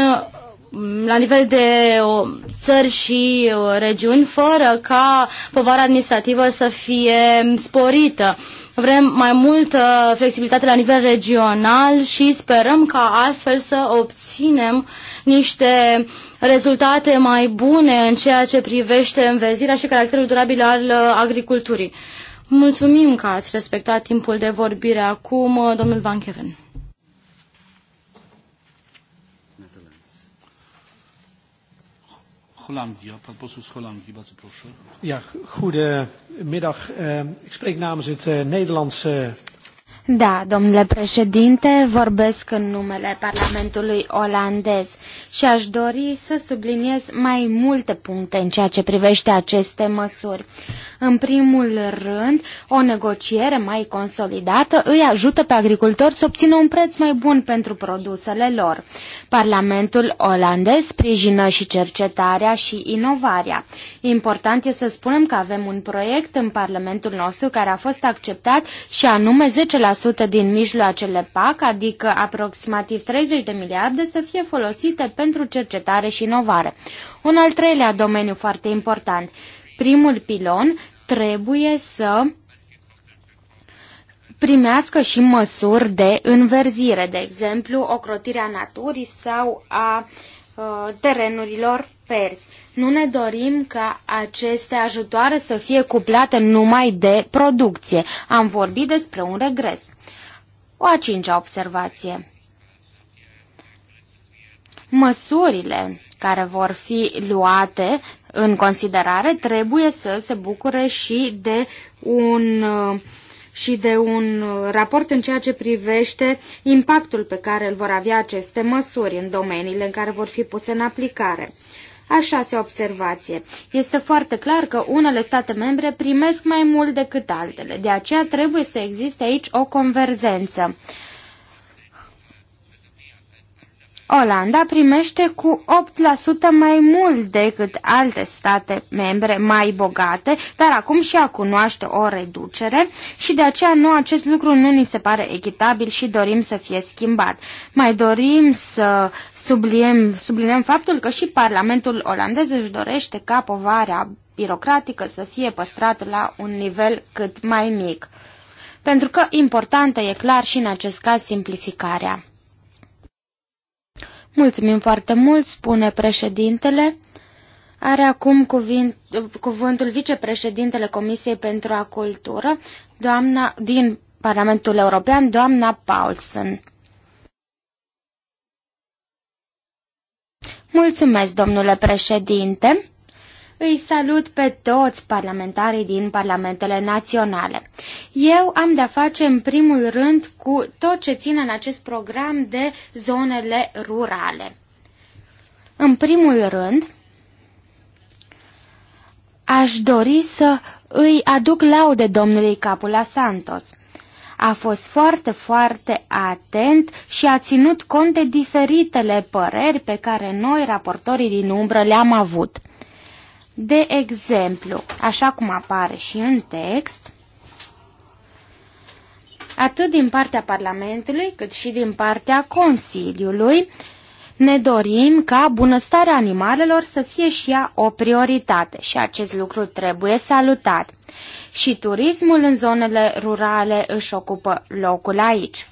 la nivel de o, țări și o, uh, regiuni, fără ca povara administrativă să fie sporită. Vrem mai multă flexibilitate la nivel regional și sperăm ca astfel să obținem niște rezultate mai bune în ceea ce privește înverzirea și caracterul durabil al uh, agriculturii. Mulțumim că ați respectat timpul de vorbire acum, uh, domnul Van Keven. Ja, goedemiddag. Eh, ik spreek namens het eh, Nederlandse da, domnule președinte, vorbesc în numele Parlamentului olandez și aș dori să subliniez mai multe puncte în ceea ce privește aceste măsuri. În primul rând, o negociere mai consolidată îi ajută pe agricultori să obțină un preț mai bun pentru produsele lor. Parlamentul olandez sprijină și cercetarea și inovarea. Important este să spunem că avem un proiect în Parlamentul nostru care a fost acceptat și anume 10% din mijloacele PAC, adică aproximativ 30 de miliarde, să fie folosite pentru cercetare și inovare. Un al treilea domeniu foarte important. Primul pilon trebuie să primească și măsuri de înverzire, de exemplu, ocrotirea naturii sau a uh, terenurilor perzi. Nu ne dorim ca aceste ajutoare să fie cuplate numai de producție. Am vorbit despre un regres. O a cincea observație. Măsurile care vor fi luate în considerare, trebuie să se bucure și de un și de un raport în ceea ce privește impactul pe care îl vor avea aceste măsuri în domeniile în care vor fi puse în aplicare. A șasea observație. Este foarte clar că unele state membre primesc mai mult decât altele, de aceea trebuie să existe aici o convergență. Olanda primește cu 8% mai mult decât alte state membre mai bogate, dar acum și a cunoaște o reducere și de aceea nu acest lucru nu ni se pare echitabil și dorim să fie schimbat. Mai dorim să subliniem, subliniem faptul că și Parlamentul olandez își dorește ca povarea birocratică să fie păstrată la un nivel cât mai mic. Pentru că importantă e clar și în acest caz simplificarea. Mulțumim foarte mult, spune președintele. Are acum cuvint, cuvântul vicepreședintele Comisiei pentru Cultură doamna din Parlamentul European, doamna Paulsen. Mulțumesc, domnule președinte. Îi salut pe toți parlamentarii din parlamentele naționale. Eu am de-a face în primul rând cu tot ce ține în acest program de zonele rurale. În primul rând, aș dori să îi aduc laude domnului Capula Santos. A fost foarte, foarte atent și a ținut cont de diferitele păreri pe care noi, raportorii din umbră, le-am avut. De exemplu, așa cum apare și în text, atât din partea Parlamentului cât și din partea Consiliului, ne dorim ca bunăstarea animalelor să fie și ea o prioritate și acest lucru trebuie salutat. Și turismul în zonele rurale își ocupă locul aici.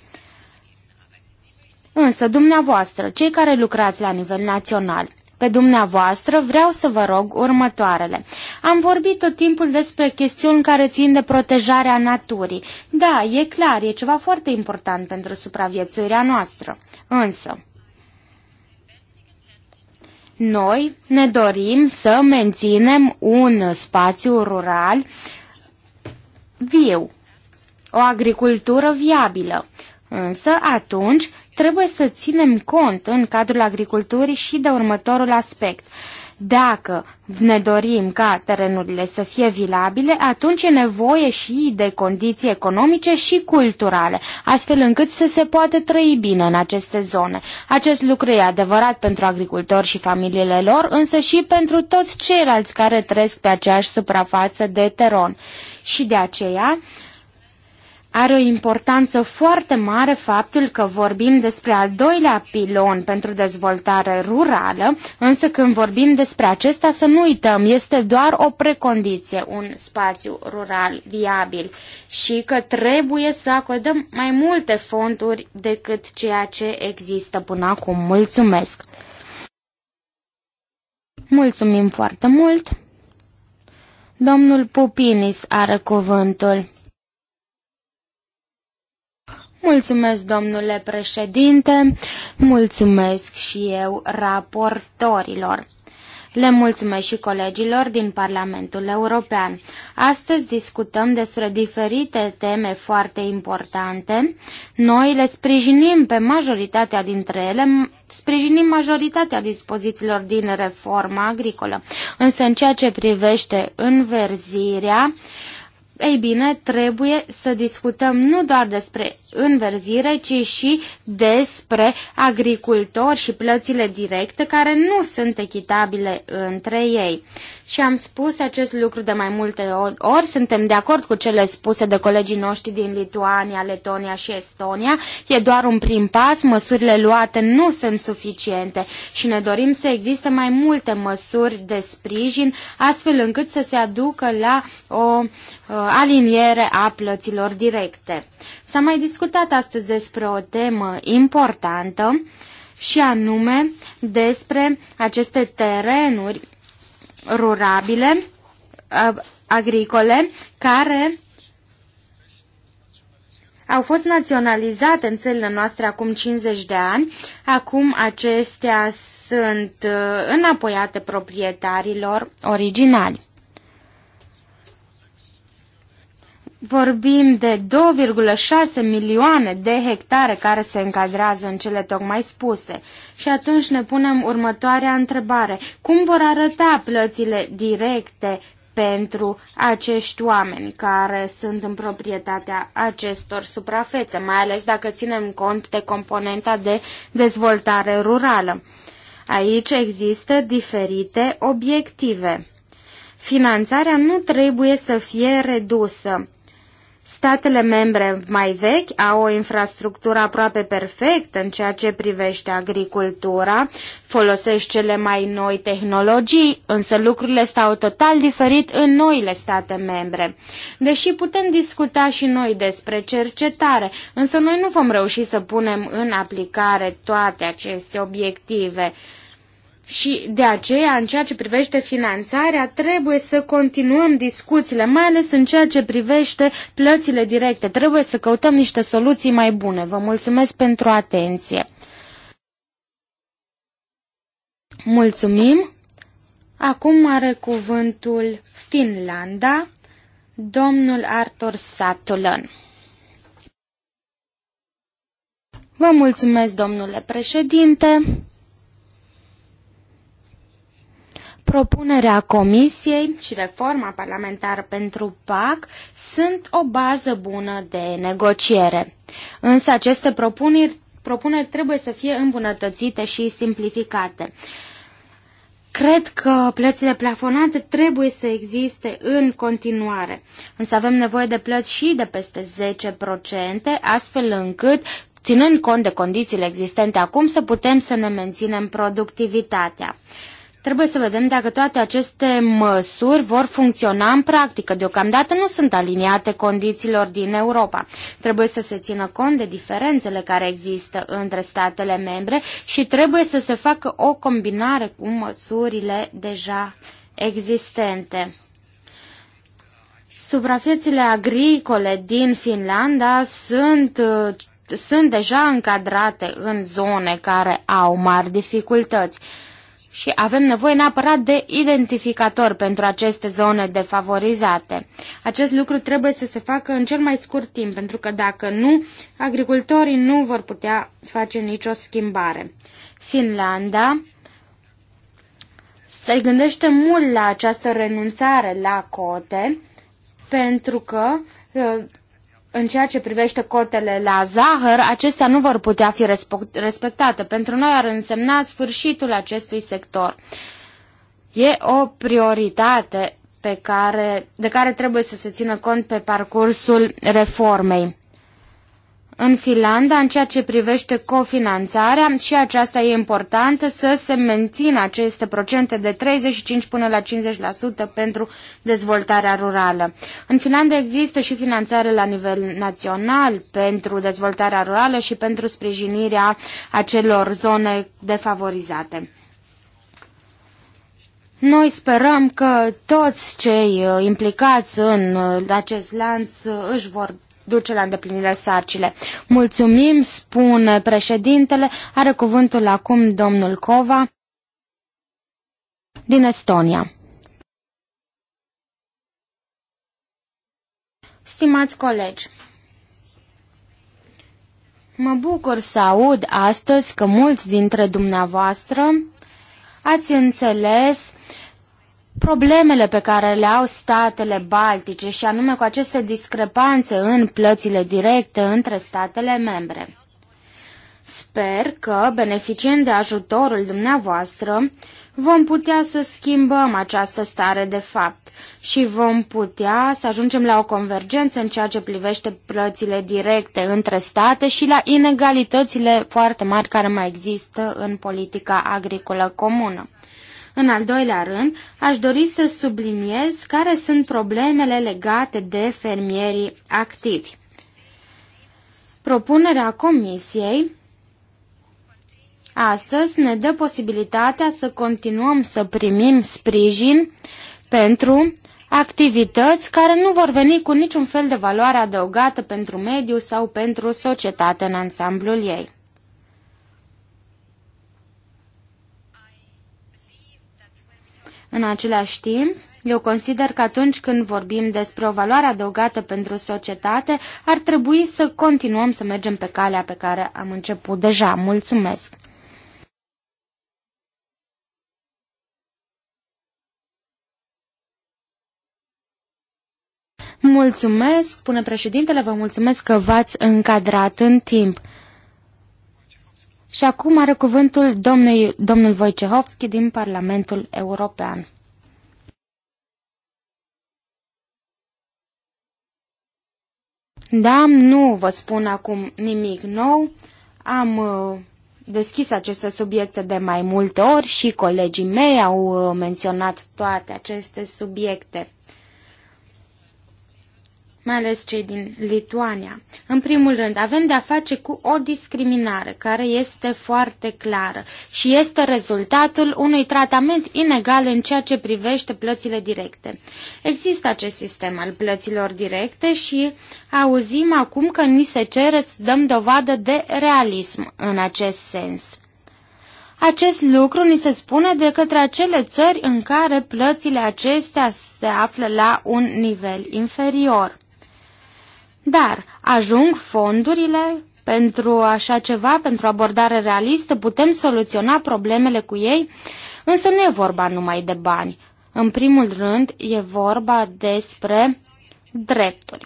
Însă, dumneavoastră, cei care lucrați la nivel național, pe dumneavoastră, vreau să vă rog următoarele. Am vorbit tot timpul despre chestiuni care țin de protejarea naturii. Da, e clar, e ceva foarte important pentru supraviețuirea noastră. Însă, noi ne dorim să menținem un spațiu rural viu, o agricultură viabilă. Însă, atunci, trebuie să ținem cont în cadrul agriculturii și de următorul aspect. Dacă ne dorim ca terenurile să fie vilabile, atunci e nevoie și de condiții economice și culturale, astfel încât să se poată trăi bine în aceste zone. Acest lucru e adevărat pentru agricultori și familiile lor, însă și pentru toți ceilalți care trăiesc pe aceeași suprafață de teron. Și de aceea, uh, are o importanță foarte mare faptul că vorbim despre al doilea pilon pentru dezvoltare rurală, însă când vorbim despre acesta să nu uităm, este doar o precondiție, un spațiu rural viabil și că trebuie să acordăm mai multe fonduri decât ceea ce există până acum. Mulțumesc! Mulțumim foarte mult! Domnul Pupinis are cuvântul. Mulțumesc, domnule președinte, mulțumesc și eu raportorilor. Le mulțumesc și colegilor din Parlamentul European. Astăzi discutăm despre diferite teme foarte importante. Noi le sprijinim pe majoritatea dintre ele, sprijinim majoritatea dispozițiilor din reforma agricolă. Însă în ceea ce privește înverzirea, uh, ei bine, trebuie să discutăm nu doar despre înverzire, ci și despre agricultori și plățile directe care nu sunt echitabile între ei și am spus acest lucru de mai multe ori. Suntem de acord cu cele spuse de colegii noștri din Lituania, Letonia și Estonia. E doar un prim pas, măsurile luate nu sunt suficiente și ne dorim să existe mai multe măsuri de sprijin, astfel încât să se aducă la o uh, aliniere a plăților directe. S-a mai discutat astăzi despre o temă importantă și anume despre aceste terenuri rurabile, agricole, care au fost naționalizate în țările noastre acum 50 de ani. Acum acestea sunt uh, înapoiate proprietarilor originali. Vorbim de 2,6 milioane de hectare care se încadrează în cele tocmai spuse. Și atunci ne punem următoarea întrebare. Cum vor arăta plățile directe pentru acești oameni care sunt în proprietatea acestor suprafețe, mai ales dacă ținem cont de componenta de dezvoltare rurală. Aici există diferite obiective. Finanțarea nu trebuie să fie redusă. Statele membre mai vechi au o infrastructură aproape perfectă în ceea ce privește agricultura, folosesc cele mai noi tehnologii, însă lucrurile stau total diferit în noile state membre. Deși putem discuta și noi despre cercetare, însă noi nu vom reuși să punem în aplicare toate aceste obiective. Și de aceea, în ceea ce privește finanțarea, trebuie să continuăm discuțiile, mai ales în ceea ce privește plățile directe. Trebuie să căutăm niște soluții mai bune. Vă mulțumesc pentru atenție. Mulțumim. Acum are cuvântul Finlanda, domnul Arthur Satulan. Vă mulțumesc, domnule președinte. Propunerea Comisiei și reforma parlamentară pentru PAC sunt o bază bună de negociere. Însă aceste propuneri, propuneri trebuie să fie îmbunătățite și simplificate. Cred că plățile plafonate trebuie să existe în continuare, însă avem nevoie de plăți și de peste 10%, astfel încât, ținând cont de condițiile existente acum, să putem să ne menținem productivitatea. Trebuie să vedem dacă toate aceste măsuri vor funcționa în practică. Deocamdată nu sunt aliniate condițiilor din Europa. Trebuie să se țină cont de diferențele care există între statele membre și trebuie să se facă o combinare cu măsurile deja existente. Suprafețele agricole din Finlanda sunt sunt deja încadrate în zone care au mari dificultăți și avem nevoie neapărat de identificator pentru aceste zone defavorizate. Acest lucru trebuie să se facă în cel mai scurt timp, pentru că dacă nu, agricultorii nu vor putea face nicio schimbare. Finlanda se gândește mult la această renunțare la cote, pentru că uh, în ceea ce privește cotele la zahăr, acestea nu vor putea fi respectate. Pentru noi ar însemna sfârșitul acestui sector. E o prioritate pe care, de care trebuie să se țină cont pe parcursul reformei în Finlanda în ceea ce privește cofinanțarea și aceasta e importantă să se mențină aceste procente de 35 până la 50% pentru dezvoltarea rurală. În Finlanda există și finanțare la nivel național pentru dezvoltarea rurală și pentru sprijinirea acelor zone defavorizate. Noi sperăm că toți cei uh, implicați în uh, acest lanț uh, își vor duce la îndeplinirea sarcile. Mulțumim, spune președintele. Are cuvântul acum domnul Cova din Estonia. Stimați colegi, mă bucur să aud astăzi că mulți dintre dumneavoastră ați înțeles problemele pe care le au statele baltice și anume cu aceste discrepanțe în plățile directe între statele membre. Sper că, beneficiind de ajutorul dumneavoastră, vom putea să schimbăm această stare de fapt și vom putea să ajungem la o convergență în ceea ce privește plățile directe între state și la inegalitățile foarte mari care mai există în politica agricolă comună. În al doilea rând, aș dori să subliniez care sunt problemele legate de fermierii activi. Propunerea Comisiei astăzi ne dă posibilitatea să continuăm să primim sprijin pentru activități care nu vor veni cu niciun fel de valoare adăugată pentru mediu sau pentru societate în ansamblul ei. În același timp, eu consider că atunci când vorbim despre o valoare adăugată pentru societate, ar trebui să continuăm să mergem pe calea pe care am început deja. Mulțumesc! Mulțumesc, spune președintele, vă mulțumesc că v-ați încadrat în timp. Și acum are cuvântul domnului, domnul Wojciechowski din Parlamentul European. Da, nu vă spun acum nimic nou. Am uh, deschis aceste subiecte de mai multe ori și colegii mei au uh, menționat toate aceste subiecte mai ales cei din Lituania. În primul rând, avem de-a face cu o discriminare care este foarte clară și este rezultatul unui tratament inegal în ceea ce privește plățile directe. Există acest sistem al plăților directe și auzim acum că ni se cere să dăm dovadă de realism în acest sens. Acest lucru ni se spune de către acele țări în care plățile acestea se află la un nivel inferior. Dar ajung fondurile pentru așa ceva, pentru abordare realistă, putem soluționa problemele cu ei, însă nu e vorba numai de bani. În primul rând, e vorba despre drepturi.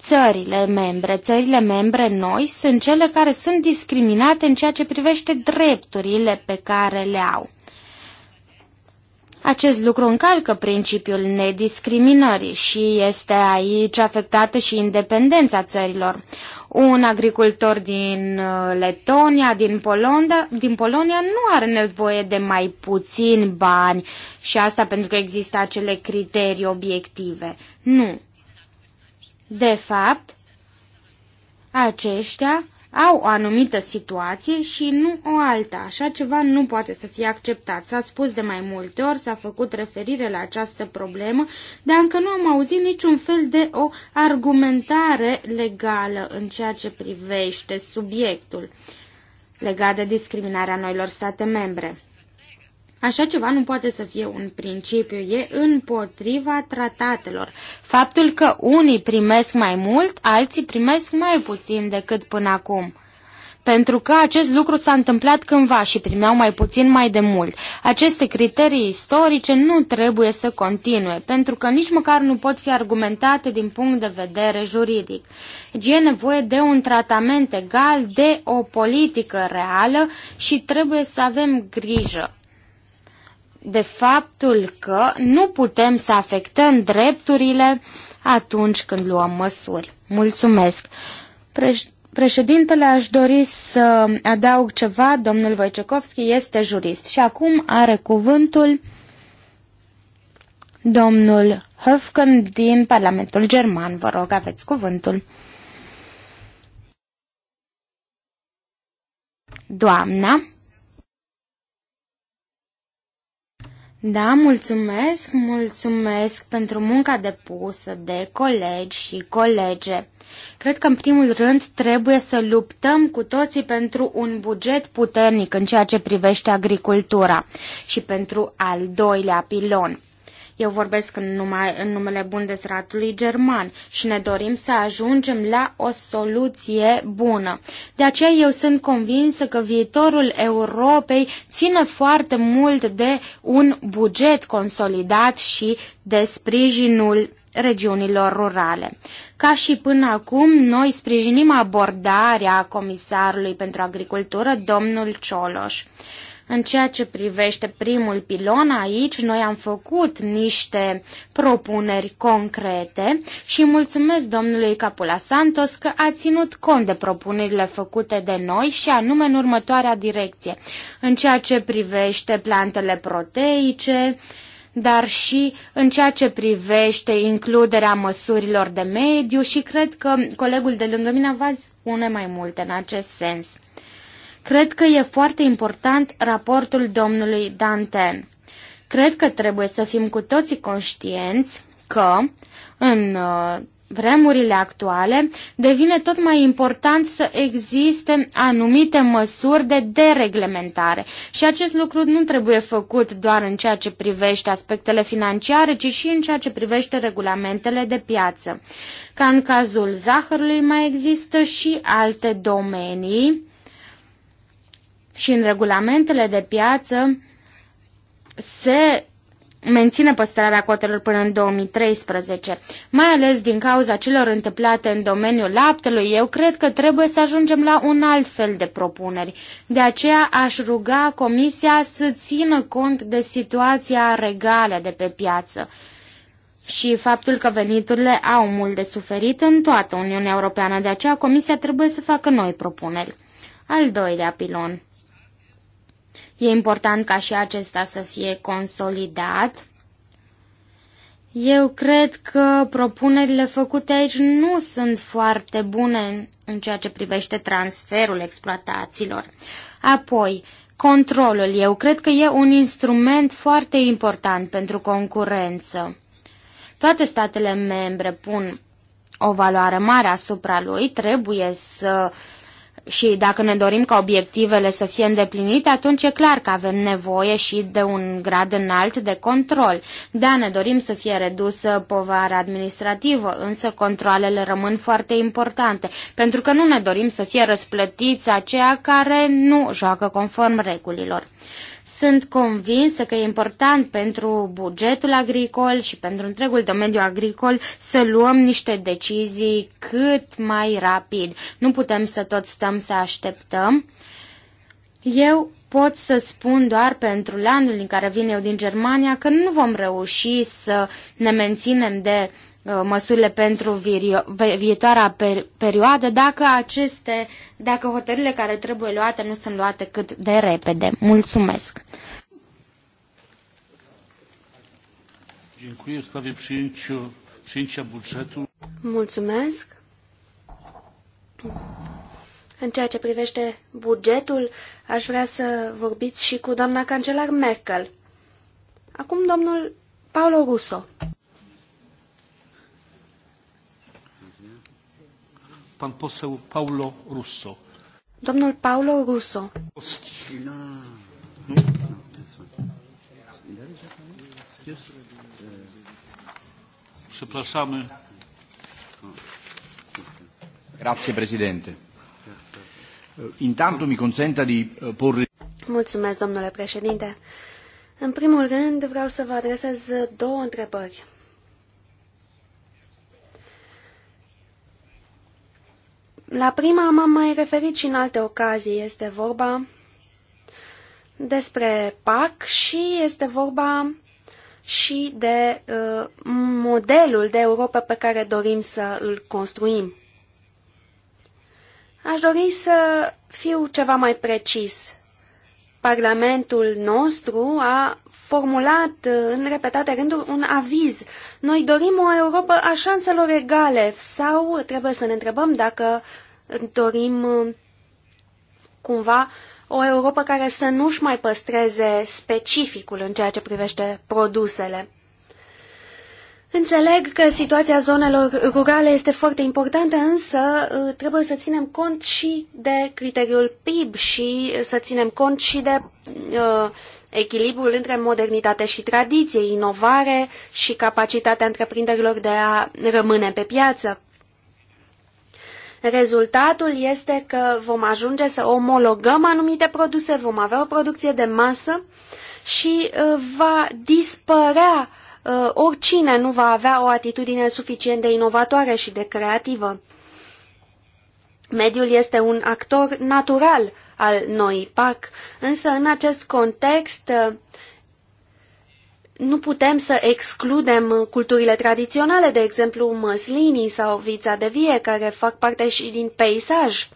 Țările membre, țările membre noi sunt cele care sunt discriminate în ceea ce privește drepturile pe care le au. Acest lucru încalcă principiul nediscriminării și este aici afectată și independența țărilor. Un agricultor din uh, Letonia, din Polonia, din Polonia nu are nevoie de mai puțin bani și asta pentru că există acele criterii obiective. Nu. De fapt, aceștia au o anumită situație și nu o alta. Așa ceva nu poate să fie acceptat. S-a spus de mai multe ori, s-a făcut referire la această problemă, dar încă nu am auzit niciun fel de o argumentare legală în ceea ce privește subiectul legat de discriminarea noilor state membre. Așa ceva nu poate să fie un principiu, e împotriva tratatelor. Faptul că unii primesc mai mult, alții primesc mai puțin decât până acum. Pentru că acest lucru s-a întâmplat cândva și primeau mai puțin mai de mult. Aceste criterii istorice nu trebuie să continue, pentru că nici măcar nu pot fi argumentate din punct de vedere juridic. E nevoie de un tratament egal, de o politică reală și trebuie să avem grijă de faptul că nu putem să afectăm drepturile atunci când luăm măsuri. Mulțumesc! Preș Președintele, aș dori să adaug ceva. Domnul Wojciechowski este jurist și acum are cuvântul domnul Höfken din Parlamentul German. Vă rog, aveți cuvântul. Doamna Da, mulțumesc, mulțumesc pentru munca depusă de colegi și colege. Cred că, în primul rând, trebuie să luptăm cu toții pentru un buget puternic în ceea ce privește agricultura și pentru al doilea pilon. Eu vorbesc în, numai, în numele Bundesratului german și ne dorim să ajungem la o soluție bună. De aceea eu sunt convinsă că viitorul Europei ține foarte mult de un buget consolidat și de sprijinul regiunilor rurale. Ca și până acum, noi sprijinim abordarea comisarului pentru agricultură, domnul Cioloș. În ceea ce privește primul pilon, aici noi am făcut niște propuneri concrete și mulțumesc domnului Capula Santos că a ținut cont de propunerile făcute de noi și anume în următoarea direcție. În ceea ce privește plantele proteice, dar și în ceea ce privește includerea măsurilor de mediu și cred că colegul de lângă mine va spune mai multe în acest sens. Cred că e foarte important raportul domnului Danten. Cred că trebuie să fim cu toții conștienți că în uh, vremurile actuale devine tot mai important să existe anumite măsuri de dereglementare și acest lucru nu trebuie făcut doar în ceea ce privește aspectele financiare, ci și în ceea ce privește regulamentele de piață. Ca în cazul zahărului mai există și alte domenii și în regulamentele de piață se menține păstrarea cotelor până în 2013. Mai ales din cauza celor întâmplate în domeniul laptelui, eu cred că trebuie să ajungem la un alt fel de propuneri. De aceea aș ruga Comisia să țină cont de situația regală de pe piață și faptul că veniturile au mult de suferit în toată Uniunea Europeană. De aceea Comisia trebuie să facă noi propuneri. Al doilea pilon E important ca și acesta să fie consolidat. Eu cred că propunerile făcute aici nu sunt foarte bune în ceea ce privește transferul exploatațiilor. Apoi, controlul. Eu cred că e un instrument foarte important pentru concurență. Toate statele membre pun o valoare mare asupra lui, trebuie să uh, și dacă ne dorim ca obiectivele să fie îndeplinite, atunci e clar că avem nevoie și de un grad înalt de control. Da, ne dorim să fie redusă povara administrativă, însă controlele rămân foarte importante, pentru că nu ne dorim să fie răsplătiți aceia care nu joacă conform regulilor. Sunt convinsă că e important pentru bugetul agricol și pentru întregul domeniu agricol să luăm niște decizii cât mai rapid. Nu putem să tot stăm să așteptăm. Eu pot să spun doar pentru landul din care vin eu din Germania că nu vom reuși să ne menținem de Uh, măsurile pentru viitoarea perioadă dacă aceste, dacă hotările care trebuie luate nu sunt luate cât de repede. Mulțumesc! Mulțumesc! În ceea ce privește bugetul, aș vrea să vorbiți și cu doamna cancelar Merkel. Acum domnul Paolo Russo. pan poseł Paulo Russo. Domnul Paulo Russo. Przepraszamy. Grazie Presidente. Intanto mi consenta di eh, porre... Mulțumesc, domnule președinte. În primul rând, vreau să vă adresez două întrebări. La prima m-am mai referit și în alte ocazii. Este vorba despre PAC și este vorba și de uh, modelul de Europa pe care dorim să îl construim. Aș dori să fiu ceva mai precis Parlamentul nostru a formulat uh, în repetate rânduri un aviz. Noi dorim o Europă a șanselor egale sau trebuie să ne întrebăm dacă dorim uh, cumva o Europă care să nu-și mai păstreze specificul în ceea ce privește produsele. Înțeleg că situația zonelor rurale este foarte importantă, însă uh, trebuie să ținem cont și de criteriul PIB și să ținem cont și de uh, echilibrul între modernitate și tradiție, inovare și capacitatea întreprinderilor de a rămâne pe piață. Rezultatul este că vom ajunge să omologăm anumite produse, vom avea o producție de masă și uh, va dispărea Uh, oricine nu va avea o atitudine suficient de inovatoare și de creativă. Mediul este un actor natural al noii PAC, însă în acest context uh, nu putem să excludem culturile tradiționale, de exemplu măslinii sau vița de vie, care fac parte și din peisaj.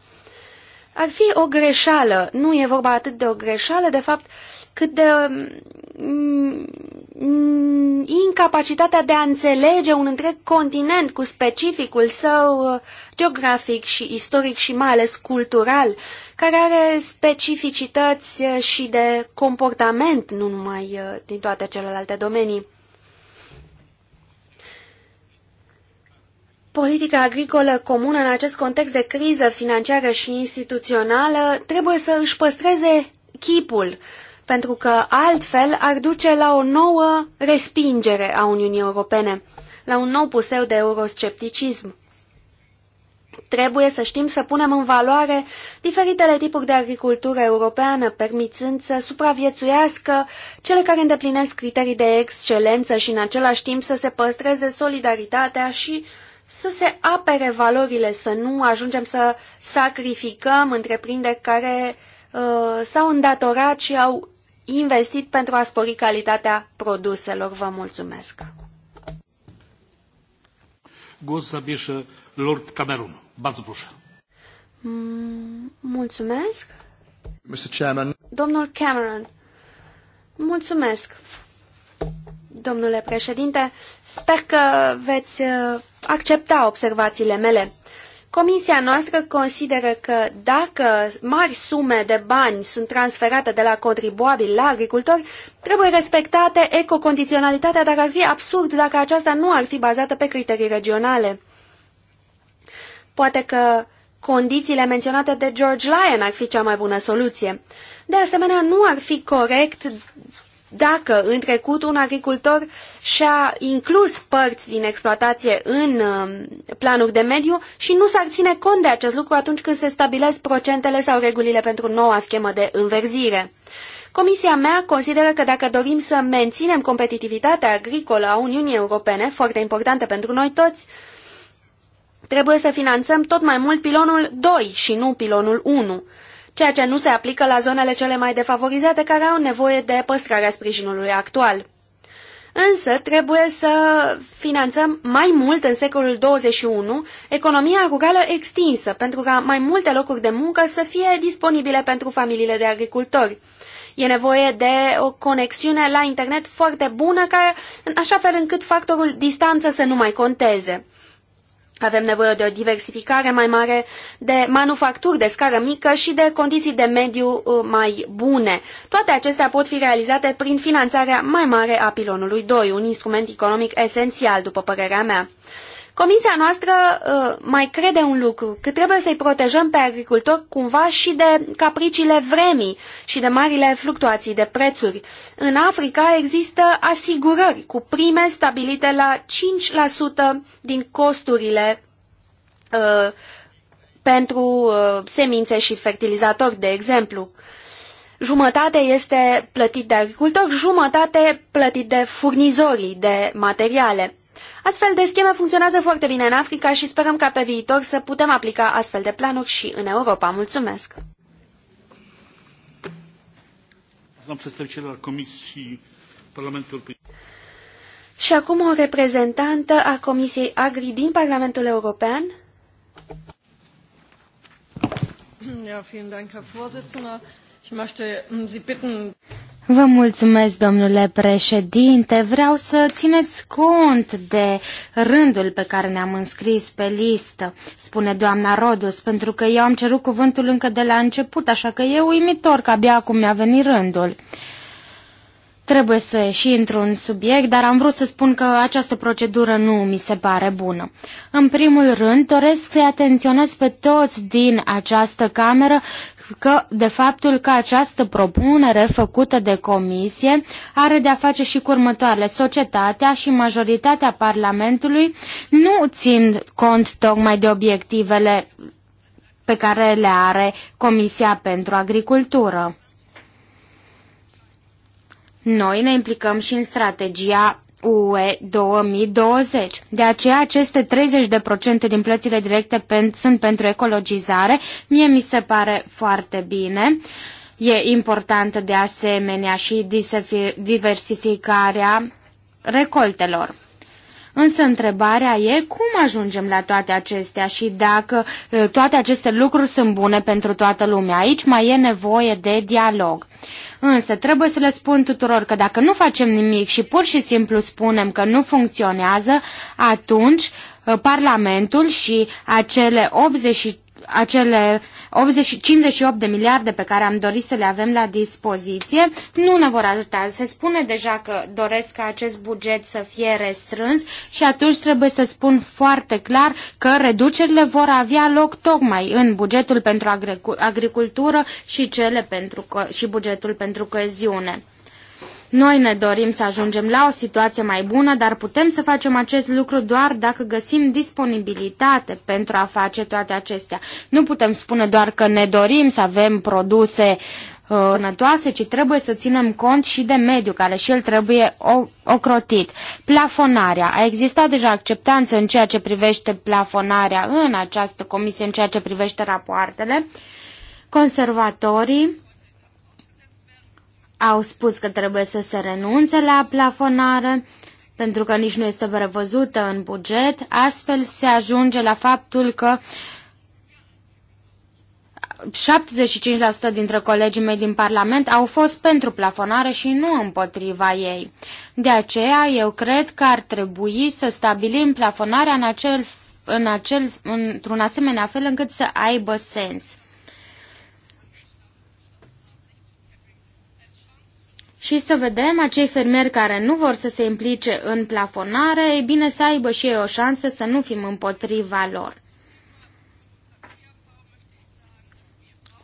Ar fi o greșeală, nu e vorba atât de o greșeală, de fapt, cât de mm, Mm, incapacitatea de a înțelege un întreg continent cu specificul său uh, geografic și istoric și mai ales cultural, care are specificități uh, și de comportament, nu numai uh, din toate celelalte domenii. Politica agricolă comună în acest context de criză financiară și instituțională trebuie să își păstreze chipul, uh, pentru că altfel ar duce la o nouă respingere a Uniunii Europene, la un nou puseu de euroscepticism. Trebuie să știm să punem în valoare diferitele tipuri de agricultură europeană, permițând să supraviețuiască cele care îndeplinesc criterii de excelență și în același timp să se păstreze solidaritatea și să se apere valorile, să nu ajungem să sacrificăm întreprinderi care uh, s-au îndatorat și au investit pentru a spori calitatea produselor. Vă mulțumesc! Lord Cameron. Mulțumesc. Mr. Chairman. Domnul Cameron. Mulțumesc. Domnule președinte, sper că veți uh, accepta observațiile mele. Comisia noastră consideră că dacă mari sume de bani sunt transferate de la contribuabili la agricultori, trebuie respectate ecocondiționalitatea, dar ar fi absurd dacă aceasta nu ar fi bazată pe criterii regionale. Poate că condițiile menționate de George Lyon ar fi cea mai bună soluție. De asemenea, nu ar fi corect dacă în trecut un agricultor și-a inclus părți din exploatație în um, planuri de mediu și nu s-ar ține cont de acest lucru atunci când se stabilesc procentele sau regulile pentru noua schemă de înverzire. Comisia mea consideră că dacă dorim să menținem competitivitatea agricolă a Uniunii Europene, foarte importantă pentru noi toți, trebuie să finanțăm tot mai mult pilonul 2 și nu pilonul 1 ceea ce nu se aplică la zonele cele mai defavorizate care au nevoie de păstrarea sprijinului actual. Însă trebuie să finanțăm mai mult în secolul 21 economia rurală extinsă pentru ca mai multe locuri de muncă să fie disponibile pentru familiile de agricultori. E nevoie de o conexiune la internet foarte bună, care, în așa fel încât factorul distanță să nu mai conteze. Avem nevoie de o diversificare mai mare, de manufacturi de scară mică și de condiții de mediu uh, mai bune. Toate acestea pot fi realizate prin finanțarea mai mare a pilonului 2, un instrument economic esențial, după părerea mea. Comisia noastră uh, mai crede un lucru, că trebuie să-i protejăm pe agricultori cumva și de capriciile vremii și de marile fluctuații de prețuri. În Africa există asigurări cu prime stabilite la 5% din costurile uh, pentru uh, semințe și fertilizatori, de exemplu. Jumătate este plătit de agricultori, jumătate plătit de furnizorii de materiale. Astfel de scheme funcționează foarte bine în Africa și sperăm ca pe viitor să putem aplica astfel de planuri și în Europa. Mulțumesc! Și acum o reprezentantă a Comisiei Agri din Parlamentul European. Ja, vielen Dank, Herr Vorsitzender. Ich möchte um Sie bitten, Vă mulțumesc, domnule președinte. Vreau să țineți cont de rândul pe care ne-am înscris pe listă, spune doamna Rodus, pentru că eu am cerut cuvântul încă de la început, așa că e uimitor că abia acum mi-a venit rândul. Trebuie să ieși într-un subiect, dar am vrut să spun că această procedură nu mi se pare bună. În primul rând, doresc să-i atenționez pe toți din această cameră că de faptul că această propunere făcută de comisie are de-a face și cu următoarele. Societatea și majoritatea Parlamentului nu țin cont tocmai de obiectivele pe care le are Comisia pentru Agricultură. Noi ne implicăm și în strategia UE 2020. De aceea aceste 30% din plățile directe pen, sunt pentru ecologizare. Mie mi se pare foarte bine. E importantă de asemenea și diversificarea recoltelor. Însă întrebarea e cum ajungem la toate acestea și dacă toate aceste lucruri sunt bune pentru toată lumea. Aici mai e nevoie de dialog. Însă trebuie să le spun tuturor că dacă nu facem nimic și pur și simplu spunem că nu funcționează, atunci uh, Parlamentul și acele 80 acele 80, 58 de miliarde pe care am dorit să le avem la dispoziție nu ne vor ajuta. Se spune deja că doresc ca acest buget să fie restrâns și atunci trebuie să spun foarte clar că reducerile vor avea loc tocmai în bugetul pentru agricultură și, cele pentru, și bugetul pentru coeziune. Noi ne dorim să ajungem la o situație mai bună, dar putem să facem acest lucru doar dacă găsim disponibilitate pentru a face toate acestea. Nu putem spune doar că ne dorim să avem produse uh, sănătoase, uh, ci trebuie să ținem cont și de mediu, care și el trebuie ocrotit. Plafonarea. A existat deja acceptanță în ceea ce privește plafonarea în această comisie, în ceea ce privește rapoartele. Conservatorii au spus că trebuie să se renunțe la plafonare, pentru că nici nu este prevăzută în buget, astfel se ajunge la faptul că 75% dintre colegii mei din Parlament au fost pentru plafonare și nu împotriva ei. De aceea, eu cred că ar trebui să stabilim plafonarea în acel, în acel, într-un asemenea fel încât să aibă sens. și să vedem acei fermieri care nu vor să se implice în plafonare, e bine să aibă și ei o șansă să nu fim împotriva lor.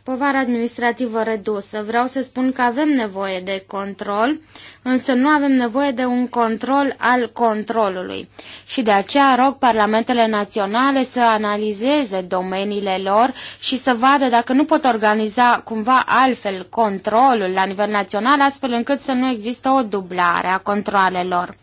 povară administrativă redusă. Vreau să spun că avem nevoie de control, însă nu avem nevoie de un control al controlului. Și de aceea rog parlamentele naționale să analizeze domeniile lor și să vadă dacă nu pot organiza cumva altfel controlul la nivel național, astfel încât să nu există o dublare a controlelor.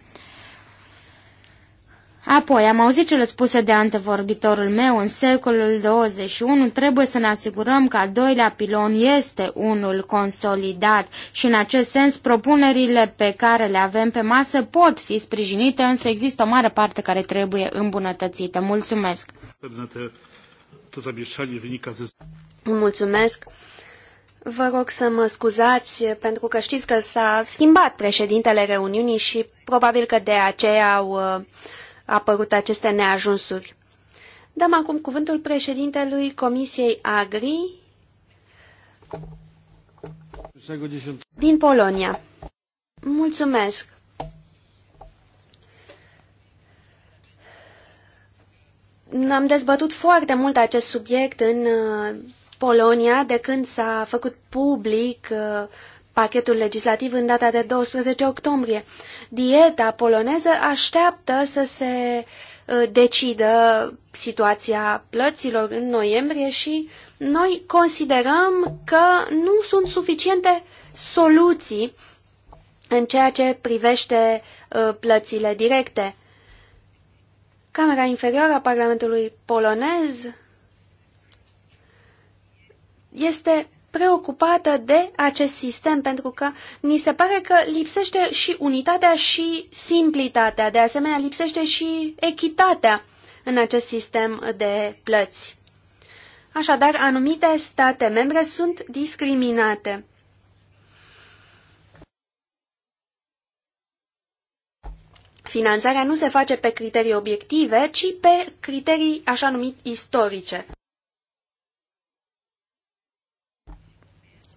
Apoi, am auzit cele spuse de antevorbitorul meu, în secolul 21 trebuie să ne asigurăm că al doilea pilon este unul consolidat și în acest sens propunerile pe care le avem pe masă pot fi sprijinite, însă există o mare parte care trebuie îmbunătățită. Mulțumesc! Mulțumesc! Vă rog să mă scuzați, pentru că știți că s-a schimbat președintele reuniunii și probabil că de aceea au uh, apărut aceste neajunsuri. Dăm acum cuvântul președintelui Comisiei Agri din Polonia. Mulțumesc! Am dezbătut foarte mult acest subiect în uh, Polonia de când s-a făcut public uh, pachetul legislativ în data de 12 octombrie. Dieta poloneză așteaptă să se uh, decidă situația plăților în noiembrie și noi considerăm că nu sunt suficiente soluții în ceea ce privește uh, plățile directe. Camera inferioară a Parlamentului polonez este preocupată de acest sistem pentru că ni se pare că lipsește și unitatea și simplitatea, de asemenea lipsește și echitatea în acest sistem de plăți. Așadar, anumite state membre sunt discriminate. Finanțarea nu se face pe criterii obiective, ci pe criterii așa numit istorice.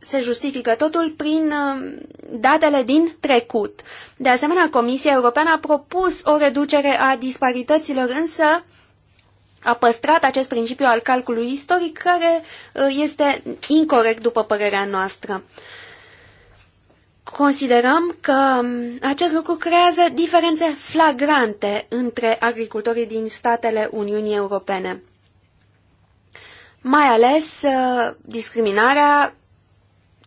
se justifică totul prin uh, datele din trecut. De asemenea, Comisia Europeană a propus o reducere a disparităților, însă a păstrat acest principiu al calculului istoric care uh, este incorrect după părerea noastră. Considerăm că um, acest lucru creează diferențe flagrante între agricultorii din statele Uniunii Europene. Mai ales uh, discriminarea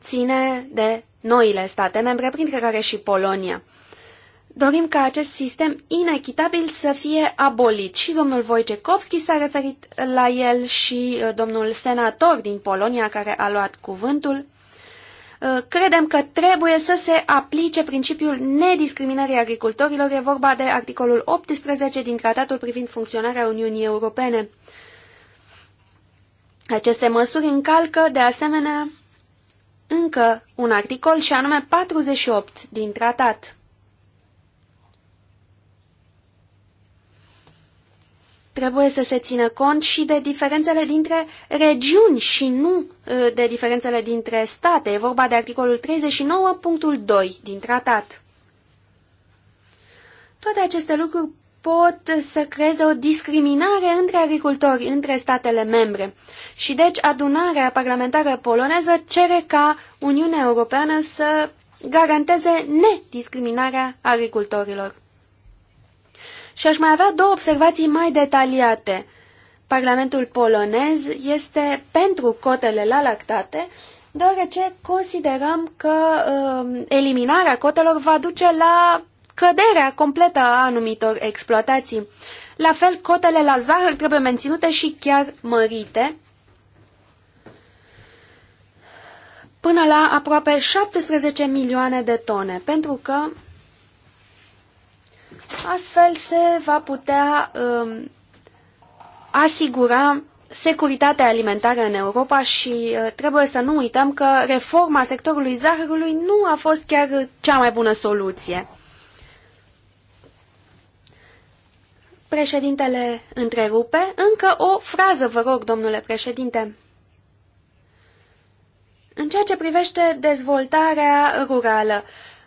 ține de noile state membre, printre care și Polonia. Dorim ca acest sistem inechitabil să fie abolit și domnul Wojciechowski s-a referit la el și uh, domnul senator din Polonia care a luat cuvântul. Uh, credem că trebuie să se aplice principiul nediscriminării agricultorilor, e vorba de articolul 18 din Tratatul privind funcționarea Uniunii Europene. Aceste măsuri încalcă, de asemenea, încă un articol și anume 48 din tratat. Trebuie să se țină cont și de diferențele dintre regiuni și nu ă, de diferențele dintre state. E vorba de articolul 39.2 din tratat. Toate aceste lucruri pot să creeze o discriminare între agricultori, între statele membre. Și deci adunarea parlamentară poloneză cere ca Uniunea Europeană să garanteze nediscriminarea agricultorilor. Și aș mai avea două observații mai detaliate. Parlamentul polonez este pentru cotele la lactate, deoarece considerăm că uh, eliminarea cotelor va duce la căderea completă a anumitor exploatații. La fel, cotele la zahăr trebuie menținute și chiar mărite până la aproape 17 milioane de tone, pentru că astfel se va putea um, asigura securitatea alimentară în Europa și uh, trebuie să nu uităm că reforma sectorului zahărului nu a fost chiar cea mai bună soluție. Președintele întrerupe. Încă o frază, vă rog, domnule președinte. În ceea ce privește dezvoltarea rurală,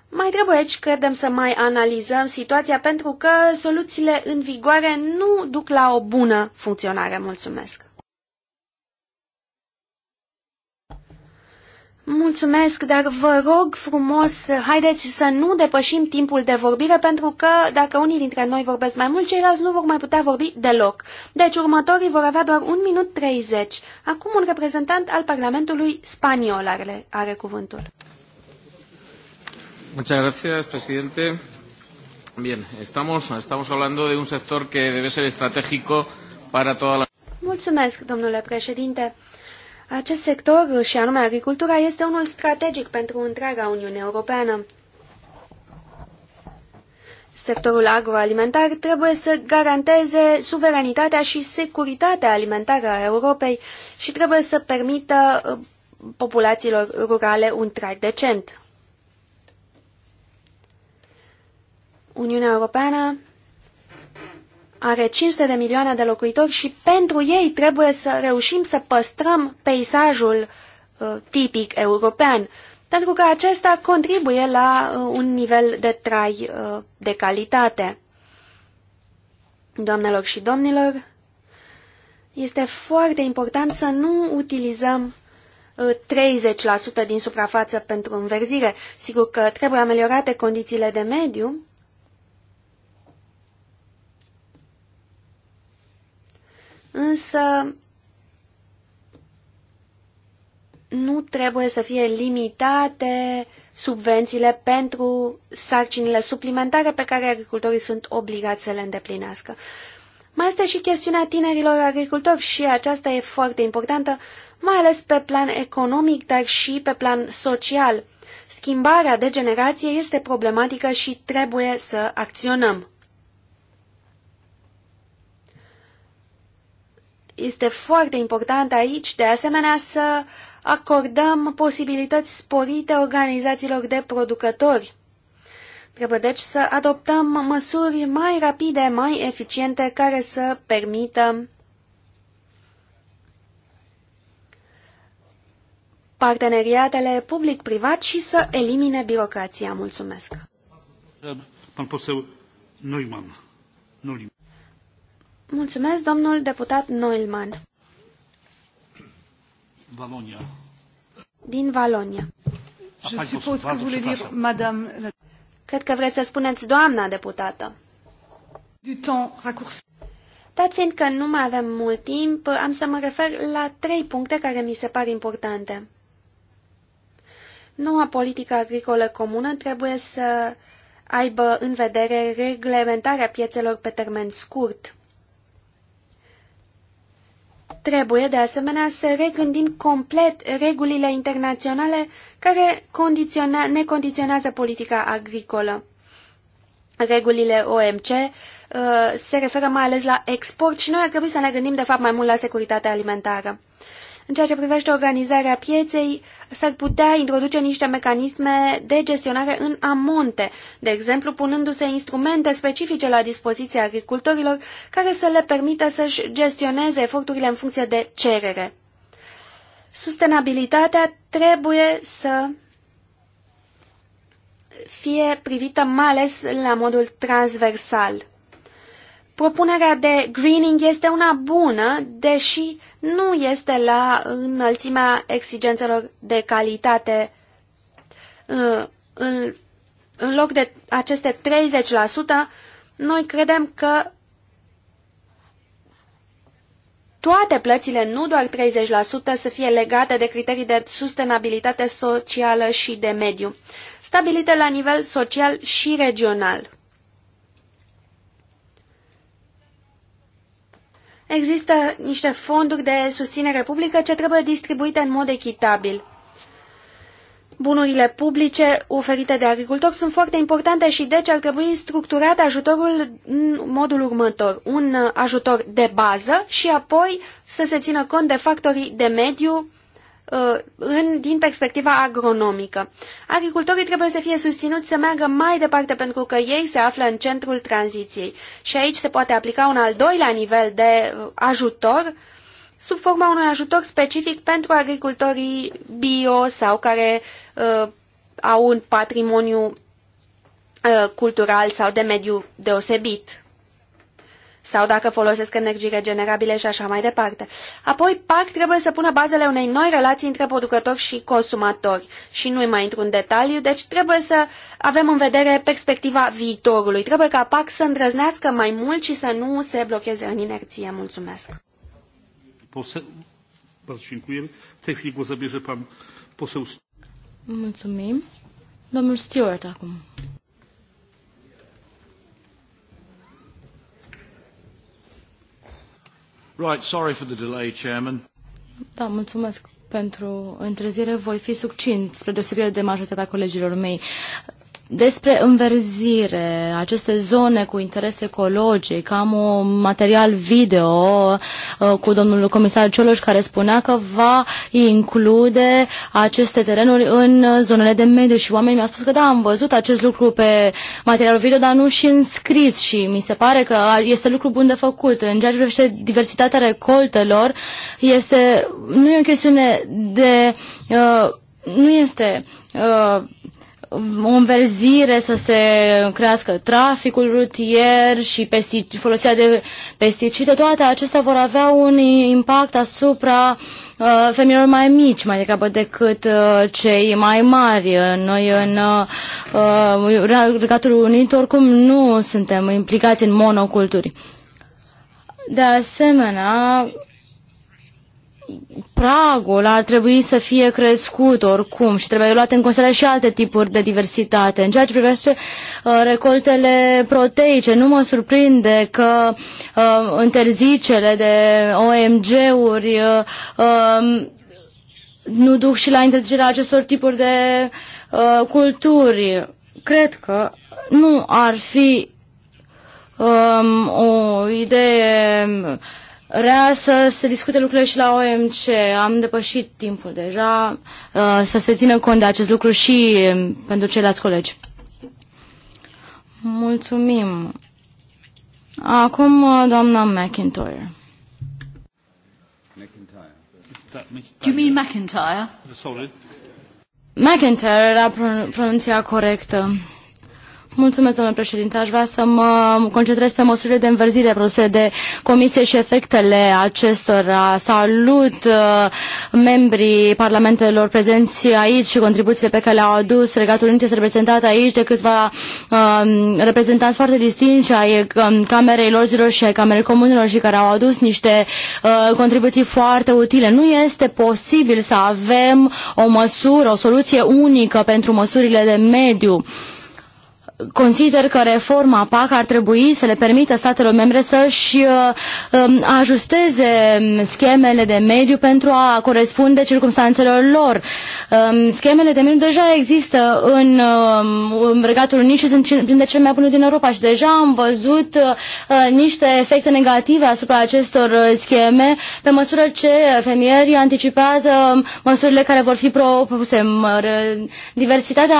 mai trebuie aici, credem, să mai analizăm situația pentru că soluțiile în vigoare nu duc la o bună funcționare. Mulțumesc! Mulțumesc, dar vă rog frumos, haideți să nu depășim timpul de vorbire, pentru că dacă unii dintre noi vorbesc mai mult, ceilalți nu vor mai putea vorbi deloc. Deci următorii vor avea doar 1 minut 30. Acum un reprezentant al Parlamentului spaniol are, are cuvântul. Muchas gracias, presidente. Bien, estamos, estamos hablando de un sector que debe ser estratégico para toda la... Mulțumesc, domnule președinte. Acest sector, și anume agricultura, este unul strategic pentru întreaga Uniune Europeană. Sectorul agroalimentar trebuie să garanteze suveranitatea și securitatea alimentară a Europei și trebuie să permită uh, populațiilor rurale un trai decent. Uniunea Europeană are 500 de milioane de locuitori și pentru ei trebuie să reușim să păstrăm peisajul uh, tipic european, pentru că acesta contribuie la uh, un nivel de trai uh, de calitate. Doamnelor și domnilor, este foarte important să nu utilizăm 30% uh, din suprafață pentru înverzire. Sigur că trebuie ameliorate condițiile de mediu, însă nu trebuie să fie limitate subvențiile pentru sarcinile suplimentare pe care agricultorii sunt obligați să le îndeplinească. Mai este și chestiunea tinerilor agricultori și aceasta e foarte importantă, mai ales pe plan economic, dar și pe plan social. Schimbarea de generație este problematică și trebuie să acționăm. Este foarte important aici, de asemenea, să acordăm posibilități sporite organizațiilor de producători. Trebuie deci să adoptăm măsuri mai rapide, mai eficiente, care să permită parteneriatele public-privat și să elimine birocrația. Mulțumesc! Pan poseł Neumann. Mulțumesc, domnul deputat Noilman. Valonia. Din Valonia. Cred că vreți să spuneți doamna deputată. Du temps raccourci. Dat fiind că nu mai avem mult timp, am să mă refer la trei puncte care mi se par importante. Noua politică agricolă comună trebuie să aibă în vedere reglementarea piețelor pe termen scurt. Trebuie, de asemenea, să regândim complet regulile internaționale care ne condiționează politica agricolă. Regulile OMC uh, se referă mai ales la export și noi ar trebui să ne gândim, de fapt, mai mult la securitatea alimentară. În ceea ce privește organizarea pieței, s-ar putea introduce niște mecanisme de gestionare în amonte, de exemplu punându-se instrumente specifice la dispoziția agricultorilor care să le permită să-și gestioneze eforturile în funcție de cerere. Sustenabilitatea trebuie să fie privită mai ales la modul transversal. Propunerea de greening este una bună, deși nu este la înălțimea exigențelor de calitate. Uh, în loc de aceste 30%, noi credem că toate plățile, nu doar 30%, să fie legate de criterii de sustenabilitate socială și de mediu, stabilite la nivel social și regional. Există niște fonduri de susținere publică ce trebuie distribuite în mod echitabil. Bunurile publice oferite de agricultori sunt foarte importante și deci ar trebui structurat ajutorul în modul următor. Un ajutor de bază și apoi să se țină cont de factorii de mediu Uh, în, din perspectiva agronomică. Agricultorii trebuie să fie susținuți să meargă mai departe pentru că ei se află în centrul tranziției și aici se poate aplica un al doilea nivel de uh, ajutor sub forma unui ajutor specific pentru agricultorii bio sau care uh, au un patrimoniu uh, cultural sau de mediu deosebit sau dacă folosesc energii regenerabile și așa mai departe. Apoi, PAC trebuie să pună bazele unei noi relații între producători și consumatori. Și nu-i mai intru în detaliu, deci trebuie să avem în vedere perspectiva viitorului. Trebuie ca PAC să îndrăznească mai mult și să nu se blocheze în inerție. Mulțumesc! Mulțumim. Domnul Stewart acum. Right, sorry for the delay, Chairman. Da, mulțumesc pentru întrezire. Voi fi succint, spre deosebire de majoritatea colegilor mei despre înverzire, aceste zone cu interes ecologic. Am un material video uh, cu domnul comisar Cioloș care spunea că va include aceste terenuri în zonele de mediu și oamenii mi-au spus că da, am văzut acest lucru pe materialul video, dar nu și în scris și mi se pare că este lucru bun de făcut. În ceea ce privește diversitatea recoltelor, este, nu e o chestiune de... Uh, nu este uh, o înverzire, să se crească traficul rutier și folosirea de pesticide, toate acestea vor avea un impact asupra uh, femeilor mai mici, mai degrabă decât uh, cei mai mari. Noi în uh, uh Regatul Unit oricum nu suntem implicați în monoculturi. De asemenea, pragul ar trebui să fie crescut oricum și trebuie luate în considerare și alte tipuri de diversitate. În ceea ce privește uh, recoltele proteice, nu mă surprinde că uh, interzicele de OMG-uri uh, um, nu duc și la interzicerea acestor tipuri de uh, culturi. Cred că nu ar fi um, o idee uh, Rea să se discute lucrurile și la OMC. Am depășit timpul deja uh, să se țină cont de acest lucru și um, pentru ceilalți colegi. Mulțumim. Acum uh, doamna McIntyre. Do you mean McIntyre? McIntyre era pronunția corectă. Mulțumesc, domnule președinte. Aș vrea să mă concentrez pe măsurile de înverzire produse de comisie și efectele acestora. Salut uh, membrii parlamentelor prezenți aici și contribuțiile pe care le-au adus. Regatul Unit este reprezentat aici de câțiva uh, reprezentanți foarte distinși ai um, Camerei Lorzilor și ai Camerei Comunilor și care au adus niște uh, contribuții foarte utile. Nu este posibil să avem o măsură, o soluție unică pentru măsurile de mediu. Uh, consider că reforma PAC ar trebui să le permită statelor membre să-și uh, um, ajusteze schemele de mediu pentru a corespunde circumstanțelor lor. Um, schemele de mediu deja există în, um, în Regatul Unit și sunt printre cele mai bune din Europa și deja am văzut uh, uh, niște efecte negative asupra acestor scheme pe măsură ce fermierii anticipează măsurile care vor fi propuse. Diversitatea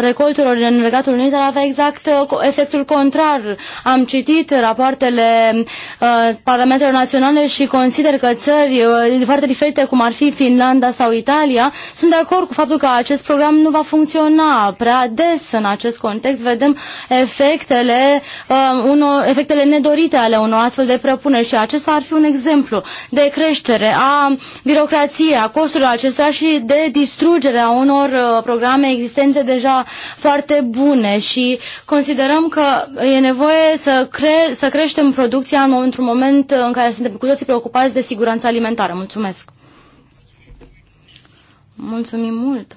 recolturilor în Regatul Unit Unite ar avea exact uh, efectul contrar. Am citit rapoartele uh, Parlamentelor Naționale și consider că țări uh, foarte diferite, cum ar fi Finlanda sau Italia, sunt de acord cu faptul că acest program nu va funcționa prea des în acest context. Vedem efectele, uh, uno, efectele nedorite ale unor astfel de propuneri și acesta ar fi un exemplu de creștere a birocrației, a costurilor acestora și de distrugerea unor uh, programe existente deja foarte bune și considerăm că e nevoie să, cre- să creștem producția în într-un moment în care suntem cu toții preocupați de siguranța alimentară. Mulțumesc! Mulțumim mult!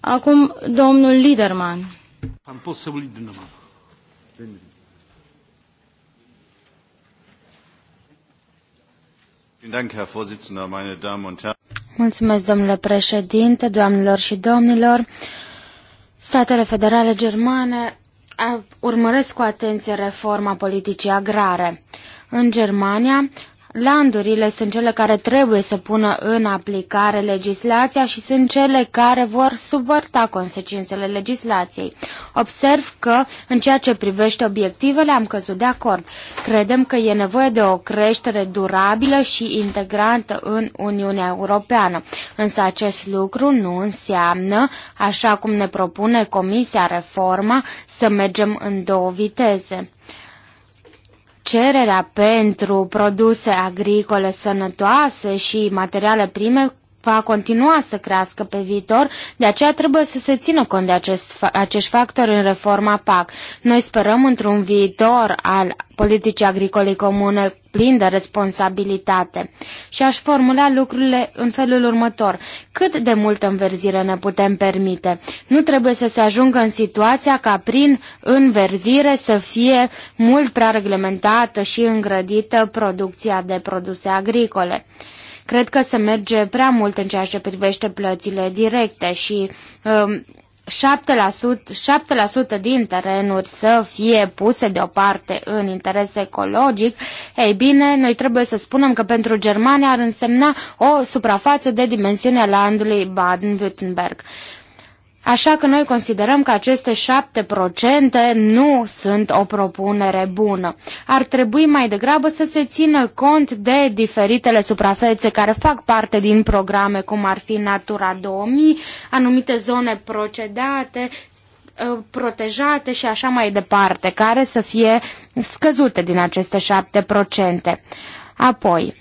Acum domnul Liderman. Am poseł Liderman. Mulțumesc, domnule președinte, doamnelor și domnilor. Statele federale germane urmăresc cu atenție reforma politicii agrare. În Germania, Landurile sunt cele care trebuie să pună în aplicare legislația și sunt cele care vor subverta consecințele legislației. Observ că, în ceea ce privește obiectivele, am căzut de acord. Credem că e nevoie de o creștere durabilă și integrantă în Uniunea Europeană. Însă acest lucru nu înseamnă, așa cum ne propune Comisia Reforma, să mergem în două viteze. Cererea pentru produse agricole sănătoase și materiale prime va continua să crească pe viitor, de aceea trebuie să se țină cont de acest, acești factori în reforma PAC. Noi sperăm într-un viitor al politicii agricole comune plin de responsabilitate. Și aș formula lucrurile în felul următor. Cât de multă înverzire ne putem permite? Nu trebuie să se ajungă în situația ca prin înverzire să fie mult prea reglementată și îngrădită producția de produse agricole. Cred că se merge prea mult în ceea ce privește plățile directe și um, 7%, 7% din terenuri să fie puse deoparte în interes ecologic, ei bine, noi trebuie să spunem că pentru Germania ar însemna o suprafață de dimensiunea landului Baden-Württemberg. Așa că noi considerăm că aceste 7% nu sunt o propunere bună. Ar trebui mai degrabă să se țină cont de diferitele suprafețe care fac parte din programe, cum ar fi Natura 2000, anumite zone procedate, ă, protejate și așa mai departe, care să fie scăzute din aceste 7%. Apoi,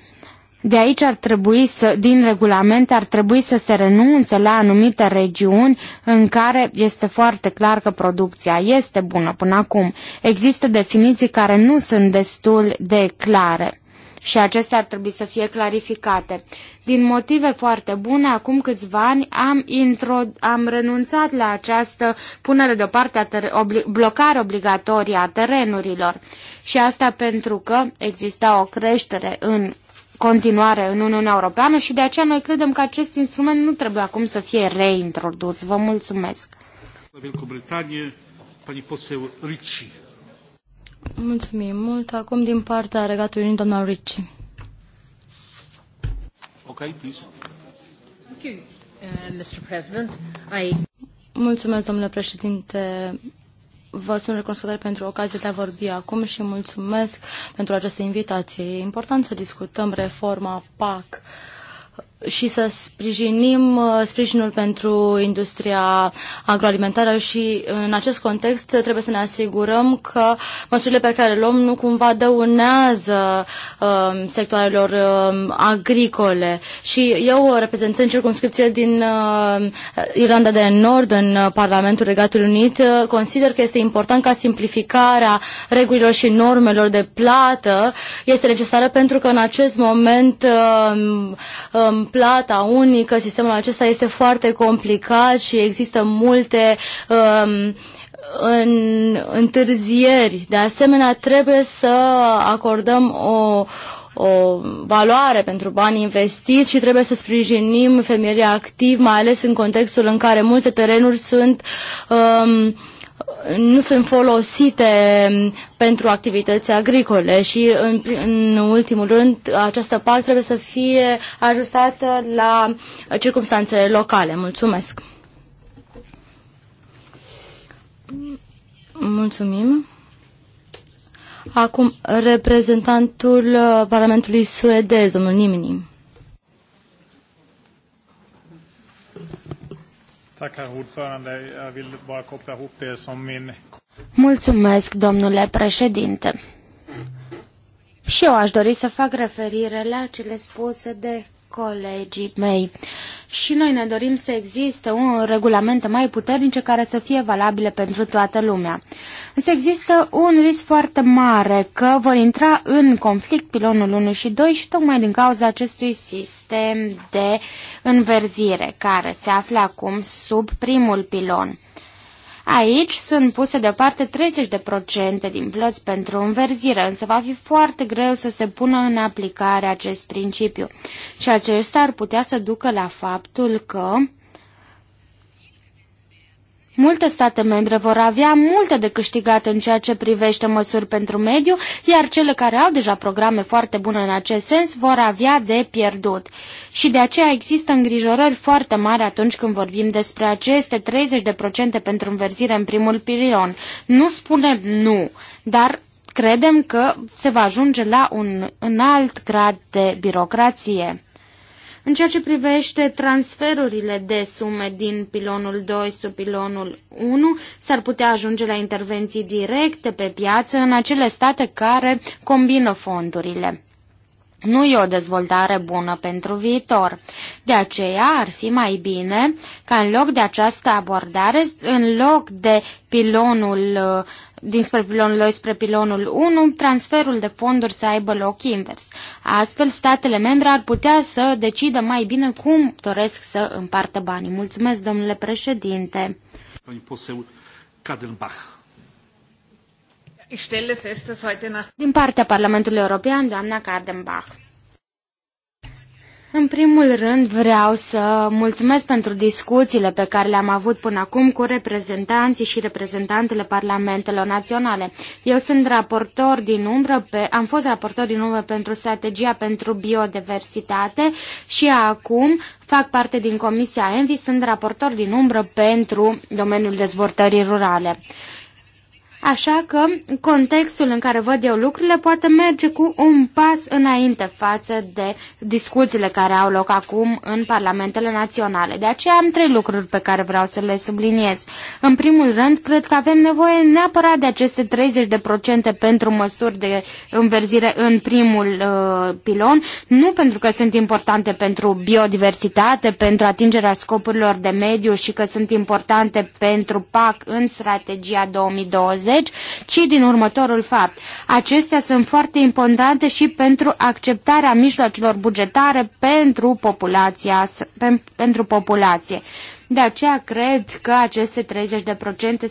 de aici ar trebui să, din regulament ar trebui să se renunțe la anumite regiuni în care este foarte clar că producția este bună până acum. Există definiții care nu sunt destul de clare și acestea ar trebui să fie clarificate. Din motive foarte bune, acum câțiva ani am, intro, am renunțat la această punere deoparte, a ter, obli, blocare obligatorie a terenurilor. Și asta pentru că exista o creștere în continuare în Uniunea Europeană și de aceea noi credem că acest instrument nu trebuie acum să fie reintrodus. Vă mulțumesc. Mulțumim mult. Acum din partea Regatului Unit, doamna Ricci. Ok, please. Thank you, uh, Mr. President. I... Mulțumesc, domnule președinte vă sunt recunoscător pentru ocazia de a vorbi acum și mulțumesc pentru această invitație. E important să discutăm reforma PAC și să sprijinim uh, sprijinul pentru industria agroalimentară și în acest context trebuie să ne asigurăm că măsurile pe care le luăm nu cumva dăunează um, sectoarelor um, agricole. Și eu, reprezentând circunscripție din um, Irlanda de Nord în Parlamentul Regatului Unit, uh, consider că este important ca simplificarea regulilor și normelor de plată este necesară pentru că în acest moment plata unică, sistemul acesta este foarte complicat și există multe um, în întârzieri. De asemenea, trebuie să acordăm o, o valoare pentru bani investiți și trebuie să sprijinim femeile activ, mai ales în contextul în care multe terenuri sunt um, nu sunt folosite pentru activități agricole și în, în ultimul rând această PAC trebuie să fie ajustată la circumstanțele locale. Mulțumesc! Mulțumim! Acum, reprezentantul uh, Parlamentului suedez, domnul Nimini. Mulțumesc, domnule președinte. Și eu aș dori să fac referire la cele spuse de colegii mei și noi ne dorim să existe un regulament mai puternice care să fie valabile pentru toată lumea. Însă există un risc foarte mare că vor intra în conflict pilonul 1 și 2 și tocmai din cauza acestui sistem de înverzire care se află acum sub primul pilon. Aici sunt puse deoparte 30% din plăți pentru înverzire, însă va fi foarte greu să se pună în aplicare acest principiu. Și acesta ar putea să ducă la faptul că Multe state membre vor avea multe de câștigat în ceea ce privește măsuri pentru mediu, iar cele care au deja programe foarte bune în acest sens vor avea de pierdut. Și de aceea există îngrijorări foarte mari atunci când vorbim despre aceste 30% pentru înverzire în primul pilon. Nu spunem nu, dar credem că se va ajunge la un înalt grad de birocrație. În ceea ce privește transferurile de sume din pilonul 2 sub pilonul 1, s-ar putea ajunge la intervenții directe pe piață în acele state care combină fondurile. Nu e o dezvoltare bună pentru viitor. De aceea ar fi mai bine ca în loc de această abordare, în loc de pilonul uh, dinspre pilonul 2 spre pilonul 1, transferul de fonduri să aibă loc invers. Astfel, statele membre ar putea să decidă mai bine cum doresc să împartă banii. Mulțumesc, domnule președinte. Din partea Parlamentului European, doamna Cardenbach. În primul rând vreau să mulțumesc pentru discuțiile pe care le-am avut până acum cu reprezentanții și reprezentantele parlamentelor naționale. Eu sunt raportor din umbră, pe, am fost raportor din umbră pentru strategia pentru biodiversitate și acum fac parte din Comisia Envi, sunt raportor din umbră pentru domeniul dezvoltării rurale. Așa că contextul în care văd eu lucrurile poate merge cu un pas înainte față de discuțiile care au loc acum în parlamentele naționale. De aceea am trei lucruri pe care vreau să le subliniez. În primul rând, cred că avem nevoie neapărat de aceste 30% pentru măsuri de înverzire în primul uh, pilon, nu pentru că sunt importante pentru biodiversitate, pentru atingerea scopurilor de mediu și că sunt importante pentru PAC în strategia 2020, legi, ci din următorul fapt. Acestea sunt foarte importante și pentru acceptarea mijloacelor bugetare pentru, populația, pentru populație. De aceea cred că aceste 30%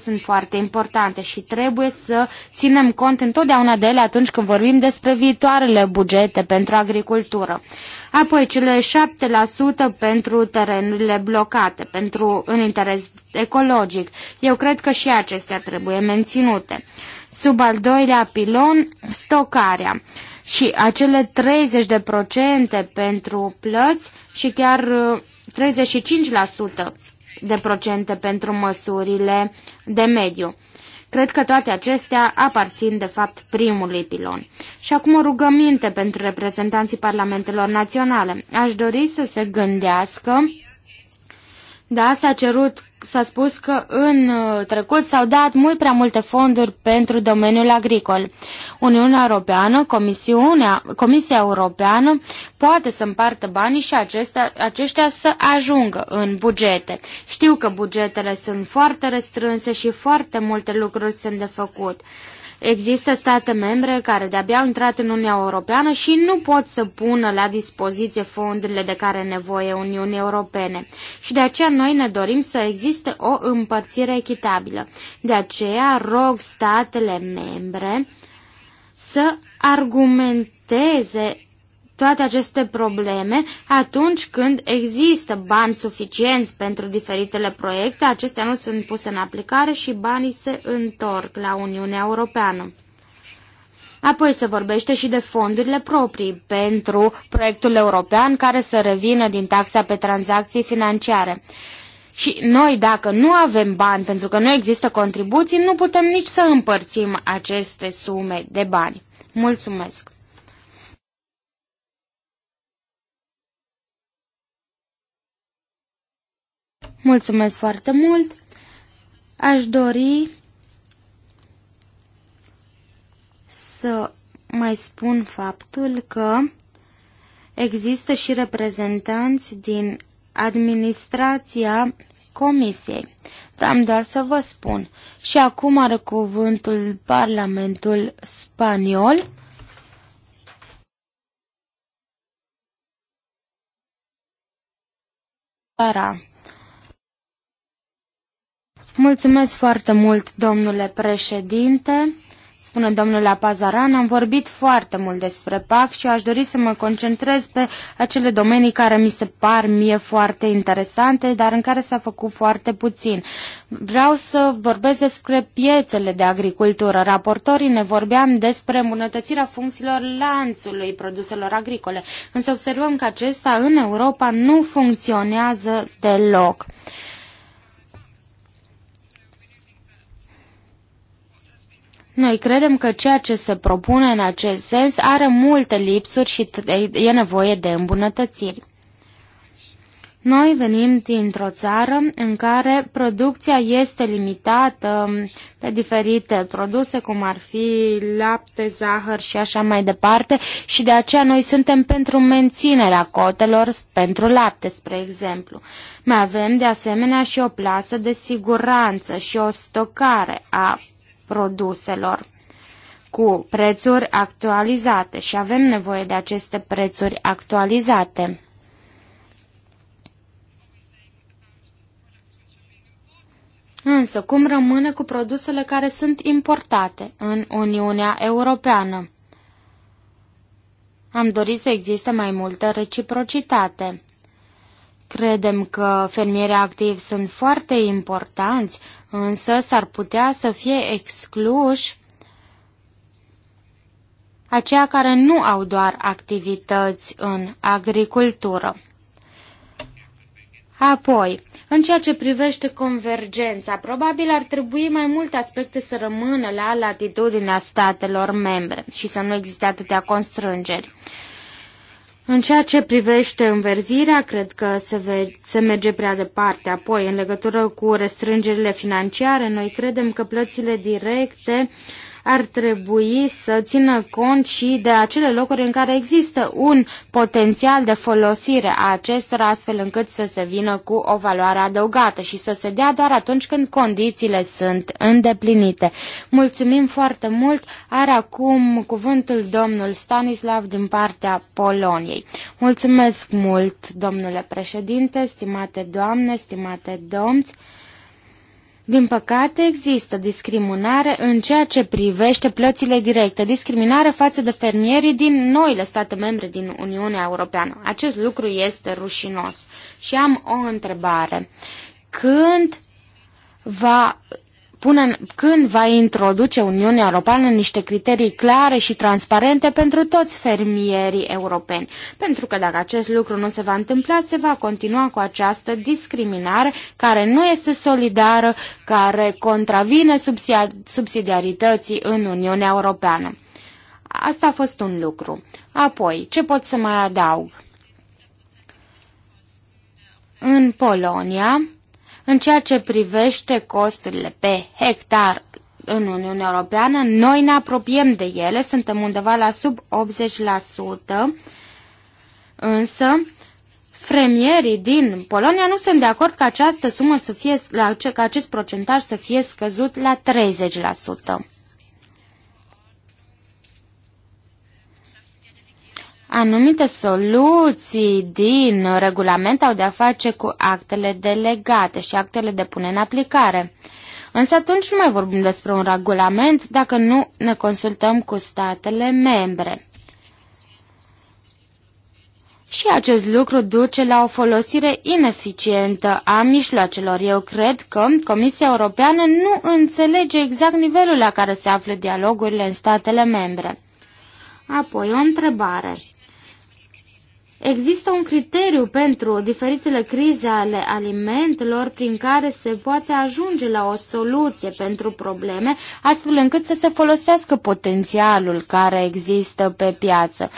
sunt foarte importante și trebuie să ținem cont întotdeauna de ele atunci când vorbim despre viitoarele bugete pentru agricultură. Apoi cele 7% pentru terenurile blocate, pentru în interes ecologic. Eu cred că și acestea trebuie menținute. Sub al doilea pilon, stocarea și acele 30% pentru plăți și chiar 35% uh, de procente pentru măsurile de mediu. Cred că toate acestea aparțin de fapt primului pilon. Și acum o rugăminte pentru reprezentanții parlamentelor naționale. Aș dori să se gândească da, s-a cerut s-a spus că în uh, trecut s-au dat mult prea multe fonduri pentru domeniul agricol. Uniunea Europeană, Comisiunea, Comisia Europeană poate să împartă banii și acestea, aceștia să ajungă în bugete. Știu că bugetele sunt foarte restrânse și foarte multe lucruri sunt de făcut. Există state membre care de-abia au intrat în Uniunea Europeană și nu pot să pună la dispoziție fondurile de care nevoie Uniunii Europene. Și de aceea noi ne dorim să existe o împărțire echitabilă. De aceea rog statele membre să argumenteze toate aceste probleme atunci când există bani suficienți pentru diferitele proiecte, acestea nu sunt puse în aplicare și banii se întorc la Uniunea Europeană. Apoi se vorbește și de fondurile proprii pentru proiectul european care să revină din taxa pe tranzacții financiare. Și noi, dacă nu avem bani, pentru că nu există contribuții, nu putem nici să împărțim aceste sume de bani. Mulțumesc! Mulțumesc foarte mult! Aș dori să mai spun faptul că există și reprezentanți din administrația Comisiei. Vreau doar să vă spun. Și acum are cuvântul Parlamentul Spaniol. Para. Mulțumesc foarte mult, domnule președinte. Spune domnul Apazaran, am vorbit foarte mult despre PAC și aș dori să mă concentrez pe acele domenii care mi se par mie foarte interesante, dar în care s-a făcut foarte puțin. Vreau să vorbesc despre piețele de agricultură. Raportorii ne vorbeam despre îmbunătățirea funcțiilor lanțului produselor agricole, însă observăm că acesta în Europa nu funcționează deloc. Noi credem că ceea ce se propune în acest sens are multe lipsuri și e nevoie de îmbunătățiri. Noi venim dintr-o țară în care producția este limitată pe diferite produse, cum ar fi lapte, zahăr și așa mai departe, și de aceea noi suntem pentru menținerea cotelor pentru lapte, spre exemplu. Mai avem de asemenea și o plasă de siguranță și o stocare a produselor cu prețuri actualizate și avem nevoie de aceste prețuri actualizate. Însă, cum rămâne cu produsele care sunt importate în Uniunea Europeană? Am dorit să existe mai multă reciprocitate. Credem că fermierii activi sunt foarte importanți, însă s-ar putea să fie excluși aceia care nu au doar activități în agricultură. Apoi, în ceea ce privește convergența, probabil ar trebui mai multe aspecte să rămână la latitudinea statelor membre și să nu existe atâtea constrângeri. În ceea ce privește înverzirea, cred că se, ve- se merge prea departe. Apoi, în legătură cu restrângerile financiare, noi credem că plățile directe uh, ar trebui să țină cont și de acele locuri în care există un potențial de folosire a acestora astfel încât să se vină cu o valoare adăugată și să se dea doar atunci când condițiile sunt îndeplinite. Mulțumim foarte mult! Are acum cuvântul domnul Stanislav din partea Poloniei. Mulțumesc mult, domnule președinte, stimate doamne, stimate domți! Din păcate, există discriminare în ceea ce privește plățile directe, discriminare față de fermierii din noile state membre din Uniunea Europeană. Acest lucru este rușinos. Și am o întrebare. Când va pune, când va introduce Uniunea Europeană niște criterii clare și transparente pentru toți fermierii europeni. Pentru că dacă acest lucru nu se va întâmpla, se va continua cu această discriminare care nu este solidară, care contravine subsidiarității în Uniunea Europeană. Asta a fost un lucru. Apoi, ce pot să mai adaug? În Polonia, în ceea ce privește costurile pe hectar în Uniunea Europeană, noi ne apropiem de ele, suntem undeva la sub 80%, însă Premierii din Polonia nu sunt de acord ca această sumă să fie, ca acest procentaj să fie scăzut la 30%. Anumite soluții din regulament au de-a face cu actele delegate și actele de pune în aplicare. Însă atunci nu mai vorbim despre un regulament dacă nu ne consultăm cu statele membre. Și acest lucru duce la o folosire ineficientă a mijloacelor. Eu cred că Comisia Europeană nu înțelege exact nivelul la care se află dialogurile în statele membre. Apoi o întrebare. Există un criteriu pentru diferitele crize ale alimentelor prin care se poate ajunge la o soluție pentru probleme, astfel încât să se folosească potențialul care există pe piață.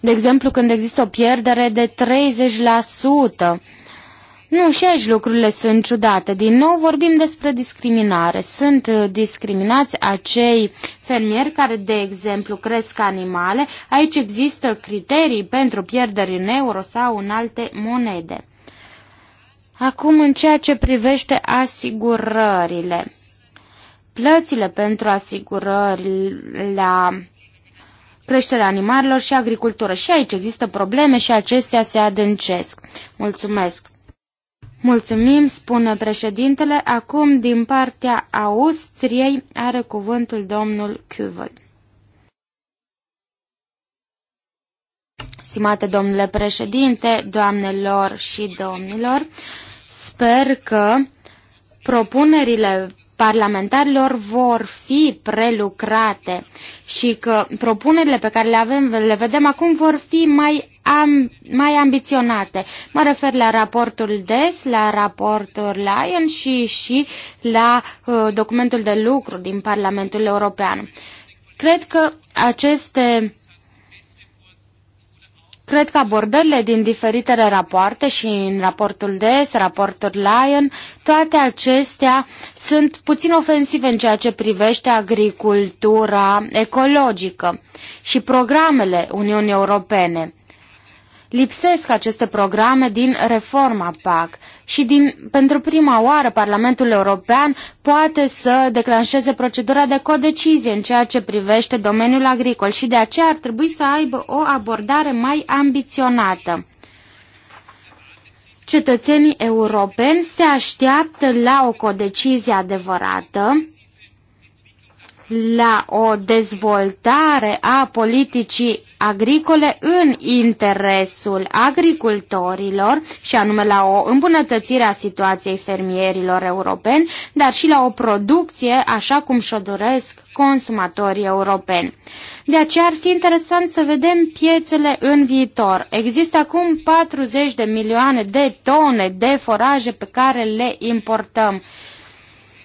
De exemplu, când există o pierdere de 30%, nu, și aici lucrurile sunt ciudate. Din nou vorbim despre discriminare. Sunt uh, discriminați acei fermieri care, de exemplu, cresc animale. Aici există criterii pentru pierderi în euro sau în alte monede. Acum, în ceea ce privește asigurările. Plățile pentru asigurări la creșterea animalelor și agricultură. Și aici există probleme și acestea se adâncesc. Mulțumesc! Mulțumim, spune președintele. Acum, din partea Austriei, are cuvântul domnul Küvel. Stimate domnule președinte, doamnelor și domnilor, sper că propunerile parlamentarilor vor fi prelucrate și că propunerile pe care le avem, le vedem acum vor fi mai am, mai ambiționate. Mă refer la raportul DES, la raportul Lion și, și la uh, documentul de lucru din Parlamentul European. Cred că aceste Cred că abordările din diferitele rapoarte și în raportul DES, raportul Lion, toate acestea sunt puțin ofensive în ceea ce privește agricultura ecologică și programele Uniunii Europene. Lipsesc aceste programe din reforma PAC și din, pentru prima oară Parlamentul European poate să declanșeze procedura de codecizie în ceea ce privește domeniul agricol și de aceea ar trebui să aibă o abordare mai ambiționată cetățenii europeni se așteaptă la o codecizie adevărată, la o dezvoltare a politicii agricole în interesul agricultorilor și anume la o îmbunătățire a situației fermierilor europeni, dar și la o producție așa cum și-o doresc consumatorii europeni. De aceea ar fi interesant să vedem piețele în viitor. Există acum 40 de milioane de tone de foraje pe care le importăm.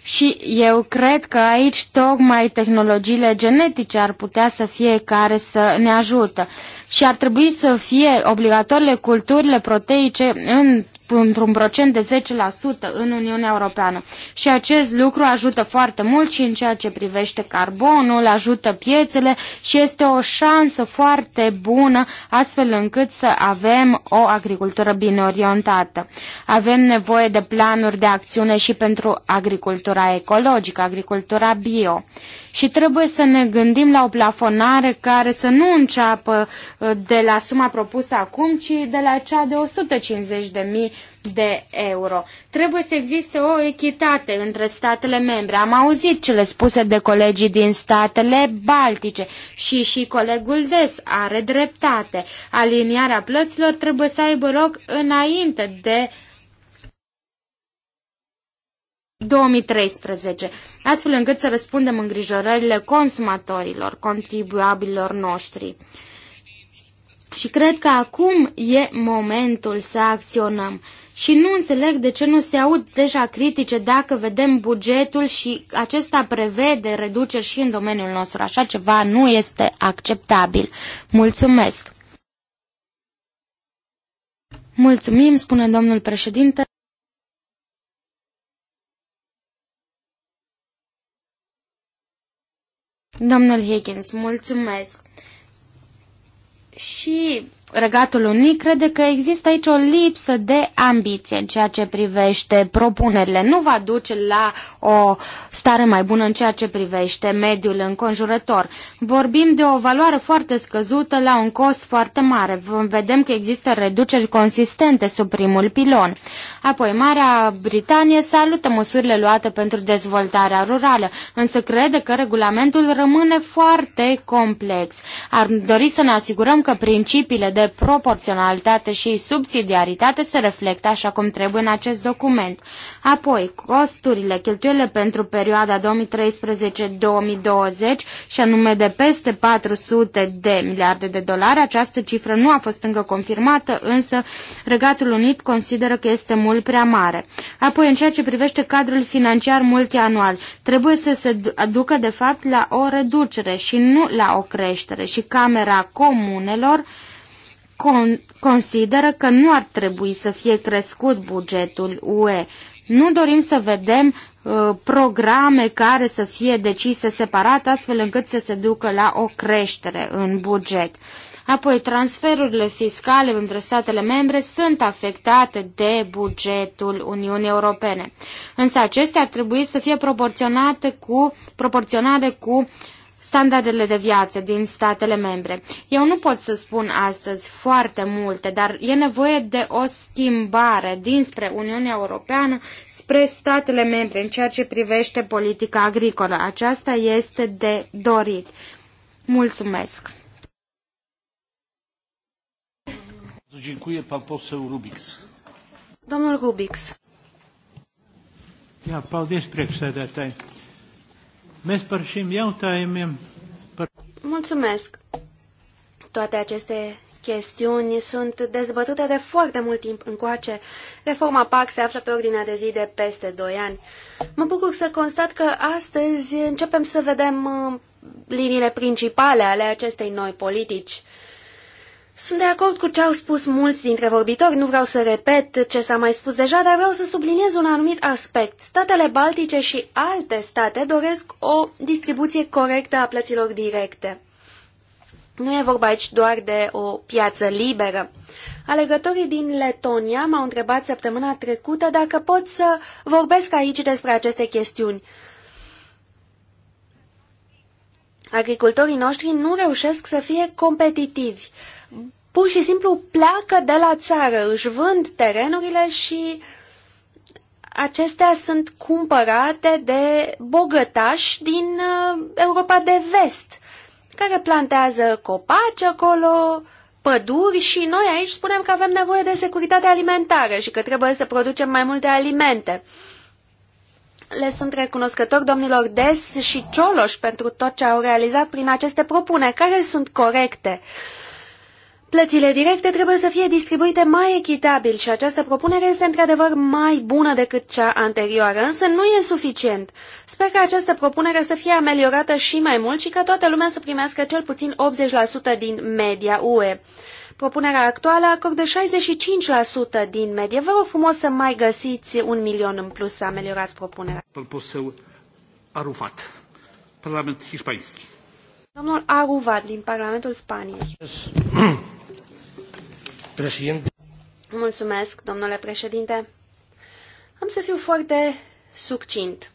Și eu cred că aici tocmai tehnologiile genetice ar putea să fie care să ne ajută. Și ar trebui să fie obligatorile culturile proteice în într-un procent de 10% în Uniunea Europeană. Și acest lucru ajută foarte mult și în ceea ce privește carbonul, ajută piețele și este o șansă foarte bună astfel încât să avem o agricultură bine orientată. Avem nevoie de planuri de acțiune și pentru agricultura ecologică, agricultura bio și trebuie să ne gândim la o plafonare care să nu înceapă uh, de la suma propusă acum, ci de la cea de 150.000 de euro. Trebuie să existe o echitate între statele membre. Am auzit cele spuse de colegii din statele baltice și și colegul Des are dreptate. Aliniarea plăților trebuie să aibă loc înainte de uh, 2013, astfel încât să răspundem îngrijorările consumatorilor, contribuabililor noștri. Și cred că acum e momentul să acționăm. Și nu înțeleg de ce nu se aud deja critice dacă vedem bugetul și acesta prevede reduceri și în domeniul nostru. Așa ceva nu este acceptabil. Mulțumesc! Mulțumim, spune domnul președinte. Domnul Higgins, mulțumesc. Și Regatul unii crede că există aici o lipsă de ambiție în ceea ce privește propunerile. Nu va duce la o stare mai bună în ceea ce privește mediul înconjurător. Vorbim de o valoare foarte scăzută la un cost foarte mare. Vom Vedem că există reduceri consistente sub primul pilon. Apoi, Marea Britanie salută măsurile luate pentru dezvoltarea rurală, însă crede că regulamentul rămâne foarte complex. Ar dori să ne asigurăm că principiile de proporționalitate și subsidiaritate se reflectă așa cum trebuie în acest document. Apoi, costurile, cheltuielile pentru perioada 2013-2020 și anume de peste 400 de miliarde de dolari, această cifră nu a fost încă confirmată, însă Regatul Unit consideră că este mult mult prea mare. Apoi, în ceea ce privește cadrul financiar multianual, trebuie să se aducă, de fapt, la o reducere și nu la o creștere. Și Camera Comunelor con- consideră că nu ar trebui să fie crescut bugetul UE. Nu dorim să vedem uh, programe care să fie decise separat, astfel încât să se ducă la o creștere în buget. Apoi, transferurile fiscale între statele membre sunt afectate de bugetul Uniunii Europene. Însă acestea trebuie să fie proporționate cu, proporționate cu standardele de viață din statele membre. Eu nu pot să spun astăzi foarte multe, dar e nevoie de o schimbare dinspre Uniunea Europeană spre statele membre în ceea ce privește politica agricolă. Aceasta este de dorit. Mulțumesc! Rubix. Domnul Rubix. Jā, paldies priekšsēdētāji. Mēs par šiem jautājumiem. Par... Mulțumesc. Toate aceste chestiuni sunt dezbătute de foarte mult timp încoace. Reforma PAC se află pe ordinea de zi de peste 2 ani. Mă bucur să constat că astăzi începem să vedem uh, liniile principale ale acestei noi politici. Sunt de acord cu ce au spus mulți dintre vorbitori, nu vreau să repet ce s-a mai spus deja, dar vreau să subliniez un anumit aspect. Statele Baltice și alte state doresc o distribuție corectă a plăților directe. Nu e vorba aici doar de o piață liberă. Alegătorii din Letonia m-au întrebat săptămâna trecută dacă pot să vorbesc aici despre aceste chestiuni. Agricultorii noștri nu reușesc să fie competitivi pur și simplu pleacă de la țară, își vând terenurile și acestea sunt cumpărate de bogătași din uh, Europa de vest, care plantează copaci acolo, păduri și noi aici spunem că avem nevoie de securitate alimentară și că trebuie să producem mai multe alimente. Le sunt recunoscători domnilor Des și Cioloș pentru tot ce au realizat prin aceste propuneri care sunt corecte. Uh, Plățile directe trebuie să fie distribuite mai echitabil și această propunere este într-adevăr mai bună decât cea anterioară, însă nu e suficient. Sper că această propunere să fie ameliorată și mai mult și ca toată lumea să primească cel puțin 80% din media UE. Propunerea actuală acordă 65% din medie. Vă rog frumos să mai găsiți un milion în plus să ameliorați propunerea. Arufat, Parlament Hispanic. Domnul Aruvat din Parlamentul Spaniei. Președinte. Mulțumesc, domnule președinte. Am să fiu foarte succint.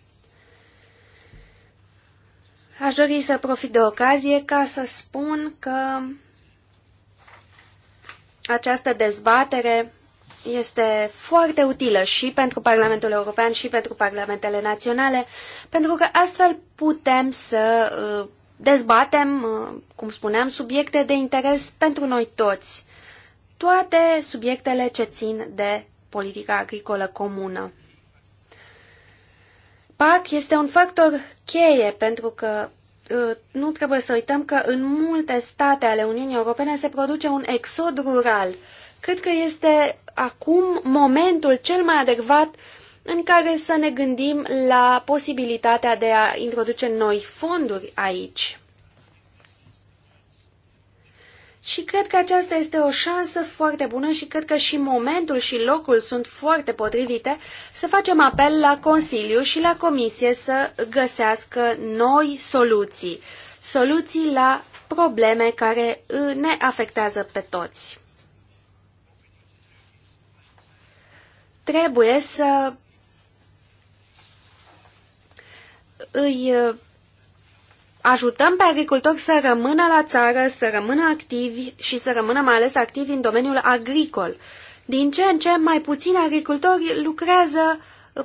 Aș dori să profit de ocazie ca să spun că această dezbatere este foarte utilă și pentru Parlamentul European și pentru Parlamentele Naționale, pentru că astfel putem să uh, dezbatem, uh, cum spuneam, subiecte de interes pentru noi toți toate subiectele ce țin de politica agricolă comună. PAC este un factor cheie pentru că ă, nu trebuie să uităm că în multe state ale Uniunii Europene se produce un exod rural. Cred că este acum momentul cel mai adecvat în care să ne gândim la posibilitatea de a introduce noi fonduri aici. Și cred că aceasta este o șansă foarte bună și cred că și momentul și locul sunt foarte potrivite să facem apel la Consiliu și la Comisie să găsească noi soluții, soluții la probleme care uh, ne afectează pe toți. Trebuie să îi uh, ajutăm pe agricultori să rămână la țară, să rămână activi și să rămână mai ales activi în domeniul agricol. Din ce în ce mai puțini agricultori lucrează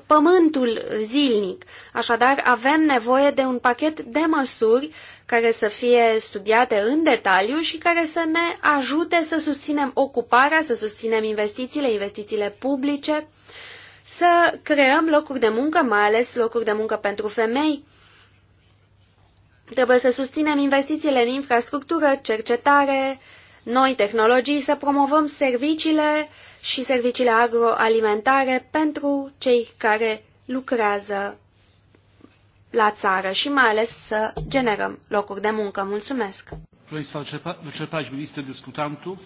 pământul zilnic. Așadar, avem nevoie de un pachet de măsuri care să fie studiate în detaliu și care să ne ajute să susținem ocuparea, să susținem investițiile, investițiile publice, să creăm locuri de muncă, mai ales locuri de muncă pentru femei, Trebuie să susținem investițiile în infrastructură, cercetare, noi tehnologii, să promovăm serviciile și serviciile agroalimentare pentru cei care lucrează la țară și mai ales să generăm locuri de muncă. Mulțumesc! Proszę Państwa, wyczerpaliśmy listę dyskutantów.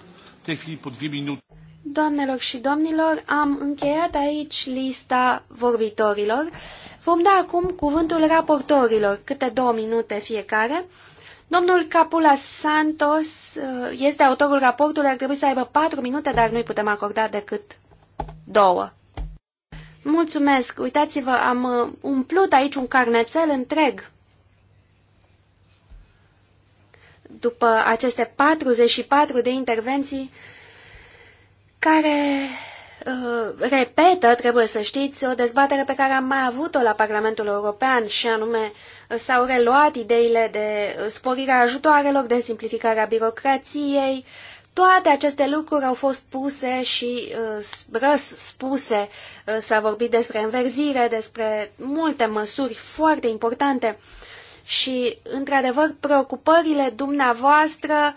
W tej chwili po dwie minuty. Doamnelor și domnilor, am încheiat aici lista vorbitorilor. Vom da acum cuvântul raportorilor, câte două minute fiecare. Domnul Capula Santos uh, este autorul raportului, ar trebui să aibă patru minute, dar nu-i putem acorda decât două. Mulțumesc! Uitați-vă, am uh, umplut aici un carnețel întreg. După aceste 44 de intervenții, care uh, repetă, trebuie să știți, o dezbatere pe care am mai avut-o la Parlamentul European și anume uh, s-au reluat ideile de uh, sporirea ajutoarelor, de simplificarea birocrației. Toate aceste lucruri au fost puse și uh, răs spuse. Uh, s-a vorbit despre înverzire, despre multe măsuri foarte importante și, într-adevăr, preocupările dumneavoastră uh,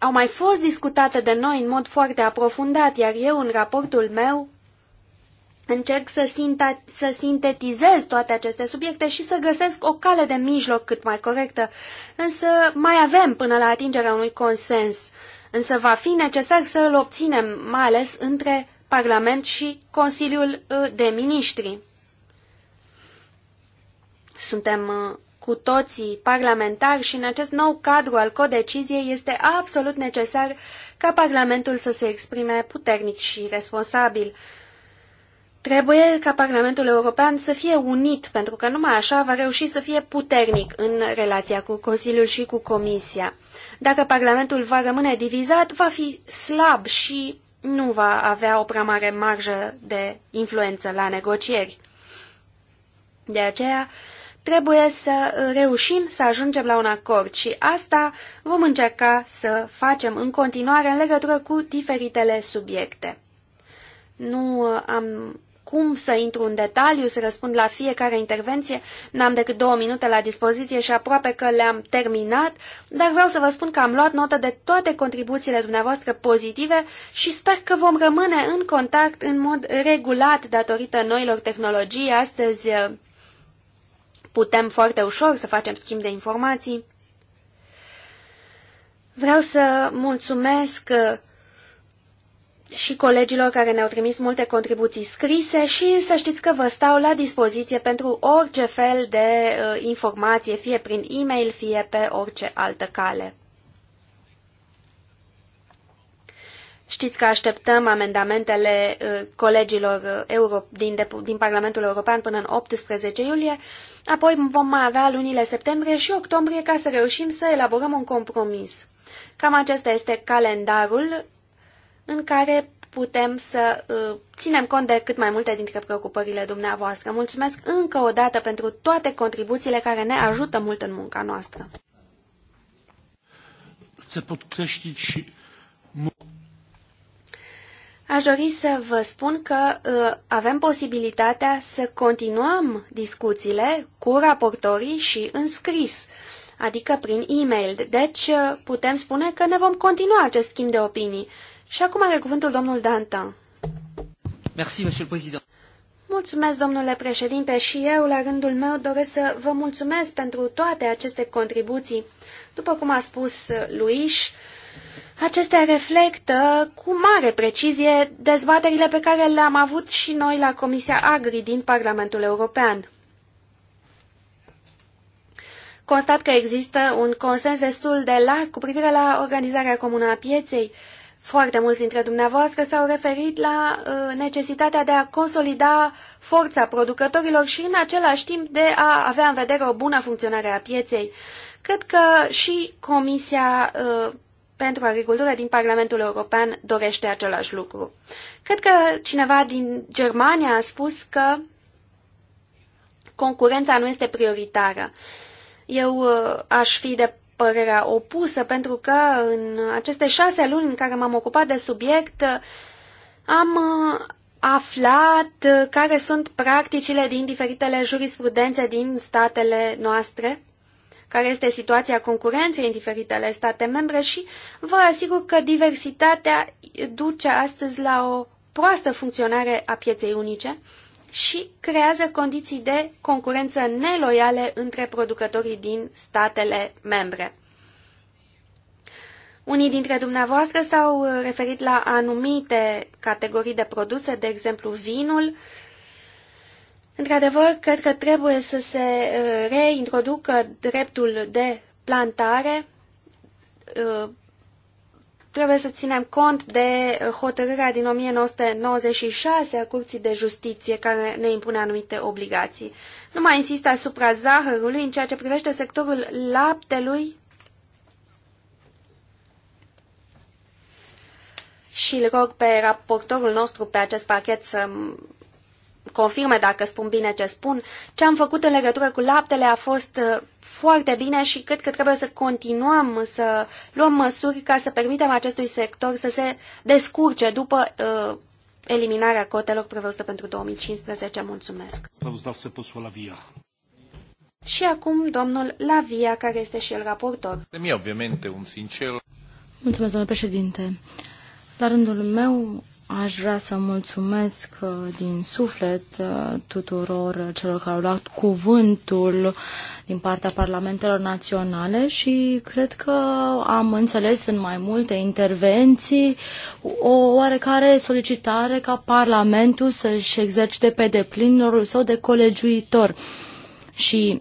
au mai fost discutate de noi în mod foarte aprofundat, iar eu în raportul meu încerc să, sinta, să sintetizez toate aceste subiecte și să găsesc o cale de mijloc cât mai corectă, însă mai avem până la atingerea unui consens, însă va fi necesar să îl obținem, mai ales între Parlament și Consiliul uh, de Ministri. Suntem uh, cu toții parlamentari și în acest nou cadru al codeciziei este absolut necesar ca Parlamentul să se exprime puternic și responsabil. Trebuie ca Parlamentul European să fie unit, pentru că numai așa va reuși să fie puternic în relația cu Consiliul și cu Comisia. Dacă Parlamentul va rămâne divizat, va fi slab și nu va avea o prea mare marjă de influență la negocieri. De aceea, Trebuie să reușim să ajungem la un acord și asta vom încerca să facem în continuare în legătură cu diferitele subiecte. Nu am cum să intru în detaliu, să răspund la fiecare intervenție. N-am decât două minute la dispoziție și aproape că le-am terminat, dar vreau să vă spun că am luat notă de toate contribuțiile dumneavoastră pozitive și sper că vom rămâne în contact în mod regulat datorită noilor tehnologii. Astăzi Putem foarte ușor să facem schimb de informații. Vreau să mulțumesc uh, și colegilor care ne-au trimis multe contribuții scrise și să știți că vă stau la dispoziție pentru orice fel de uh, informație, fie prin e-mail, fie pe orice altă cale. Știți că așteptăm amendamentele uh, colegilor euro, din, din Parlamentul European până în 18 iulie Apoi vom mai avea lunile septembrie și octombrie ca să reușim să elaborăm un compromis. Cam acesta este calendarul în care putem să uh, ținem cont de cât mai multe dintre preocupările dumneavoastră. Mulțumesc încă o dată pentru toate contribuțiile care ne ajută mult în munca noastră. Aș dori să vă spun că uh, avem posibilitatea să continuăm discuțiile cu raportorii și în scris, adică prin e-mail. Deci uh, putem spune că ne vom continua acest schimb de opinii. Și acum are cuvântul domnul Dantin. Merci, monsieur le président. Mulțumesc, domnule președinte, și eu, la rândul meu, doresc să vă mulțumesc pentru toate aceste contribuții. După cum a spus uh, Luis. uh, Acestea reflectă cu mare precizie dezbaterile pe care le-am avut și noi la Comisia Agri din Parlamentul European. Constat că există un consens destul de larg cu privire la organizarea comună a pieței. Foarte mulți dintre dumneavoastră s-au referit la uh, necesitatea de a consolida forța producătorilor și în același timp de a avea în vedere o bună funcționare a pieței. Cred că și Comisia uh, pentru Agricultură din Parlamentul European dorește același lucru. Cred că cineva din Germania a spus că concurența nu este prioritară. Eu uh, aș fi de părerea opusă pentru că în aceste șase luni în care m-am ocupat de subiect uh, am uh, aflat care sunt practicile din diferitele jurisprudențe din statele noastre care este situația concurenței în diferitele state membre și vă asigur că diversitatea duce astăzi la o proastă funcționare a pieței unice și creează condiții de concurență neloiale între producătorii din statele membre. Unii dintre dumneavoastră s-au referit la anumite categorii de produse, de exemplu vinul, Într-adevăr, cred că trebuie să se uh, reintroducă dreptul de plantare. Uh, trebuie să ținem cont de hotărârea din 1996 a Curții de Justiție care ne impune anumite obligații. Nu mai insist asupra zahărului în ceea ce privește sectorul laptelui și îl rog pe raportorul nostru pe acest pachet să confirme dacă spun bine ce spun, ce am făcut în legătură cu laptele a fost uh, foarte bine și cred că trebuie să continuăm să luăm măsuri ca să permitem acestui sector să se descurce după uh, eliminarea cotelor prevăzute pentru 2015. Mulțumesc! Și acum domnul Lavia, care este și el raportor. De mie, obviamente, un sincer... Mulțumesc, domnule președinte. La rândul meu, Aș vrea să mulțumesc uh, din suflet uh, tuturor celor care au luat cuvântul din partea parlamentelor naționale și cred că am înțeles în mai multe intervenții o oarecare solicitare ca Parlamentul să-și exercite pe deplin rolul său de colegiuitor și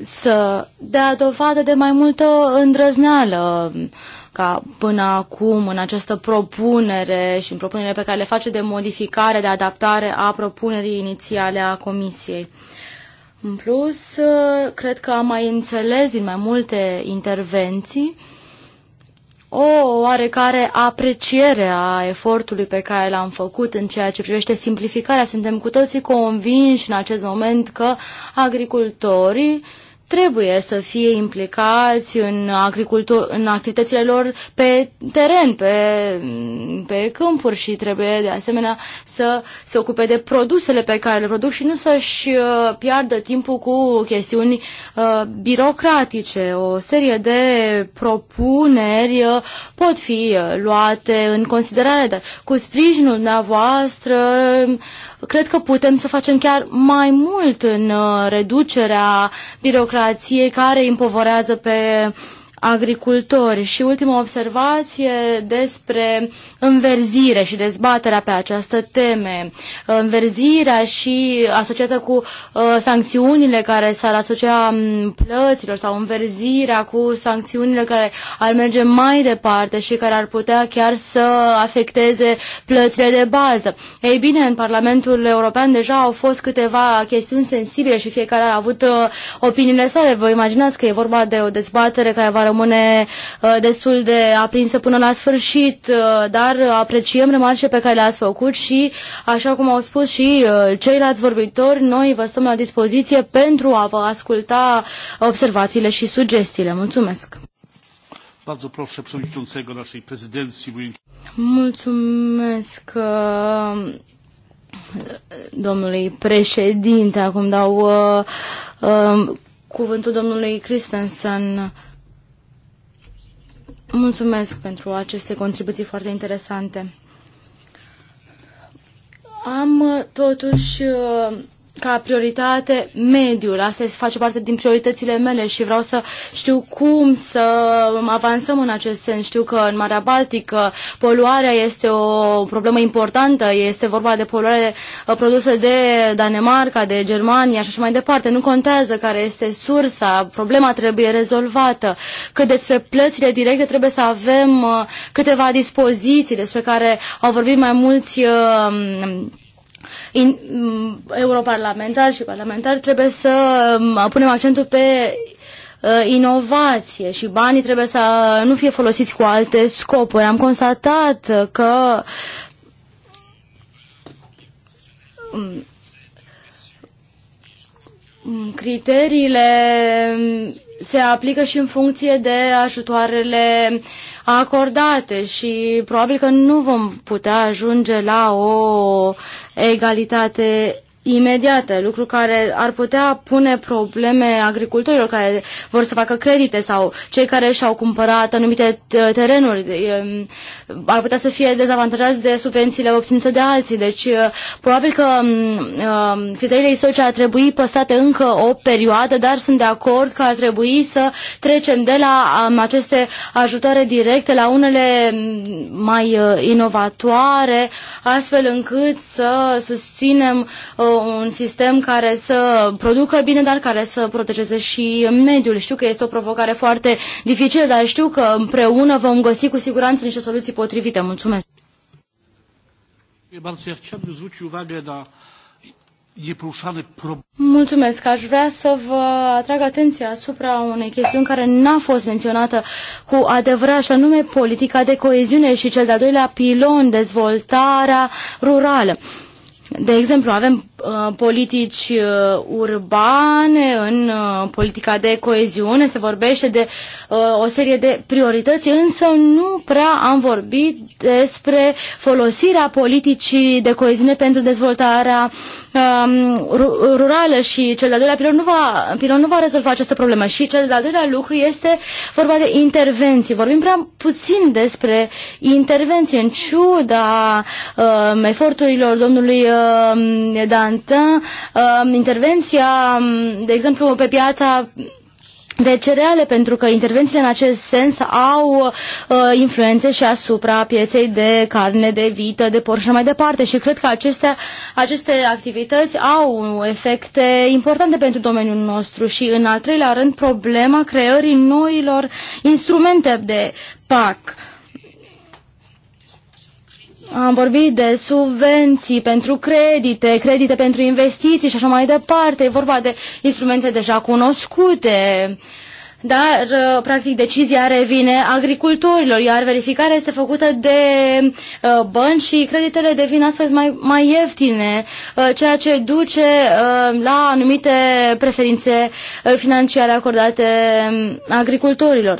să dea dovadă de mai multă îndrăzneală ca până acum în această propunere și în propunerile pe care le face de modificare, de adaptare a propunerii inițiale a Comisiei. În plus, cred că am mai înțeles din mai multe intervenții o oarecare apreciere a efortului pe care l-am făcut în ceea ce privește simplificarea. Suntem cu toții convinși în acest moment că agricultorii uh, trebuie să fie implicați în, în activitățile lor pe teren, pe, pe câmpuri și trebuie de asemenea să se ocupe de produsele pe care le produc și nu să-și uh, piardă timpul cu chestiuni uh, birocratice. O serie de propuneri uh, pot fi uh, luate în considerare, dar cu sprijinul dumneavoastră uh, Cred că putem să facem chiar mai mult în uh, reducerea birocrației care împovorează pe agricultori. Și ultima observație despre înverzire și dezbaterea pe această teme. Înverzirea și asociată cu uh, sancțiunile care s-ar asocia um, plăților sau înverzirea cu sancțiunile care ar merge mai departe și care ar putea chiar să afecteze plățile de bază. Ei bine, în Parlamentul European deja au fost câteva chestiuni sensibile și fiecare a avut uh, opiniile sale. Vă imaginați că e vorba de o dezbatere care va rămâne rămâne uh, destul de aprinsă până la sfârșit, uh, dar apreciem remarșe pe care le-ați făcut și, așa cum au spus și uh, ceilalți vorbitori, noi vă stăm la dispoziție pentru a vă asculta observațiile și sugestiile. Mulțumesc! Mulțumesc domnului președinte. Acum dau uh, uh, cuvântul domnului Christensen. Mulțumesc pentru aceste contribuții foarte interesante. Am totuși ca prioritate mediul. Asta face parte din prioritățile mele și vreau să știu cum să avansăm în acest sens. Știu că în Marea Baltică poluarea este o problemă importantă, este vorba de poluare uh, produsă de Danemarca, de Germania și așa mai departe. Nu contează care este sursa, problema trebuie rezolvată. Că despre plățile directe trebuie să avem uh, câteva dispoziții despre care au vorbit mai mulți uh, in, mm, europarlamentari și parlamentari, trebuie să mm, punem accentul pe ă, inovație și banii trebuie să nu fie folosiți cu alte scopuri. Am constatat că mm, criteriile se aplică și în funcție de ajutoarele acordate și probabil că nu vom putea ajunge la o egalitate imediată, lucru care ar putea pune probleme agricultorilor care vor să facă credite sau cei care și-au cumpărat anumite terenuri ehm, ar putea să fie dezavantajați de subvențiile obținute de alții. Deci, uh, probabil că mm, uh, criteriile istorice ar trebui păsate încă o perioadă, dar sunt de acord că ar trebui să trecem de la um, aceste ajutoare directe la unele mm, mai uh, inovatoare, astfel încât să susținem un sistem care să producă bine, dar care să protejeze și mediul. Știu că este o provocare foarte dificilă, dar știu că împreună vom găsi cu siguranță niște soluții potrivită. Mulțumesc! Mulțumesc, aș vrea să vă atrag atenția asupra unei chestiuni care n-a fost menționată cu adevărat, și anume politica de coeziune și cel de-al doilea pilon, dezvoltarea rurală. De exemplu, avem uh, politici uh, urbane, în uh, politica de coeziune se vorbește de uh, o serie de priorități, însă nu prea am vorbit despre folosirea politicii de coeziune pentru dezvoltarea um, rurală și cel de-al doilea pilon nu, va, pilon nu va rezolva această problemă. Și cel de-al doilea lucru este vorba de intervenții. Vorbim prea puțin despre intervenții, în ciuda uh, eforturilor domnului Um, Dantin, um, intervenția, um, de exemplu, pe piața de cereale, pentru că intervențiile în acest sens au uh, influențe și asupra pieței de carne, de vită, de porc și mai departe. Și cred că acestea, aceste activități au efecte importante pentru domeniul nostru și, în al treilea rând, problema creării noilor instrumente de PAC. Uh, am vorbit de subvenții pentru credite, credite pentru investiții și așa mai departe. E vorba de instrumente deja cunoscute. Dar, uh, practic, decizia revine agricultorilor, iar verificarea este făcută de uh, bănci și creditele devin astfel mai, mai ieftine, uh, ceea ce duce la anumite preferințe financiare acordate um, agricultorilor.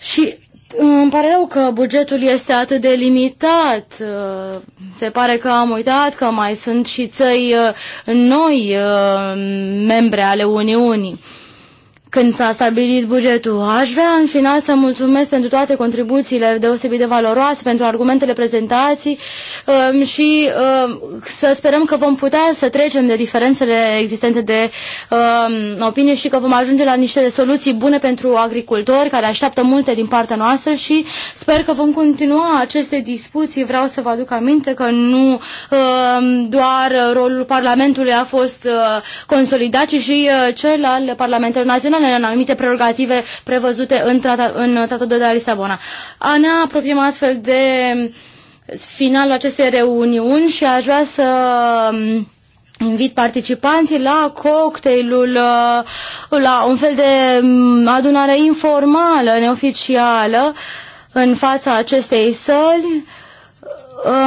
Și îmi pare rău că bugetul este atât de limitat. Uh, se pare că am uitat că mai sunt și țări uh, noi uh, membre ale Uniunii când s-a stabilit bugetul. Aș vrea în final să mulțumesc pentru toate contribuțiile deosebit de valoroase, pentru argumentele prezentații um, și um, să sperăm că vom putea să trecem de diferențele existente de um, opinie și că vom ajunge la niște soluții bune pentru agricultori care așteaptă multe din partea noastră și sper că vom continua aceste discuții. Vreau să vă aduc aminte că nu um, doar rolul Parlamentului a fost uh, consolidat, ci și uh, cel al Parlamentelor Naționale naționale în anumite prerogative prevăzute în, trata, în tratatul de la Lisabona. A ne apropiem astfel de mm, finalul acestei reuniuni și aș vrea să mm, invit participanții la cocktailul, uh, la un fel de mm, adunare informală, neoficială, în fața acestei săli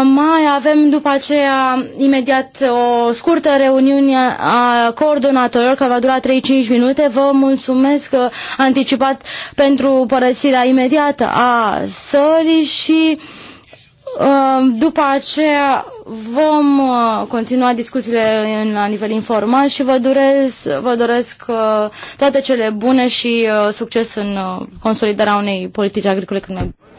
mai avem după aceea imediat o scurtă reuniune a coordonatorilor care va dura 3-5 minute. Vă mulțumesc anticipat pentru părăsirea imediată a sării și uh, după aceea vom uh, continua discuțiile la nivel informal și vă doresc, vă doresc uh, toate cele bune și succes în consolidarea unei politici agricole cât mai bune.